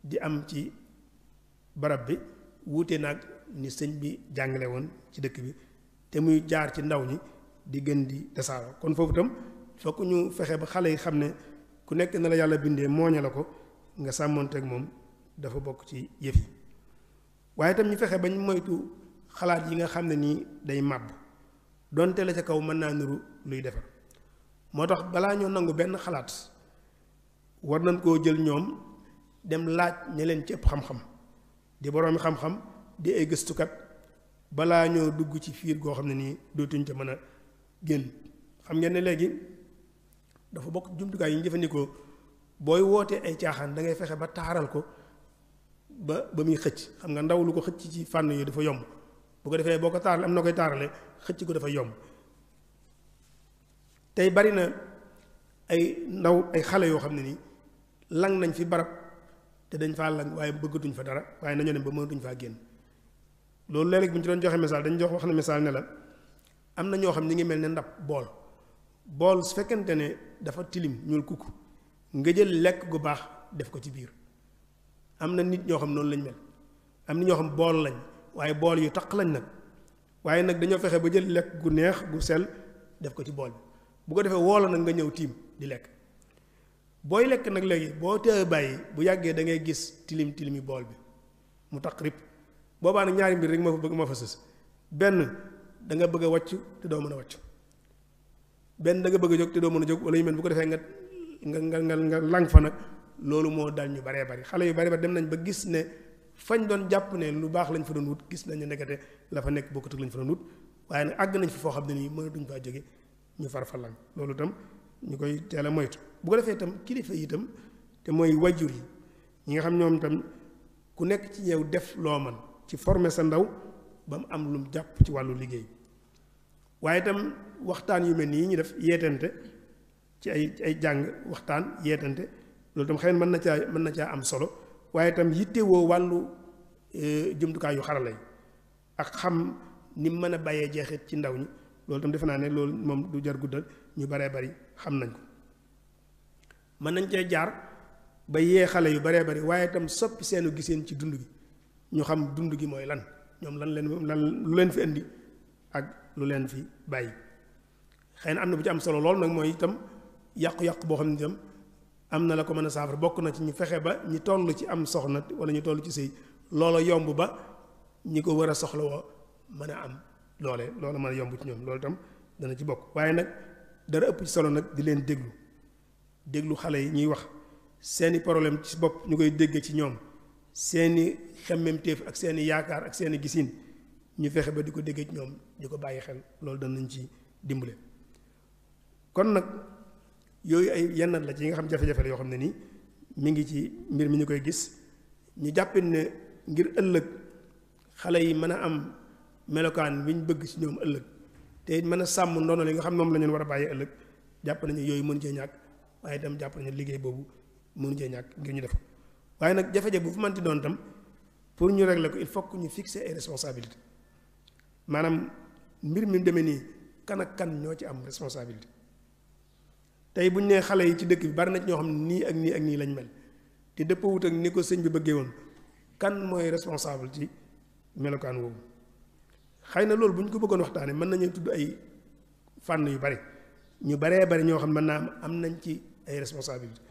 di am ci barab bi wuute nag ni sëñ bi jàngale woon ci dëkk bi te muy jaar ci ndaw ñi di gën di tasaaroo kon foofu itam fokk ñu fexe ba xale yi xam ne ku nekk na la yàlla bindee mooñe la ko nga sàmmoonteeg moom dafa bokk ci yëf yi waaye tam ñu fexe bañ moytu xalaat yi nga xam ne nii day màbb donte la ca kaw mën naa nuru luy defar moo tax balaa ñoo nangu benn xalaat war nañ koo jël ñoom dem laaj ña leen ci ëpp xam-xam di boroomi xam-xam di ay gëstukat balaa ñoo dugg ci fiir goo xam ne nii dootuñ ca mën a génn xam ngeen ne léegi dafa bokk jumtukaay yi ñu jëfandikoo booy wootee ay caaxaan da ngay fexe ba taaral ko ba ba muy xëcc xam nga ndaw lu ko xëcc ci fànn yi dafa yomb bu ko defee boo ko taarale am na koy taaralee xëcc ko dafa yomb tey bari na ay ndaw ay xale yoo xam ne nii lang nañ fi barab te dañ faa lang waaye bëggatuñ fa dara waaye nañoo ne ba mënatuñ faa génn loolu léeg-léeg bu joxe misaal dañ jox wax na misaal ne la am na ñoo xam ñi ngi mel ne ndab bool bool su ne dafa tilim ñuul kukk nga jël lekk gu baax def ko ci biir am na nit ñoo xam noonu lañ mel am na ñoo xam bool lañ waaye bool yu taq lañ nag waaye nag dañoo fexe ba jël lekk gu neex gu sel def ko ci bool bi bu ko defee woolo nag nga ñëw tiim di lekk booy lekk nag léegi boo teewee bàyyi bu yàggee da ngay gis tilim tilimi bool bi mu taq rib boobaa nag ñaari mbir rek ma fa bëgg ma fa sës benn da nga bëgg a wàcc te doo mën a wàcc benn da nga bëgg a jóg te doo mën a jóg wala yu mel bu ko defee nga nga nga nga lang fa nag loolu moo daan ñu baree bari xale yu baree bari dem nañ ba gis ne fañ doon jàpp ne lu baax lañ fa doon wut gis nañu nekkate la fa nekk bokkut ak lañ fa doon wut waaye nag àgg nañ fa foo xam ne nii mënatuñ faa jóge ñu farfallan loolu tam ñu koy teel moytu bu ko defee tam kilifa yi itam te mooy wajur yi ñi nga xam ñoom tam ku nekk ci yow def loo man ci former sa ndaw ba mu am lu mu jàpp ci wàllu liggéey waaye tam waxtaan yu mel nii ñu def yeetante ci ay ay jàng waxtaan yeetante loolu itam xëy na mën na caa mën na caa am solo waaye itam yittewoo wàllu eh, jumtukaay yu xarala yi ak xam ni mu mën a bàyyee jeexit ci ndaw ñi loolu itam defe naa ne loolu moom du jar guddal ñu baree bari xam nañ ko mën nañ cee jaar ba yee xale yu baree bari waaye itam soppi seenu giseen ci dund gi ñu xam dund gi mooy lan ñoom lan leen lan lu leen fi indi ak lu leen fi bàyyi xëy na am na bu ci am solo loolu nag mooy itam yàqu-yàqu boo xam ne itam am na la ko mën a saafara bokk na ci ñu fexe ba ñi toll ci am soxna wala ñu tollu ci sëy loola yomb ba ñi ko war a soxla woo mën a am loole loola mën a yomb ci ñoom loolu itam dana ci bokk waaye nag dara ëpp ci solo nag di leen déglu déglu xale yi ñuy wax seeni problème ci bopp ñu koy dégge ci ñoom seeni xemmemteef ak seeni yaakaar ak seeni gisin ñu fexe ba di ko déggee ci ñoom di ko bàyyi xel loolu danañ ci dimbale kon nag yooyu ay yenn la ci yi nga xam jafe-jafe la yoo xam ne nii mi ngi ci mbir mi ñu koy gis ñu jàppin ne ngir ëllëg xale yi mën a am melokaan bi ñu bëgg ci ñoom ëllëg te it mën a sàmm ndono li nga xam moom la ñu war a bàyyi ëllëg jàpp nañu yooyu mënu cee ñàkk waaye itam jàpp nañu liggéey boobu mënu jee ñàkk ngir ñu def waaye nag jafe-jafe bu fu manti doon tam pour ñu régler ko il faut que ñu fixer ay responsabilité maanaam mbir mi demee nii kan kan ñoo ci am responsabilité tey bu ñu nee xale yi ci dëkk bi bari na ñoo xam ne nii ak nii ak nii lañ mel te dëppawut ak ni ko sëñ bi bëggee woon kan mooy responsable ci melokaan woowu xëy na loolu bu ñu ko bëggoon waxtaanee mën nañu tudd ay fànn yu bari ñu baree bari ñoo xam mën naa am am nañ ci ay responsabilité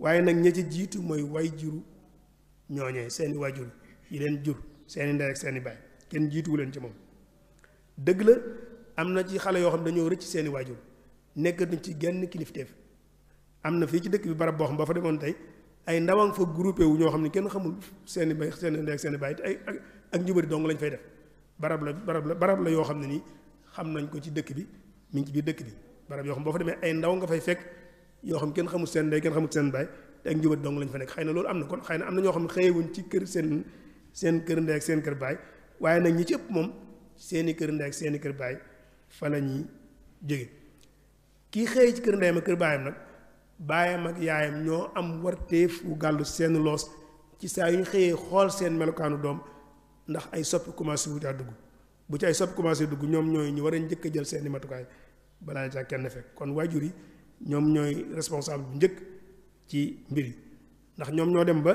waaye nag ña ci jiitu mooy way juru ñooñee seeni waajur yi leen jur seeni ndey ak seeni baay kenn jiituwu leen ci moom dëgg la am na ci xale yoo xam dañoo rëcc seeni waajur nekkatuñ ci genn kilifteef am na fii ci dëkk bi barab boo xam ba fa demoon tey ay ndawang fa groupé wu ñoo xam ne kenn xamul seen i seen i seen i baay ay ak njubari dong lañ fay def barab la barab la barab la yoo xam ne nii xam nañ ko ci dëkk bi mi ngi ci biir dëkk bi barab yoo boo fa demee ay ndaw nga fay yoo xam kenn xamul seen ndey kenn xamul seen baay te ak lañ fa nekk xëy na loolu am na kon xëy na am na ñoo xam ne xëyewuñ kër seen seen kër ndey ak seen kër baay waaye nag ñi ci ëpp moom seeni i kër ndey ak seen i kër baay fa la ñuy kii xëyee ci kër ndey ma kër baayam nag baayam ak yaayam ñoo am warteef wu gàll seen loos ci saa yu ñu xëyee xool seen melokaanu doom ndax ay soppi commencé wu dugg bu ci ay soppi commencé dugg ñoom ñooy ñu war a njëkk jël seen i matukaay balaa caa kenn fekk kon waajur yi ñoom ñooy responsable bu njëkk ci mbir yi ndax ñoom ñoo dem ba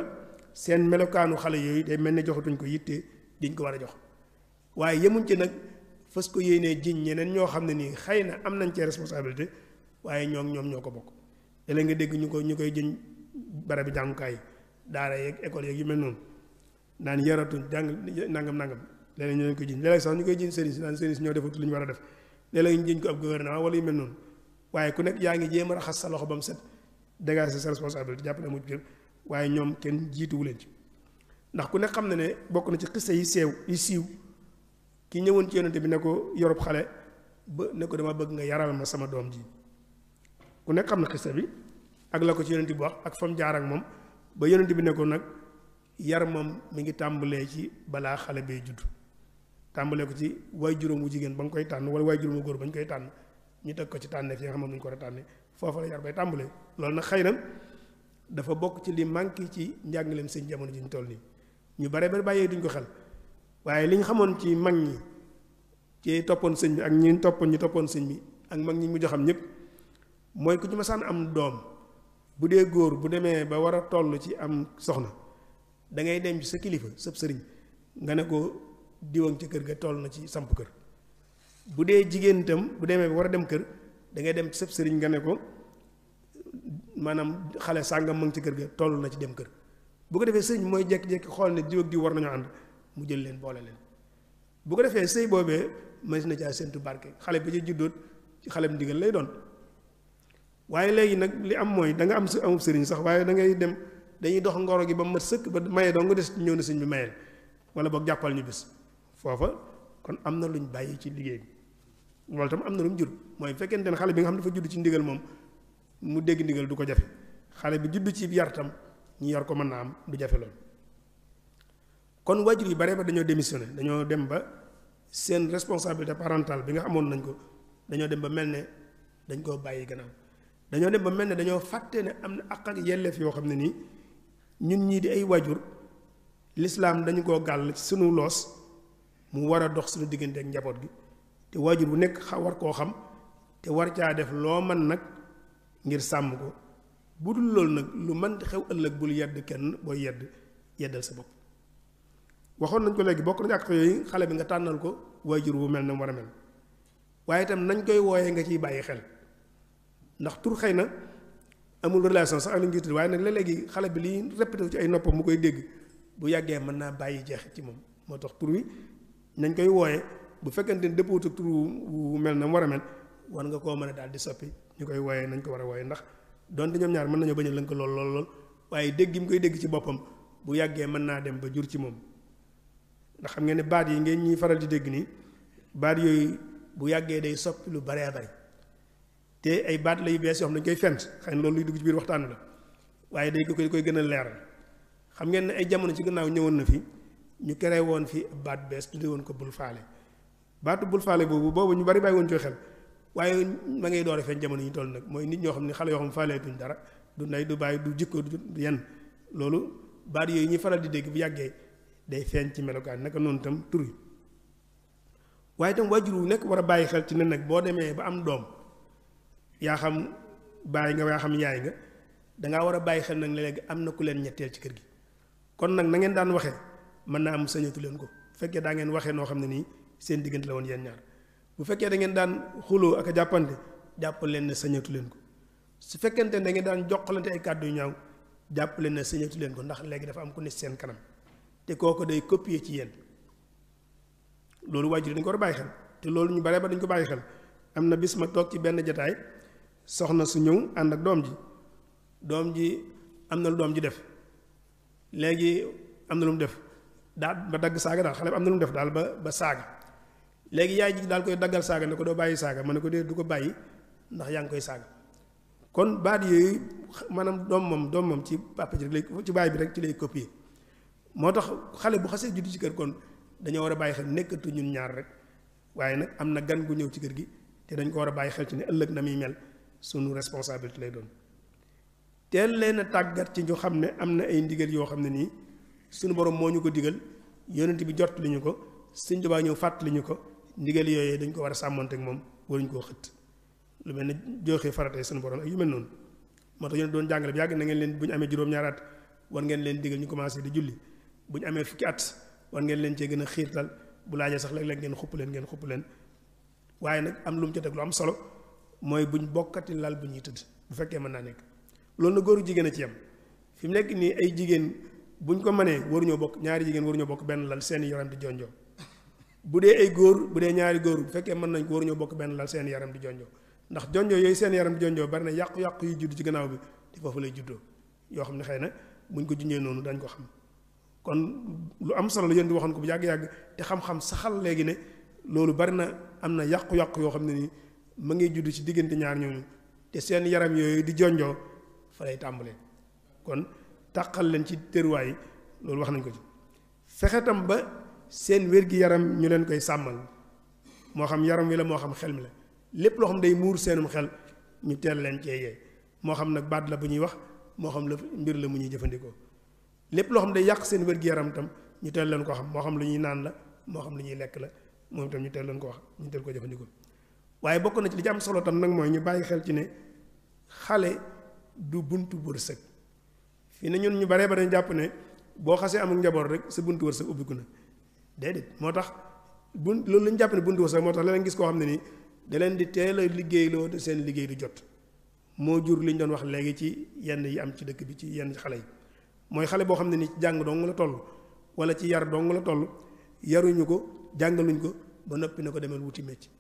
seen melokaanu xale yooyu day mel ni joxatuñ ko yitte diñ ko war a jox waaye yëmuñ ci nag fas ko yéenee jiñ ñeneen ñoo xam ne nii xëy na am nañ cee responsabilité waaye ñoo ñoom ñoo ko bokk te nga dégg ñu ko ñu koy jëñ barabi jàngukaay daara yeeg école yeeg yu mel noonu naan yaratuñ jàng nangam nangam léeg-léeg ñu leen koy jëñ léeg sax ñu koy jëñ service naan service ñoo defut lu war a def léeg-léeg ñu jëñ ko ab gouvernement wala yu mel noonu waaye ku nekk yaa ngi jéem a raxas sa loxo ba mu set dégager sa responsabilité jàpp ne mu jël waaye ñoom kenn jiituwu leen ci ndax ku nekk xam na ne bokk na ci xiste yi seew yi siiw ki ñëwoon ci yonente bi ne ko yorub xale ba ne ko bëgg nga yaral ma sama doom ji ku nekk xam na xista bi ak la ko ci yonent bi wax ak fa jaar ak moom ba yonent bi nekkoon ko nag yar moom mu ngi tàmbalee ci balaa xale bee juddu tàmbalee ko ci way juróom wu jigéen ba nga koy tànn wala way juróom wu góor ba ñu koy tànn ñu teg ko ci tànneef yi nga xam ne ñu ko war a tànnee foofa la yar bay tàmbalee loolu nag xëy na dafa bokk ci li manqué ci njàngaleem seen jamono ji ñu toll nii ñu bare bare bàyyee duñ ko xel waaye li ñu xamoon ci mag ñi ci toppoon sëñ bi ak ñi toppoon ñi toppoon sëñ bi ak mag ñi mu joxam ñëpp mooy ku ci masaan am doom bu dee góor bu demee ba war a toll ci am soxna dangay ngay dem sa kilifa sëb sëriñ nga ne ko diwang ca kër ga toll na ci samp kër bu dee jigéen itam bu demee ba war a dem kër da ngay dem ci sëb sëriñ nga ne ko maanaam xale sàngam mu ngi ci kër ga tollu na ci dem kër bu ko defee sëriñ mooy jékki-jékki xool ne diw ak diw war nañu ànd mu jël leen boole leen bu ko defee sëy boobee mënees na caa séntu barke xale bi ci juddoot ci xalem ndigal lay doon waaye léegi nag li am mooy danga am si amub sëriñ sax waaye da ngay dem dañuy dox ngoro gi ba mu mat sëkk ba mayee doo nga des ñëw na sëñ bi mayel wala boog jàppal ñu bis foofa kon am na lu ñu bàyyi ci liggéey bi loolu tam am na lu mu jur mooy fekkente ne xale bi nga xam dafa judd ci ndigal moom mu dégg ndigal du ko jafe xale bi judd ci yar tam ñu yar ko mën naa am du jafe loolu kon waajur yu bare ba dañoo démissionné dañoo dem ba seen responsabilité parentale bi nga amoon nañ ko dañoo dem ba mel ne dañ koo bàyyi gannaaw dañoo dem ba mel ne dañoo fàtte ne am na àq ak yelleef yoo xam ne nii ñun ñii di ay waajur lislaam dañu koo gàll ci sunu loos mu war a dox suñu diggante ak njaboot gi te waajur bu nekk war koo xam te war caa def loo man nag ngir sàmm ko bu dul loolu nag lu man xew ëllëg bul yedd kenn booy yedd yeddal sa bopp waxoon nañ ko léegi bokk nañ ak yooyu xale bi nga tànnal ko waajur wu mel na war a mel waaye itam nañ koy wooyee nga ciy bàyyi xel ndax tur xëy na amul relation sax ak li ñu tudd waaye nag léeg-léegi xale bi li répété ci ay noppam mu koy dégg bu yàggee mën naa bàyyi jeex ci moom moo tax tur wi nañ koy wooye bu fekkente ne dëppoo tur wu mel na mu war a mel war nga koo mën a daal di soppi ñu koy wooyee nañ ko war a wooye ndax donte ñoom ñaar mën nañoo bañ a lënk lool lool waaye dégg gi mu koy dégg ci boppam bu yàggee mën naa dem ba jur ci moom ndax xam ngeen ne baat yi ngeen ñi faral di dégg nii baat yooyu bu yàggee day soppi lu baree bari te ay baat lay yu bees yoo xam ne dañ koy fent xëy na loolu luy dugg ci biir waxtaan la waaye day koy koy gën a leeral xam ngeen ay jamono ci gannaaw ñëwoon na fi ñu créé woon fi baat bees tudde woon ko bul faale baatu bul faale boobu boobu ñu bari bàyyi woon ci xel waaye ma ngay door a feeñ jamono ñu toll nag mooy nit ñoo xam ne xale yoo xam faale duñ dara du nay du bàyyi du jikko du yenn loolu baat yooyu ñuy faral di dégg bu yàggee day feeñ ci melokaan naka noonu tam tur waaye itam waajur wu nekk war a bàyyi xel ci ne nag boo demee ba am doom yaa xam bàyyi nga yaa xam yaay nga dangaa war a bàyyi xel nag léegi am na ku leen ñetteel ci kër gi kon nag na ngeen daan waxee mën naa am sañatu leen ko fekkee daa ngeen waxee noo xam ne nii seen diggante la woon yéen ñaar bu fekkee da ngeen daan xuloo ak a jàppante jàpp leen ne sañatu leen ko su fekkente ne da ngeen daan joxalante ay kàddu yu ñaaw jàpp na ne leen ko ndax léegi dafa am ku ne seen kanam te kooku day copier ci yéen loolu waajur dañ ko war a bàyyi xel te loolu ñu bare ba ko bàyyi xel am na bis ma toog ci benn jataay soxna su ñëw ànd ak doom ji doom ji am na lu doom ji def léegi am na lu mu def daal ba dagg saaga daal xale bi am na lu mu def daal ba ba saaga léegi yaay ji daal koy daggal saaga ne ko doo bàyyi saaga ma ne ko dee du ko bàyyi ndax yaa ngi koy saaga kon baat yooyu maanaam doom moom doom moom ci papa ji rek ci bàyyi bi rek ci lay yi moo tax xale bu xasee juddu ci kër kon dañoo war a bàyyi xel nekkatu ñun ñaar rek waaye nag am na gan gu ñëw ci kër gi te dañ ko war a bàyyi xel ci ne ëllëg na muy mel sunu responsabilité lay doon teel leen a tàggat ci ñu xam ne am na ay ndigal yoo xam ne nii sunu borom moo ñu ko digal yonent bi jot li ñu ko sëñ Tuubaa ñëw fàttali ñu ko ndigal yooyu dañ ko war a sàmmanteeg moom waruñ koo xëtt lu mel ne joxe faratee sunu borom ak yu mel noonu moo tax yonent doon jàngale bi yàgg na ngeen leen bu ñu amee juróom-ñaari at war ngeen leen digal ñu commencé di julli bu ñu amee fukki at war ngeen leen cee gën a xiirtal bu sax léeg-léeg ngeen xupp leen ngeen xupp leen nag am lu mu ca am solo mooy buñ bokkati lal bu ñuy tëdd bu fekkee mën naa nekk loolu na góoru jigéen a ci yem fi mu nekk nii ay jigéen buñ ko mënee waruñoo bokk ñaari jigéen waruñoo bokk benn lal seen yaram di jonjoo bu dee ay góor bu dee ñaari góor bu fekkee mën nañ ko waruñoo bokk benn lal seen yaram di jonjoo ndax jonjoo yooyu seen yaram di jonjoo bari na yàqu-yàqu yu judd ci gannaaw bi te foofu lay juddoo yoo xam ne xëy na buñ ko junjee noonu dañ ko xam kon lu am solo yéen di waxoon ko bu yàgg-yàgg te xam-xam saxal léegi ne loolu bari na am na yàqu-yàqu yoo xam ne nii ma ngi judd ci diggante ñaar ñooñu te seen yaram yooyu di jonjoo fa lay tàmbalee kon tàqal leen ci tëruwaay loolu wax nañ ko ci fexe tam ba seen wér-gi-yaram ñu leen koy sàmmal moo xam yaram wi la moo xam xel mi la lépp loo xam day muur seenum xel ñu teel leen cee yee moo xam nag baat la bu ñuy wax moo xam la mbir la mu ñuy jëfandikoo lépp loo xam day yàq seen wér-gi-yaram itam ñu teel leen ko xam moo xam lu ñuy naan la moo xam lu ñuy lekk la moom itam ñu teel leen ko wax ñu teel ko jëfandikoo waaye bokk na ci li ci am solo tam nag mooy ñu bàyyi xel ci ne xale du buntu wërsëg fii ne ñun ñu baree bare jàpp ne boo xasee amul njaboot rek sa buntu wërsëg ubbiku na de moo tax bun loolu la jàpp ne buntu wërsëg moo tax leneen gis koo xam ne nii da leen di teel a liggéeyloo te seen liggéey du jot moo jur li ñu doon wax léegi ci yenn yi am ci dëkk bi ci yenn xale yi mooy xale boo xam ne ni ci jàng dong la toll wala ci yar doo la toll yaruñu ko jàngaluñ ko ba noppi na ko demal wuti métier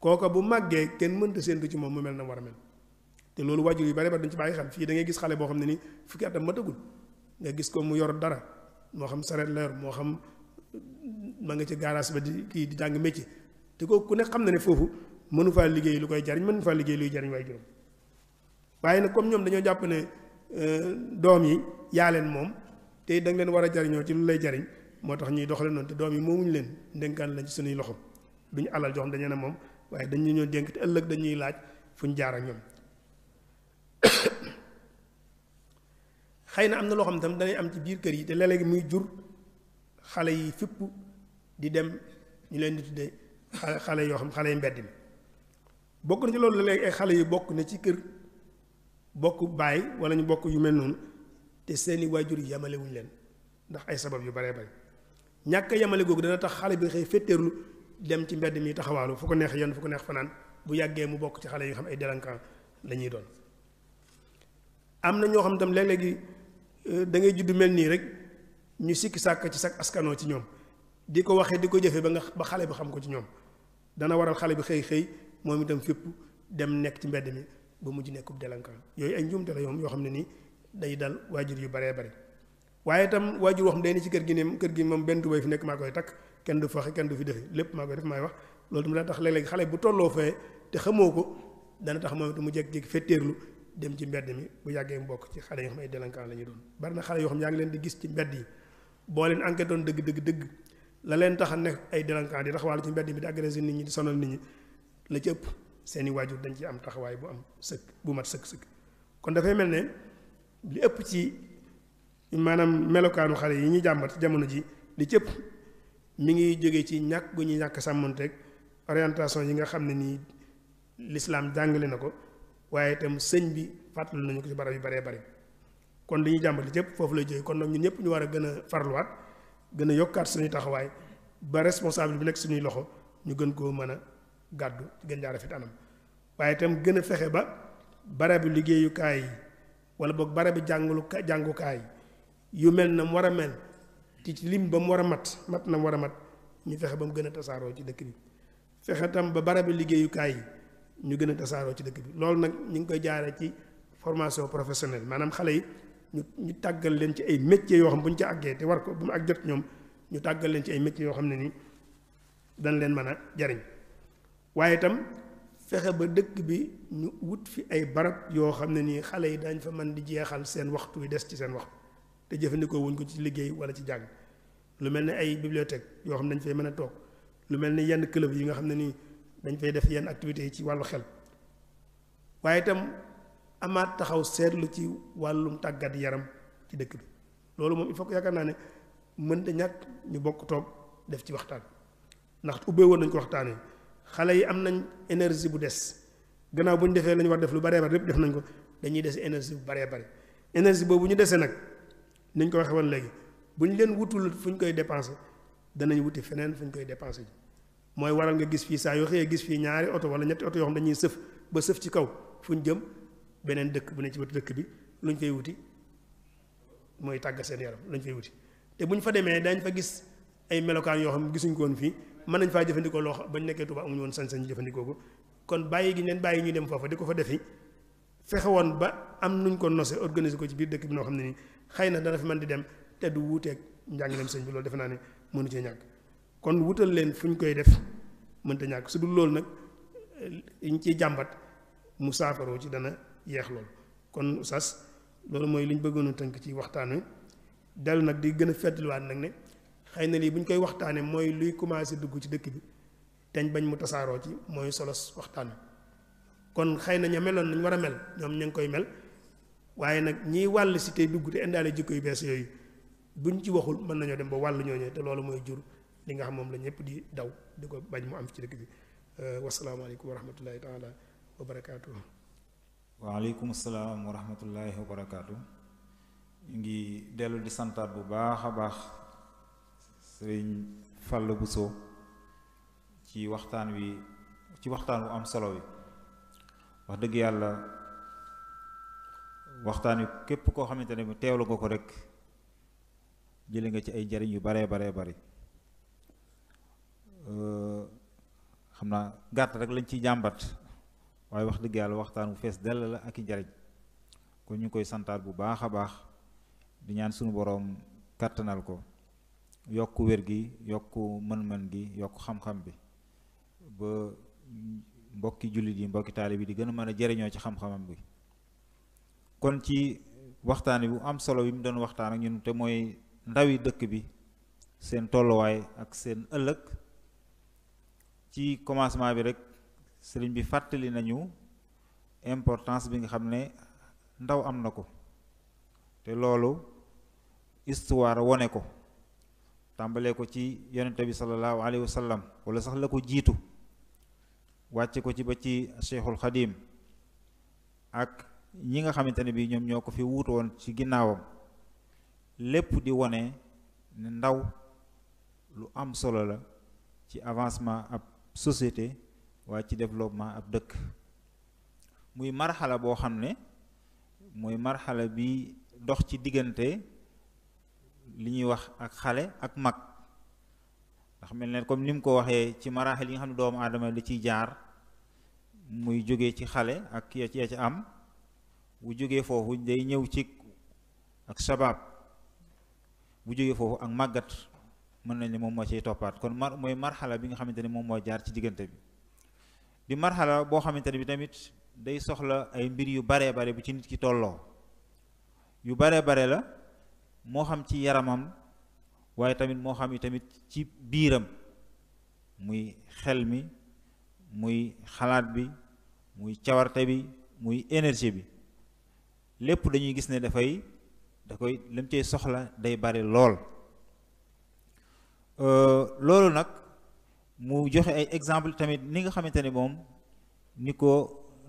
kooka bu màggee kenn mënta séentu ci moom mu mel na war a mel te loolu wajur yi bare ba dañ ci bàyyi xel fii da ngay gis xale boo xam ne ni fukki atam matagul nga gis ko mu yor dara moo xam sareet la moo xam ma nga ci garage ba di kii di jàng métier te ko ku ne xam na ne foofu mënu faa liggéey lu koy jariñ mënu faa liggéey luy jariñ waajuram waaye nag comme ñoom dañoo jàpp ne euh, doom yi yaa leen moom te da leen war a jariñoo ci lu lay jariñ moo tax ñuy doxale noonu doom yi moomuñu leen ndénkaan lañ ci suñuy loxo ñu alal joo xam dañu ne moom waaye dañu ñoo dénk te ëllëg dañuy laaj fu ñu jaar ak ñoom xëy na am na loo xam tam danay am ci biir kër yi te léeg-léeg muy jur xale yi fipp di dem ñu leen di tuddee xale yoo xam xale yi mbedd mi bokk na ci loolu léeg ay xale yi bokk na ci kër bokk baay wala ñu bokk yu mel noonu te seeni waajur yamalewuñ leen ndax ay sabab yu baree bari ñàkk yamale googu dana tax xale bi xëy féttéerlu dem ci mbedd mi taxawaalu fu ko neex yoon fu ko neex fanaan bu yàggee mu bokk ci xale yi nga xam ay délinquant lañuy ñuy doon am na ñoo xam tam léeg-léegi euh, da ngay judd mel nii rek ñu sikki sàkk ci sag askanoo ci ñoom di ko waxee di ko jëfe ba nga ba xale bi xam ko ci ñoom dana waral xale bi xëy xëy moom itam fépp dem nekk ci mbedd mi ba mujj nekkub délinquant yooyu ay njuumte la yoo xam ne nii day dal waajur yu baree bare waaye itam waajur wax mu day ci kër gi ne kër gi moom benn tubéy fi nekk maa koy takk kenn du faxe kenn du fi defe lépp maa koy def maay wax loolu tamit dana tax léeg-léeg xale bu tolloo fee te xamoo ko dana tax moom mu jékki-jékki fetteerlu dem ci mbedd mi bu yàggee mu bokk ci xale yi nga xam ay la ñu doon bari na xale yoo xam yaa leen gis ci mbedd boo leen enquête doon dëgg dëgg dëgg la leen tax a nekk ay délinquant di taxawal ci mbedd mi di agressé nit ñi di sonal nit ñi la ëpp seeni waajur dañ ci am taxawaay bu am sëkk bu mat sëkk sëkk kon dafay mel ne li ëpp ci maanaam melokaanu xale yi ñuy jàmbat jamono ji li ci mi ngi jóge ci ñàkk gu ñu ñàkk sàmmanteeg orientation yi nga xam ne nii lislaam jàngale na ko waaye itam sëñ bi fàttali nañu ko ci barab yu baree bari kon li dañuy jàmbale lépp foofu lay jóge kon nag ñu ñëpp ñu war a gën a farluwaat gën a yokkaat suñu taxawaay ba responsable bi nekk suñuy loxo ñu gën koo mën a gàddu ci gën jaarafit anam waaye itam gën a fexe ba barabu liggéeyukaay yi wala boog barabu jàngulu jàngukaay yu mel na mu war a mel ci lim ba mu war a mat mat na mu war a mat ñu fexe ba mu gën a tasaaroo ci dëkk bi fexe tam ba barabi liggéeyukaay yi ñu gën a tasaaroo ci dëkk bi loolu nag ñu ngi koy jaaree ci formation professionnelle maanaam xale yi ñu ñu tàggal leen ci ay métiers yoo xam bu ñu ca àggee te war ko bu ak jot ñoom ñu tàggal ci ay métiers yoo xam ne nii dañ leen mën a jariñ waaye itam fexe ba dëkk bi ñu wut fi ay barab yoo xam ne nii xale yi dañ fa mën di jeexal seen waxtu wi des ci seen waxtu te jëfandikoo wuñ ko ci liggéey wala ci jàng lu mel ne ay bibliothèque yoo xam ne dañ fay mën a toog lu mel ni yenn club yi nga xam ne nii dañ fay def yenn activités yi ci wàllu xel waaye itam amaat taxaw seetlu ci wàllum tàggat yaram ci dëkk bi loolu moom il faut que yaakaar naa ne mënta ñàkk ñu bokk toog def ci waxtaan ndax ubbee woon nañ ko waxtaanee xale yi am nañ énergie bu des gannaaw bu ñu defee lañu ñu war def lu baree bari lépp def nañ ko dañuy des énergie bu baree bari énergie boobu ñu desee nag. niñ ko waxee woon léegi bu ñu leen wutul fu ñu koy dépensé danañu wuti feneen fu ñu koy dépensé ji mooy waral nga gis fii saa yoo xëyee gis fii ñaari oto wala ñetti oto yoo xam dañuy sëf ba sëf ci kaw fu ñu jëm beneen dëkk bu ne ci wetu dëkk bi lu ñu wuti mooy tàggat seen yaram lu ñu wuti te bu ñu fa demee dañ fa gis ay melokaan yoo xam gisuñ ko woon fii mën nañ faa jëfandikoo loo xam bañ nekkee Tuubaa amuñu woon sañ-sañ jëfandikoo ko kon bàyyi gi leen bàyyi ñuy dem foofa di ko fa defi fexe woon ba am nuñ ko nose organiser ko ci biir dëkk bi noo xam ne nii xëy na dana fi mën di dem te du wuuteeg njàngaleem sëñ bi loolu defe naa ne mënu cee ñàkk kon wutal leen fu ñu koy def mënta ñàkk su dul loolu nag eh, liñ ciy jàmbat mu saafaroo ci dana yeex loolu kon sas loolu mooy li ñu bëggoon a tënk ci waxtaan wi dellu nag di gën a fettaliwaat nag ne xëy na lii bu ñu koy waxtaanee mooy luy commencé dugg ci dëkk bi teñ bañ mu tasaaroo ci mooy solos waxtaan wi kon xëy na ña meloon nañ war a mel ñoom ña ngi koy mel waaye nag ñii wàll si tey dugg te indaale jikko yu bees yooyu buñ ci waxul mën nañoo dem ba wàll ñooñu te loolu mooy jur li nga xam moom la ñëpp di daw di ko bañ mu am ci dëkk bi euh, wasalaamaaleykum wa rahmatullahi taala wa barakaatu. waaleykum salaam wa rahmatullahi wa ngi dellu di santaat bu baax a baax sëriñ Fallou Bousso ci waxtaan wi ci waxtaan wu am solo wi wax dëgg yàlla. waxtaan wi képp koo xamante ne teewlu nga ko rek jële nga ci ay njariñ yu baree baree bari xam naa gàtt rek lañ ciy jàmbat waaye wax dëgg yàlla waxtaan wu fees dell la ak i njariñ kon ñu koy santaat bu baax a baax di ñaan sunu boroom kàttanal ko yokk wér gi yokk mën-mën gi yokk xam-xam bi ba mbokki jullit yi mbokki taalib yi di gën a mën a jariñoo ci xam-xamam bi kon ci waxtaan wi bu am solo bi mu doon waxtaan ak ñun te mooy ndawi dëkk bi seen tolluwaay ak seen ëllëg ci commencement bi rek sëriñ bi fàttali nañu importance bi nga xam ne ndaw am na ko te loolu histoire wone ko tàmbalee ko ci yonente bi sallallahu alayhi wa sallam wala sax la ko jiitu wàcce ko ci ba ci cheikhul xadim ak ñi nga xamante ne bii ñoom ñoo ko fi wuutu ci ginnaawam lépp di wone ne ndaw lu am solo la ci avancement ab société waaye ci développement ab dëkk muy marxala boo xam ne muy marxala bi dox ci diggante li ñuy wax ak xale ak mag ndax mel ne comme ni mu ko waxee ci maraaxil yi nga xam ne doomu aadama li ciy jaar muy jóge ci xale ak ya ci am bu jógee foofu day ñëw ci ak sabab bu jógee foofu ak màggat mën nañ ne moom moo ciy toppaat kon mar mooy marxala bi nga xamante ne moom moo jaar ci diggante bi bi marxala boo xamante ne bi tamit day soxla ay mbir yu baree bare bu ci nit ki tolloo yu baree bare la moo xam ci yaramam waaye tamit moo xam i tamit ci biiram muy xel mi muy xalaat bi muy cawarte bi muy énergie bi lépp dañuy gis ne dafay dakoy koy lam cey soxla day bari lool euh, loolu nag mu joxe ay exemple tamit ni nga xamante ne moom ni ko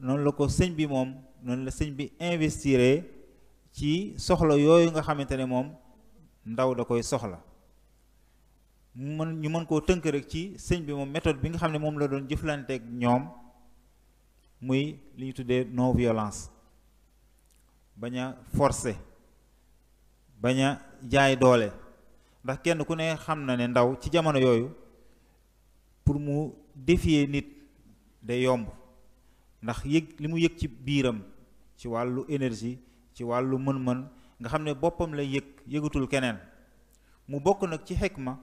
noonu la ko sëñ bi moom noonu la sëñ bi investire ci soxla yooyu nga xamante ne moom ndaw da koy soxla mën ñu mën koo tënk rek ci sëñ bi moom méthode bi nga xam ne moom la doon jëflanteeg ñoom muy li ñu tuddee non violence bañ a forcer bañ a jaay doole ndax kenn ku ne xam na ne ndaw ci jamono yooyu pour mu défier nit day yomb ndax yëg li mu yëg ci biiram ci wàllu énergie ci wàllu mën-mën nga xam ne boppam la yëg yëgatul keneen mu bokk nag ci xikma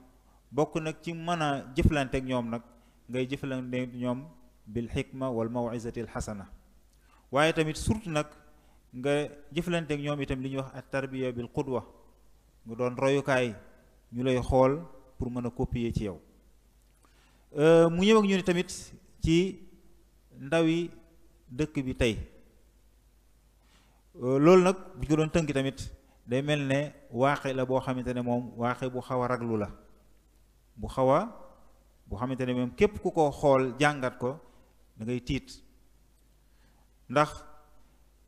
bokk nag ci mën a jëflante ak ñoom nag ngay jëflante ñoom bil xikma wal mawisati al xasana waaye tamit surtout nag nga jëflanteek ñoom itam li ñuy wax at tarbiya bil qudwa nga doon royukaay ñu lay xool pour mën a copier ci yow euh, mu ñëw ak ñu ne tamit ci ndawi dëkk bi tey euh, loolu nag bu ñu doon tënk tamit day mel ne waaxe la boo xamante ne moom waaxe bu xaw a raglu la bu xaw a bu xamante ne moom képp ku ko xool jàngat ko dangay ngay tiit ndax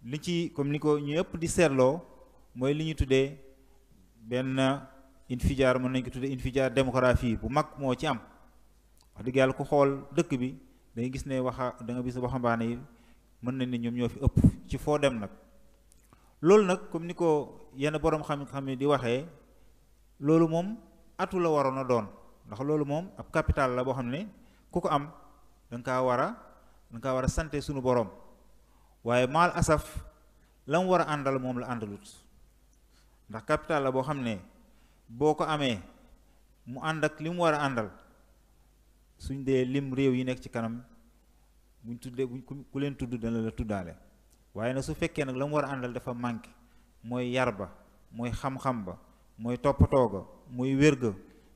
li ci comme ni ko ñu ëpp di seetloo mooy li ñu tuddee benn infijaar mën nañ ko tuddee infijaar démographie bu mag moo ci am wax dëgg yàlla ku xool dëkk bi dangay gis ne waxa da nga gis waxambaane yi mën na ni ñoom ñoo fi ëpp ci foo dem nag loolu nag comme ni ko yenn boroom xam-xam yi di waxee loolu moom atul la waroon a doon ndax loolu moom ab capital la boo xam ne ku ko am danga kaa war a danga kaa war a sante sunu boroom waaye maal asaf la mu war a àndal moom la àndalut ndax capital la boo xam ne boo ko amee mu ànd ak li mu war a àndal suñ dee lim réew yi nekk ci kanam buñ tuddee ku leen tudd dana la tuddaale waaye nag su fekkee nag la mu war a àndal dafa manqué mooy yar ba mooy xam-xam ba mooy toppatoo ga mooy wér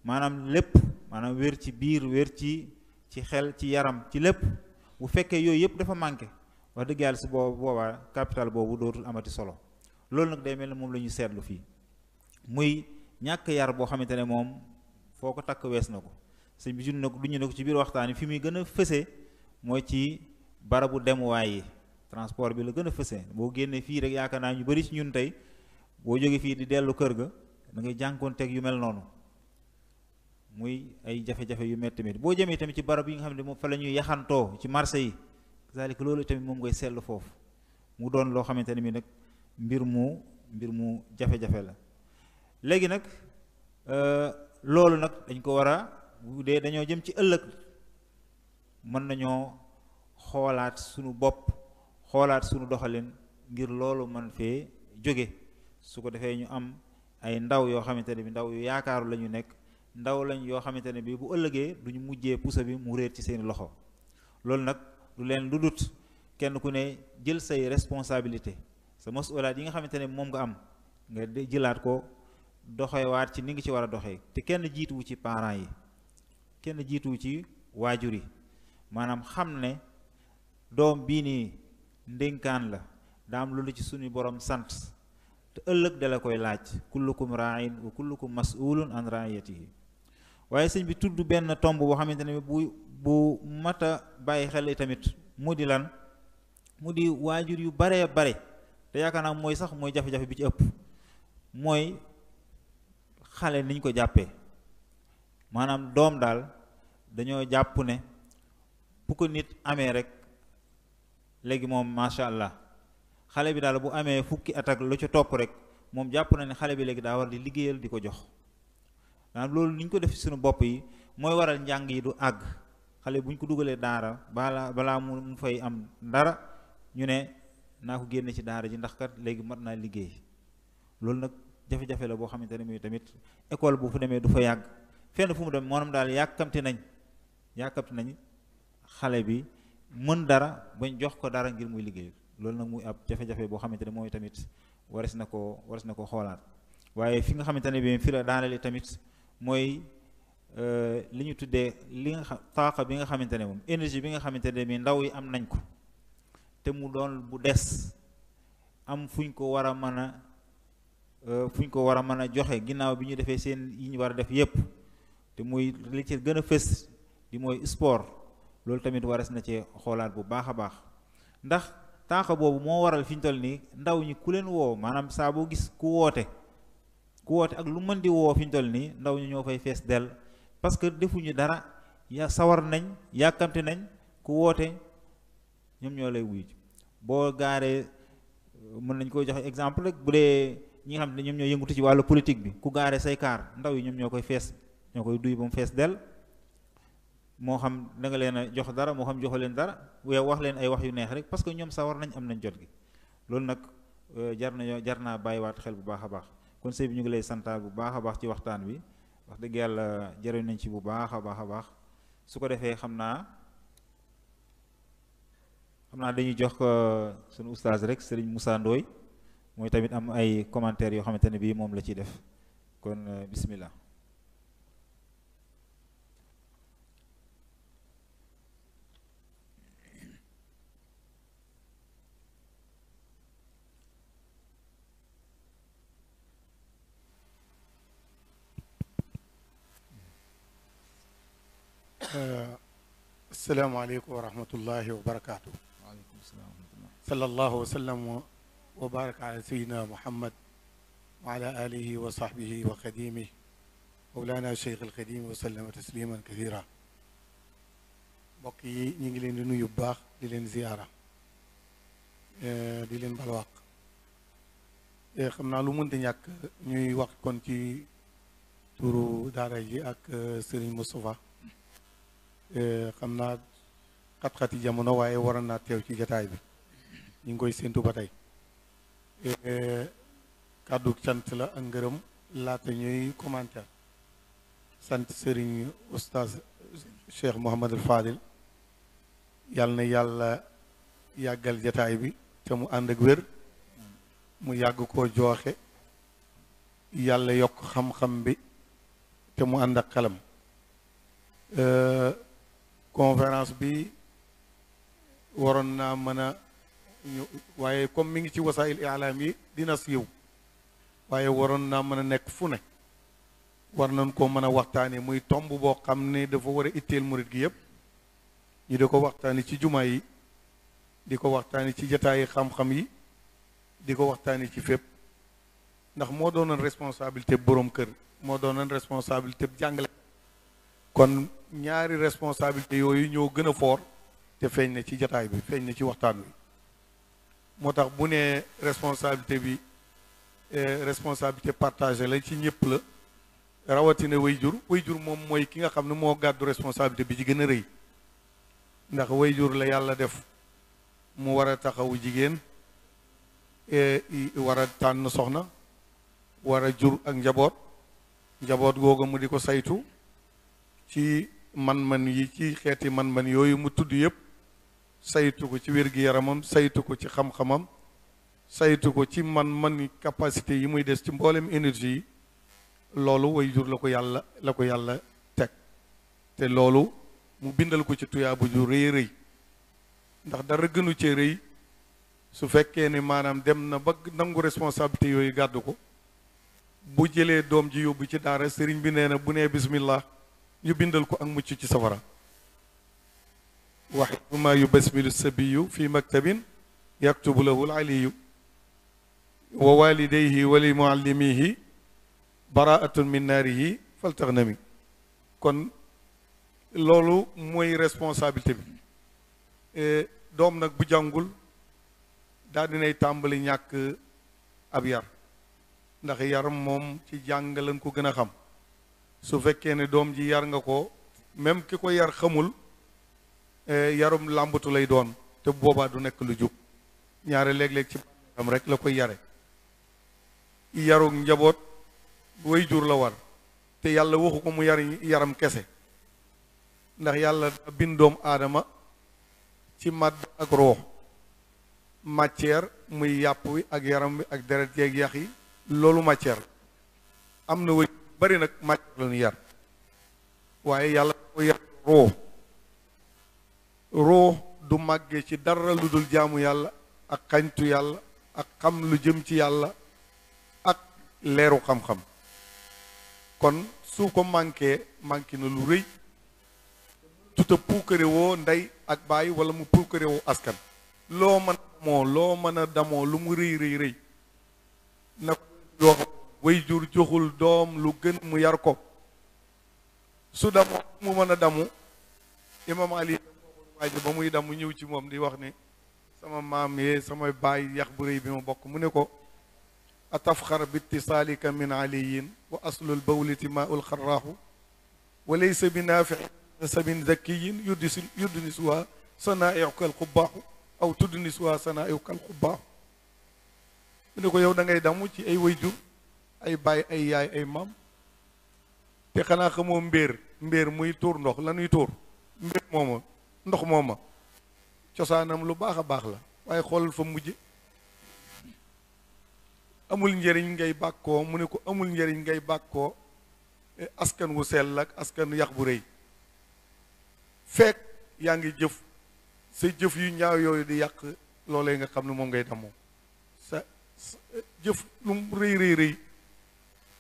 maanaam lépp maanaam wér ci biir wér ci ci xel ci yaram ci lépp bu fekkee yooyu yëpp dafa manqué wax dëgg yàlla si boobu boobaa capital boobu dootul amati solo loolu nag day mel ne moom la ñu seetlu fii muy ñàkk yar boo xamante ne moom foo ko takk wees na ko sëñ bi junne ko duñu ne ko ci biir waxtaan yi fi muy gën a fëse mooy ci barabu demuwaay yi transport bi la gën a fëse boo génnee fii rek yaakaar naa ñu bari ci ñun tey boo jógee fii di dellu kër ga da ngay jànkoonteeg yu mel noonu muy ay jafe-jafe yu metti tamit boo jëmee tamit ci barab yi nga xam ne moom fa la ñuy yaxantoo ci marché yi zalika loolu tamit moom ngay seetlu foofu mu doon loo xamante ne bi nag mbir mu mbir mu jafe-jafe la léegi nag euh, loolu nag dañ ko war a bu dee dañoo jëm ci ëllëg mën nañoo xoolaat sunu bopp xoolaat sunu doxalin ngir loolu man fee jóge su ko defee ñu am ay ndaw yoo xamante ne bi ndaw yu yaakaaru la ñu nekk ndaw lañ yoo xamante ne bi bu ëllëgee duñu mujjee puso bi mu réer ci seeni loxo loolu nag du leen lu dut kenn ku ne jël say responsabilité sa masulaat yi nga xamante ne moom nga am nga jëlaat ko doxewaat ci ni ngi ci war a doxee te kenn jiituwu ci parent yi kenn jiituwu ci waajur yi maanaam xam ne doom bii nii ndénkaan la daa am lu ci suñu borom sant te ëllëg dala koy laaj kullukum raain wa kullukum mas'ulun an raiyatihi waaye sëñ bi tudd benn tomb boo xamante ne bu mat a bàyyi xel tamit mu di lan mu di waajur yu baree bare te yaakaar naa mooy sax mooy jafe-jafe bi ci ëpp mooy xale niñ ko jàppee maanaam doom daal dañoo jàpp ne bu ko nit amee rek léegi moom macha allah xale bi daal bu amee fukki at ak lu ca topp rek moom jàpp na ne xale bi léegi daa war di liggéeyal di ko jox maanaam loolu ni ko def sunu bopp yi mooy waral njàng yi du àgg xale bu ñu ko dugalee daara balaa balaa mu fay am dara ñu ne naa ko génne ci daara ji ndax kat léegi mat naa liggéey loolu nag jafe-jafe la boo xamante ne muy tamit école bu fu demee du fa yàgg fenn fu mu dem moom daal yàkkamti nañ yàkkamti nañ xale bi mën dara bañ jox ko dara ngir muy liggéey loolu nag muy ab jafe boo xamante ne mooy tamit waris na ko waris na ko xoolaat waaye fi nga xamante ne fi la daanale tamit mooy Euh, li ñu tuddee li nga xam taaqa bi nga xamante ne moom énergie bi nga xamante ne bi ndaw yi am nañ ko te mu doon bu des am fu ñu ko war a mën a euh, fu ko war a mën a joxe ginnaaw bi ñu defee seen yi ñu war a def yépp te muy li ci gën a fës di mooy sport loolu tamit waras na cee xoolaat bu baax a baax ndax taaxa boobu moo waral fi ñu toll nii ndaw ñi ku leen woo maanaam saa boo gis ku woote ku woote ak lu mën di woo fi ñu toll nii ndaw ñi ñoo fay fees dell parce que defuñu dara ya sawar nañ yàkkamti nañ ku woote ñoom ñoo lay wuyu boo gaaree mën nañ koo joxe exemple rek bu dee ñi xam ne ñoom ñoo yëngutu ci wàllu politique bi ku gaaree say kaar ndaw yi ñoom ñoo koy fees ñoo koy duy ba mu fees dell moo xam da nga leen jox dara moo xam joxu leen dara yow wax leen ay wax yu neex rek parce que ñoom sawar nañ am nañ jot gi loolu nag euh, jar nañoo jar naa bàyyiwaat xel bu baax a baax kon sëñ bi ñu ngi lay santaar bu baax a baax ci waxtaan wi wax dëgg yàlla jëriñ nañ ci bu baax a baax a baax su ko defee xam naa xam naa dañuy jox sunu oustaz rek sëriñ Moussa Ndoye mooy tamit am ay commentaires yoo xamante ne bii moom la ciy def kon euh, bismillah asalaamaaleykum wa rahmatullahi wa barakaatu. waaleykum salaam wa rahmatullah. sallallahu wa sallam wa baraka ala sayyidina Muhammad wa ala alihi wa sahbihi wa xadimih mawlana cheikh alxadim wa sallama tasliman kathira mbokk yi ñu ngi leen di nuyu bu baax di leen ziyaara eh, di leen balwaq eh, xam naa lu mënti ñàkk ñuy wax kon ci turu daara ji ak eh, Serigne Moustapha Eh, xam naa xat-xati jamono waaye waroon naa teew ci jataay bi ñu ngi koy séntu ba tey eh, kàddu cant la ak ngërëm laata ñuy commentaire sant sëriñ oustaz cheikh Mouhamadul Fadil yàlla na yàlla yàggal jataay bi te mu ànd ak wér mu yàgg koo jooxe yàlla yokk xam-xam bi te mu ànd ak xelam eh, conférence bi waroon naa mën a waaye comme mi ngi ci wasail ilaam yi dina siiw waaye waroon naa mën a nekk fu ne war nañ ko mën a waxtaane muy tomb boo xam ne dafa wara a itteel murit gi yépp ñu di ko waxtaani ci jumaa yi di ko waxtaani ci jataayi xam-xam yi di ko waxtaani ci fépp ndax moo doon doonoon responsabilité boroom kër moo doon doonoon responsabilité bu jàngale kon ñaari responsabilité yooyu ñoo gën a fort te feeñ na ci jataay bi feeñ na ci waxtaan wi moo tax bu nee responsabilité bi eh, responsabilité partagée la ci ñëpp la rawatina jur way jur moom mooy ki nga xam ne moo gàddu responsabilité bi ci gën a rëy ndax way jur la yàlla def mu war a taxawu jigéen eh, war a tànn soxna war a jur ak njaboot njaboot googu mu di ko saytu ci man-man yi ci xeeti man-man yooyu mu tudd yépp saytu ko ci wér-gi-yaramam saytu ko ci xam-xamam saytu ko ci man-man capacité yi muy des ci mboolem énergie yi loolu way jur la ko yàlla la ko yàlla teg te loolu mu bindal ko ci tuyaabu jur rëy rëy ndax dara gënu cee rëy su fekkee ne maanaam dem na ba nangu responsabilité yooyu gàddu ko bu jëlee doom ji yóbbu ci daara sëriñ bi nee na bu nee bismillah yu bindal ko ak mucc ci safara waxiduma yubasmilu sabiyu fi maktabin yaktubu lahu laliyu wa walidayhi wa li muallimihi yi min naarihi faltaxnami kon loolu mooy responsabilité bi e, doom nag bu jàngul daal dinay tàmbali ñàkk ab yar ndax yaram moom ci jàng lañ ko gën a xam su fekkee ne doom ji yar nga ko même ki ko yar xamul eh, yarum làmbatu lay doon te boobaa du nekk lu jub ñaare léeg-léeg ci am rek la koy yare yarug njaboot way jur la war te yàlla waxu ko mu yar yaram kese ndax yàlla bind aadama ci màdd ak roox matière muy yàpp wi ak yaram wi ak deret yeeg yax yi loolu matière am na way bari nag màcc lañu yar waaye yàlla ko yar roo roo du màggee ci dara lu dul jaamu yàlla ak xañtu yàlla ak xam lu jëm ci yàlla ak leeru xam-xam kon su ko manqué manqué na lu rëy tuta puukare ndey ak baay walla mu puukare askan loo mën a damoo loo lu mu rëy rëy rëy way jur joxul doom lu gën mu yar ko su damu mu mën a damu imam ali mu muy damu ñëw ci moom di wax ni sama maam yee sama baay yax bu rëy bi ma bokk mu ne ko atafxar bi ittisaalika min aliyin wa aslul bawli timaa'ul xarraaxu wa laysa bi naafiin nasabin zakkiyin yuddisi yuddinisuwaa sanaa'iuka alxubbaaxu aw tuddinisuwaa sanaa'iuka alxubbaaxu mu ne ko yow da ngay damu ci ay way ay baay ay yaay ay maam te xanaa xamoo mbéer mbéer muy tuur ndox lanuy tuur mbéer mooma ndox mooma cosaanam lu baax a baax la waaye xoolal fa mujj amul njëriñ ngay bàkkoo mu ne ko amul njëriñ ngay bàkkoo eh, askan wu sell ak askan yàq bu rëy fekk yaa ngi jëf sa jëf yu ñaaw yooyu di yàq loolee nga xam ne moom ngay damu sa eh, jëf lu rëy rëy rëy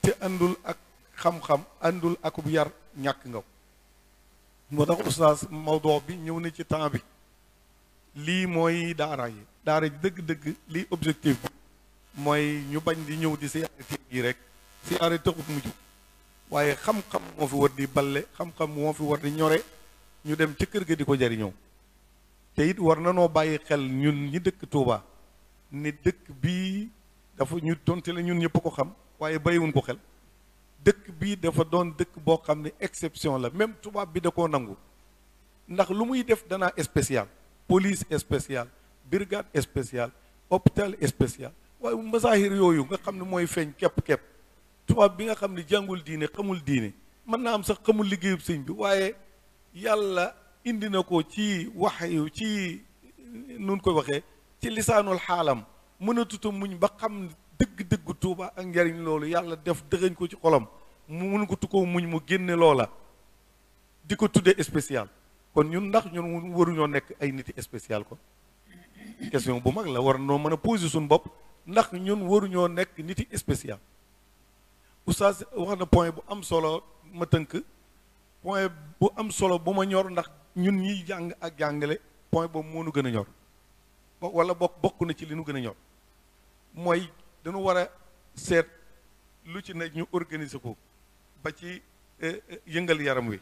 te àndul ak xam-xam àndul akub yar ñàkk nga moo tax oustaz Maodo bi ñëw na ci temps bi lii mooy daara yi daa ji dëgg-dëgg lii objectif bi mooy ñu bañ di ñëw di siyaare téeg yi rek siyaare taxut mu jóg waaye xam-xam moo fi war di balle xam-xam moo fi war di ñore ñu dem ci kër gi di ko jariñoo te war na noo bàyyi xel ñun ñi dëkk Touba ni dëkk bii dafa ñu donte la ñun ñëpp ko xam waaye bàyyiwuñ ko xel dëkk bii dafa doon dëkk boo xam ne exception la même tubaab bi da koo nangu ndax lu muy def danaa spécial police spéciale brigade spéciale hôpital spécial waaye masaahir yooyu nga xam ne mooy feeñ képp-képp tubaab bi nga xam ne jàngul diine xamul diine mën naa am sax xamul liggéeyub siñ bi waaye yàlla indi na ko ci wax yu ci nun ko waxee ci lisaanul xaalam mën muñ ba xam dëgg-dëgg tuuba ak njariñ loolu yàlla def dëxëñ ko ci xolam mu mun ko tukkoo muñ mu génne loola di ko tuddee spécial kon ñun ndax ñun waruñoo nekk ay niti spécial ko question bu mag la war noo mën a poser suñu bopp ndax ñun waruñoo nekk niti spécial oustaz wax na point bu am solo ma tënk point bu am solo bu ma ñor ndax ñun ñiy jàng ak jàngale point boobu moo nu gën a ñor wala bokk bokku na ci li nu gën a ñor mooy dañu war a seet lu ci nekk ñu organiser ko ba ci eh, eh, yëngal yaram wi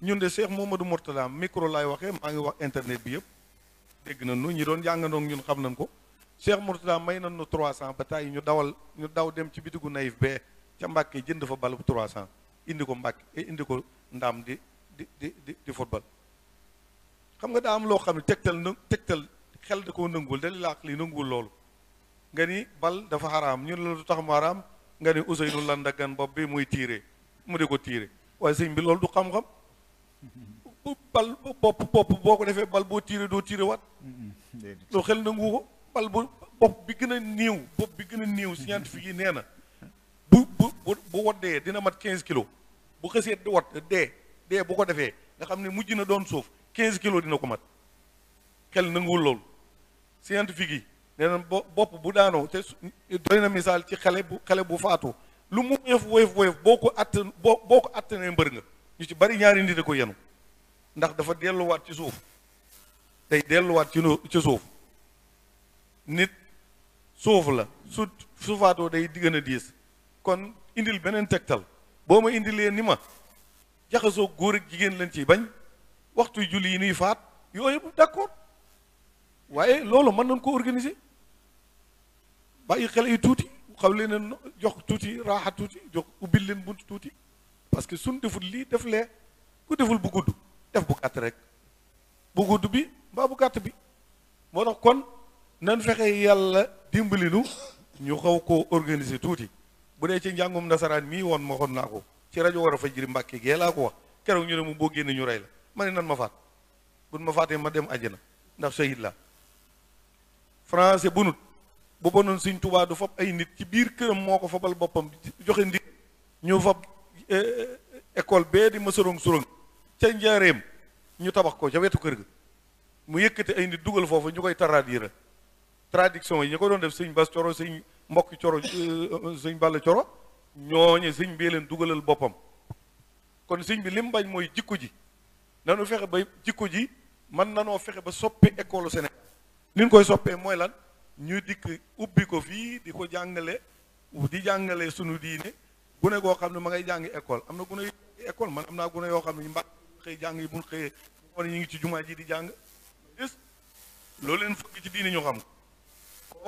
ñun de Cheikh Momadou Mourtala micro lay waxee maa ngi wax internet bi yëpp dégg na nu ñi doon jàngandoo ñun xam nañ ko Cheikh Mourtala may na nu 300 ba tàyyi ñu dawal ñu daw dem ci bitigu naïf bee ca Mbàkke jënd fa trois 300 indi ko Mbàkke eh, indi ko ndaam di di di di football xam nga daa am loo xam ne tegtal na tegtal xel da koo nanguwul dalilaax lii nanguwul loolu nga ni bal dafa xaraam ñun la lu tax mu xaraam nga ni Ousseynou lan daggan bopp bii muy tiire mu di ko tiire waaye sëñ bi loolu du xam-xam bal bopp bopp boo ko defee bal boo tiire doo tiire wat loolu xel nangu ko bal bu bopp bi gën a niiw bopp bi gën a néew scientifique yi nee na bu bu bu waddee dina mat quinze kilos bu xësee di wat dee dee bu ko defee nga xam ne mujj na doon suuf quinze kilos dina ko mat xel nanguwul loolu scientifique yi nee na bopp bu daanoo te doy na misaal ci xale bu xale bu faatu lu mu woyof woyof woyof boo ko att boo boo ko attanee mbër nga ñu ci bari ñaari nit a ko yenu ndax dafa delluwaat ci suuf day delluwaat ci ci suuf nit suuf la su suufaatoo day diggën a diis kon indil beneen tegtal boo ma indilee ni ma jaxasoo góor ak jigéen lañ ci bañ waxtu julli yi nuy faat yooyu d'accord waaye loolu mën nañ ko organiser bàyyi xele yi tuuti xaw leen jox tuuti raaxa tuuti jox ubbil leen bunt tuuti parce que suñ deful lii def lee ku deful bu gudd def bu gàtt rek bu bi mbaa bu bi moo tax kon nan fexe yàlla dimbali nu ñu xaw ko organiser tuuti bu dee ci njàngum nasaraan mii woon ma xoon naa ko ci rajo war a fa jiri mbàkke gee laa ko wax keroog ñu ne mu boo génne ñu rey la ma ne nan ma faat buñ ma faatee ma dem na ndax shahid la français bunut bu bonoon sëñ tubaa du fab ay nit ci biir këram moo ko fabal boppam joxe ndig ñu fab eh, eh, école bee di masorong sorong ca njaareem ñu tabax ko ca wetu kër ga mu yëkkati ay nit dugal foofu ñu koy traduire traduction yi ñu ko doon def sëñ bas coro sëñ mbokki coro eh, sëñ bàll coro ñooñe sëñ bee leen dugalal boppam kon sëñ bi lim bañ mooy jikko ji nanu fexe ba jikko ji man nanoo fexe ba soppi école Sénégal li ñu koy soppee mooy lan ñu dikk ubbi ko fii di ko jàngale di jàngale sunu diine gune koo xam ne ma ngay jàng école am na gune yu école man am naa gune yoo xam ne ñu mbaa xëy jàng yi bu ñu xëyee ñu ngi ci jumaa ji di jàng gis loolu leen fëgg ci diine ñu xam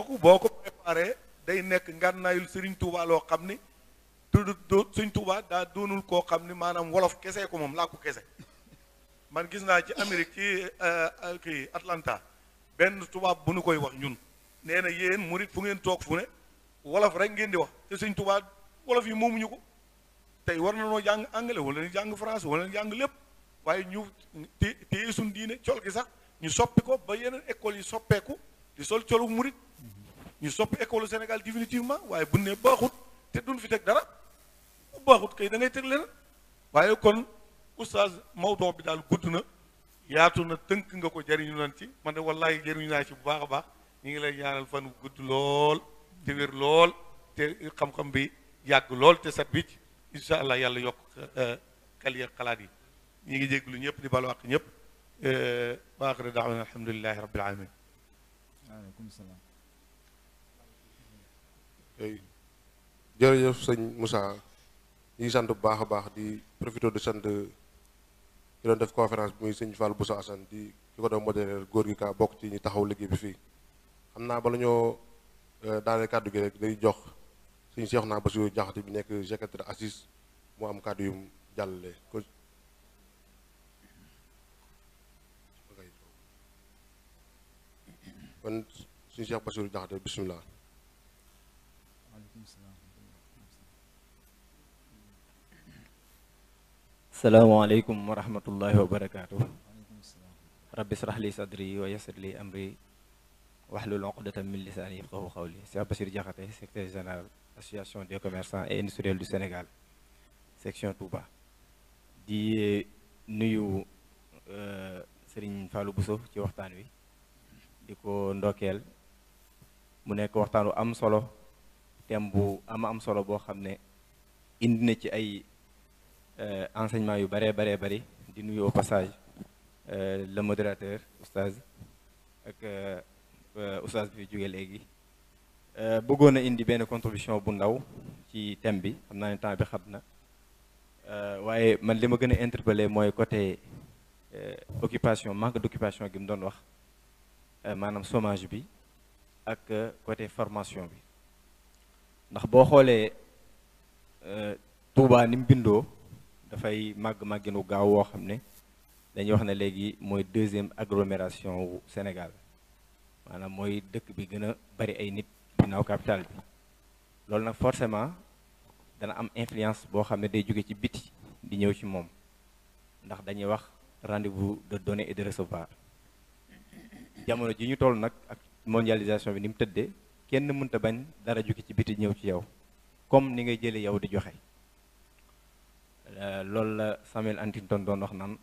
ko boo ko préparé day nekk ngan ngànnaayul sëriñ Tuubaa loo xam ni du du sëriñ Tuubaa daa doonul koo xam ni maanaam wolof kese ko moom laa kese man gis naa ci Amérique ci euh, euh, kii Atlanta benn tubaab bu nu koy wax ñun nee na yéen murit fu ngeen toog fu ne wolof rek ngeen di wax te sëñ Tuubaa wolof yi moomuñu ko tey war na noo jàng anglais wala ñu jàng france walla ñu jàng lépp waaye ñu té téye suñ diine col gi sax ñu soppi ko ba yeneen écoles yi soppeeku di sol colu murit ñu soppi école Sénégal définitivement waaye bu ne baaxut te duñ fi teg dara bu baaxut kay da ngay teg leneen waaye kon oustaz Maodo bi daal gudd na yaatu na tënk nga ko jariñu nan ci man de wallaahi jariñu naa ci bu baax a baax ñu ngi lay ñaanal fan wu gudd lool te wér lool te xam-xam bi yàgg lool te set wicc incha allah yàlla yokk xel euh, yi xalaat yi ñu ngi jéglu ñëpp di balu àq ñëpp euh, wa axira daawana alhamdulilahi rabbil alamin waaleykum salaam jërëjëf sëñ Moussa ñu ngi sant bu baax a baax di profité de sant ki doon def conférence bi muy sëñ Fall Boussa Assane di ki ko doon modérer góor gi kaa bokk ci ñu taxaw liggéey bi fii am naa bala ñoo euh, daaneel kàddu gi rek day jox suñu seex naa Bassirou Diakhaté bi nekk secrétaire ACIS mu am kàddu yum jàllale ko kon suñu seex Bassirou Diakhaté bisimilah. waaleykum salaam. salaamaaleykum wa wa barakaatu. rabbi israh li wa yassir li amri. wax de wahlul uqdatan min lisaani xaw qawli Cheikh Bassirou Diakhaté secrétaire général association des commerçants et industriels du Sénégal section Touba di eh, nuyu euh, Serigne Fallou Bousso ci waxtaan wi di ko ndokkeel mu nekk waxtaan wu am solo thème bu am am solo boo xam ne indi na ci ay euh, enseignement yu baree baree bari di nuyu au passage euh, le modérateur oustaz ak Euh, oustaz bi fi jóge léegi euh, bëggoon a indi benn contribution bu ndaw ci thème bi xam naa ne temps bi xat na euh, waaye man li ma gën a interpellé mooy côté occupation manque d'occupation gi mu doon wax maanaam somage bi ak côté formation bi ndax boo xoolee Touba ni mu bindoo dafay màgg-màgginu gaaw woo xam ne dañuy wax ne léegi mooy deuxième agglomération wu Sénégal maanaam mooy dëkk bi gën a bari ay nit ginnaaw capital bi loolu nag forcément dana am influence boo xam ne day jóge ci biti di ñëw ci moom ndax dañuy wax rendez-vous de donner et de recevoir jamono ji ñu toll nag ak mondialisation bi ni mu tëddee kenn mënta bañ dara jóge ci biti ñëw ci yow comme ni ngay jële yow di joxe euh, loolu la Samuel Huntington doon wax naan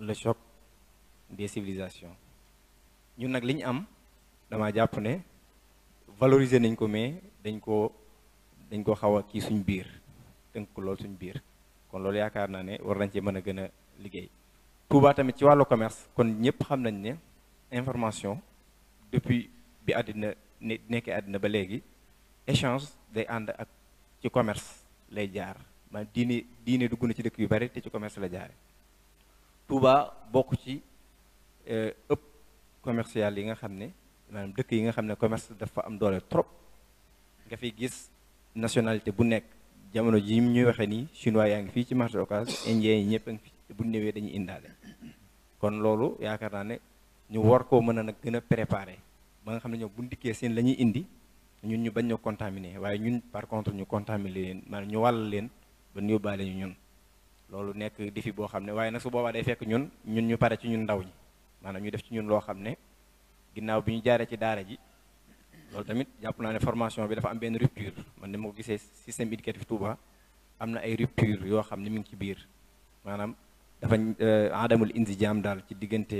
le choc des civilisations ñun nag li ñu am damaa jàpp ne valoriser nañ ko mais dañ koo dañ ko xaw a kii suñ biir tënk ko lool suñ biir kon loolu yaakaar naa ne war nañ ci mën a gën a liggéey Touba tamit ci wàllu commerce kon ñëpp xam nañ ne information depuis bi àddina nekkee àddina ba léegi échange day ànd ak ci commerce lay jaar maanaam diine diine dugg na ci dëkk yu bari te ci commerce la jaare Touba bokk ci euh, ëpp commercial yi nga xam ne maanaam dëkk yi nga xam ne commerce dafa am doole trop nga fi gis nationalité bu nekk jamono ji ñuy waxee nii chinois yaa ngi fii ci marché occasion indien yi ñëpp a ngi fi bu ñëwee dañuy indaale kon loolu yaakaar naa ne ñu war koo mën a nag gën a préparer ba nga xam ne ñoom bu ndikkee seen la ñuy indi ñun ñu bañ ñoo contaminé waaye ñun par contre ñu contaminé leen maanaam ñu wàll leen ba ñu yóbbaale ñu ñun loolu nekk défi boo xam ne waaye nag su boobaa day fekk ñun ñun ñu pare ci ñun ndaw ñi maanaam ñu def ci ñun loo xam ne ginnaaw bi ñu jaaree ci daara ji loolu tamit jàpp naa ne formation bi dafa am benn rupture man ni ma ko gisee système éducatif Touba am na ay rupture yoo xam ne mi ngi ci biir maanaam dafa aadamul euh, insidiam daal ci diggante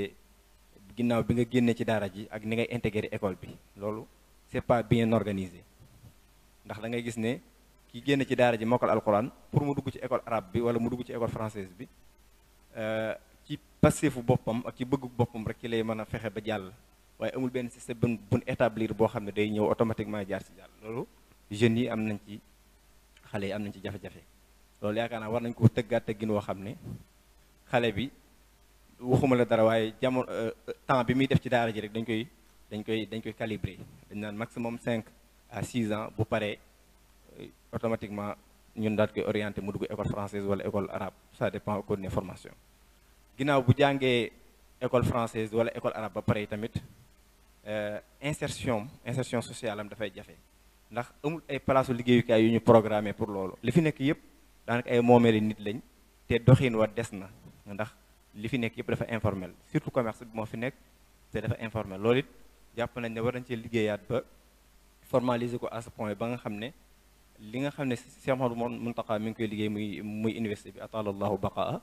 ginnaaw bi nga génnee ci daara ji ak ni ngay intégrer école bi loolu c'est pas bien organisé ndax da ngay gis ne ki génn ci daara ji mokkal alquran pour mu dugg ci école arabe bi wala mu dugg ci école française bi euh, ci passefu boppam ak ci bëggu boppam rek ci lay mën a fexe ba jàll waaye amul benn si système bu buñ établir boo xam ne day ñëw automatiquement jaar ci jaar loolu jeunes yi am nañ ci xale yi am nañ ci jafe-jafe loolu yaakaar naa war nañ ko tëggaat tëggin woo xam ne xale bi waxuma la dara waaye jamono euh, euh, temps bi muy def ci daara ji rek dañ koy dañ koy dañ koy calibrer dañ naan maximum cinq à 6 ans bu paree euh, automatiquement ñun daal koy orienté mu dugg école française wala école arabe ça dépend code de formation ginnaaw bu jàngee école française wala école arabe ba pare tamit Euh, insertion insertion sociale am dafay jafe ndax amul ay place liggéeyukaay yu ñu programme pour loolu li fi nekk yëpp daanaka ay moomeeli nit lañ te doxin wa des na ndax li fi nekk yëpp dafa informel surtout commerce bi moo fi nekk te dafa informel loolu it jàpp nañ ne war nañ cee liggéeyaat ba formaliser ko à ce ba nga xam ne li nga xam ne si Cheikh Mouhamadou Mountakha mi ngi koy liggéey muy muy université bi atalallahu baqaa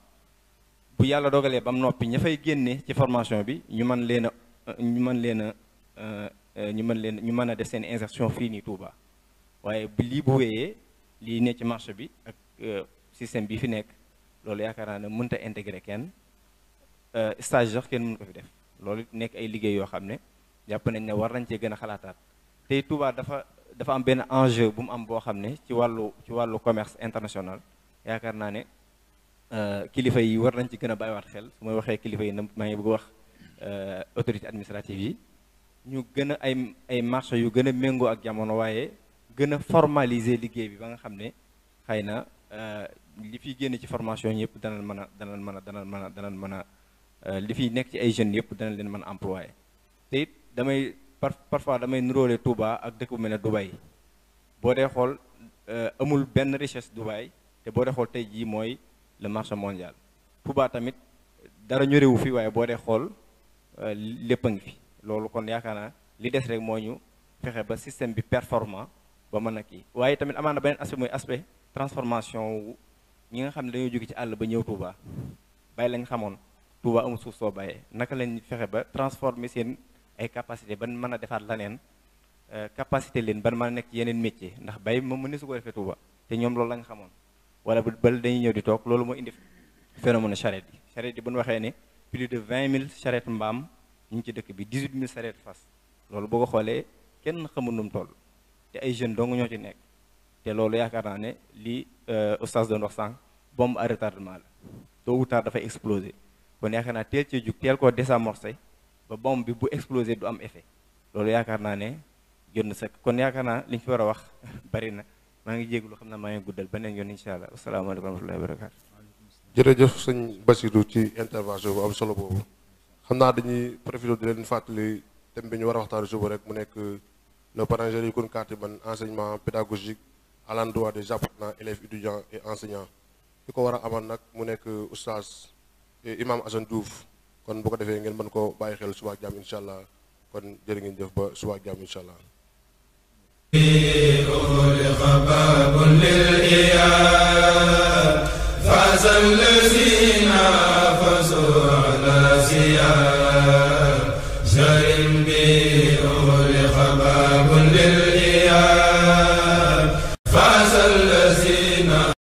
bu yàlla dogalee ba mu noppi ña fay ci formation bi ñu mën leen a ñu mën leen a Euh, euh, ñu mën leen ñu mën a def seen insertion fii nii Touba waaye bu lii bu wéyee lii ne ci marché bi ak euh, système bii fi nekk loolu yaakaar naa ne mënta a intégré kenn stage sax kenn mënu ko fi def loolu nekk ay liggéey yoo xam ne jàpp nañ ne war nañ cee gën a xalaataat tey Touba dafa dafa am benn enjeu bu mu am boo xam ne ci wàllu ci wàllu commerce international yaakaar naa ne kilifa yi war nañ ci gën a bàyyiwaat xel su may waxee kilifa yi na maa ngi bëgg wax autorité administrative yi ñu gën a ay ay marché yu gën a méngoo ak jamono waaye gën a formaliser liggéey bi ba nga xam ne xëy na euh, li fiy génne ci formation yëpp danañ mën a danañ mën a danañ mën mën a euh, li fiy nekk ci ay jeunes yëpp danañ leen mën a employé it damay par parfois damay nuróole Touba ak dëkk bu mel ne Dubaï boo dee xool euh, amul benn richesse Dubaï te boo dee xool tey jii mooy le marché mondial Touba tamit dara ñorewu fi waaye boo dee xool lépp a ngi fi loolu kon yaakaar naa li des rek moo ñu fexe ba système bi performant ba mën a kii waaye tamit amaana beneen aspect mooy aspect transformation wu ñi nga xam ne dañoo jóge ci àll ba ñëw Touba bàyyi lañ xamoon Touba amul suuf soo bàyyee naka lañ fexe ba transformer seen ay capacité ban mën a defaat leneen euh, capacité leen ban mën a nekk ci yeneen métier ndax bay moom mënees su ko defee Touba te ñoom loolu la nga xamoon wala bu bal dañuy ñëw di toog loolu moo indi phénomène charrette yi charrette yi bu ñu waxee ne plus de 20 000 charrette mbaam ñu ngi ci dëkk bi 18000 sareet fas loolu boo ko xoolee kenn xamul nu tool te ay jeunes dong ñoo ci nekk te loolu yaakaar naa ne li euh, oustaz doon wax sànq bombe à retardement la tôt ou tard dafay exploser kon yaakaar naa teel cee jug teel koo désamorcer ba bombe bi bu exploser du am effet loolu yaakaar naa ne jot na sax kon yaakaar naa li ñu fi war a wax bari na maa ngi jégalu xam naa maa ngi guddal beneen yoon incha allah asalaamaaleykum wa rahmatullahi wa barakaatu. jërëjëf sëñ Basirou ci intervention bu am solo boobu. xam naa dañuy profité di leen fàttali thème bi ñu war a waxtaan suba rek mu nekk le parranger yi kon carte ban enseignement pédagogique à l'endroit des apprenants élèves étudiants et enseignants ki ko war a amal nag mu nekk oustaz imam Assane Diouf kon bu ko defee ngeen mën ko bàyyi xel suba ak jàmm allah kon jërë ngeen jëf ba suba ak jàmm ya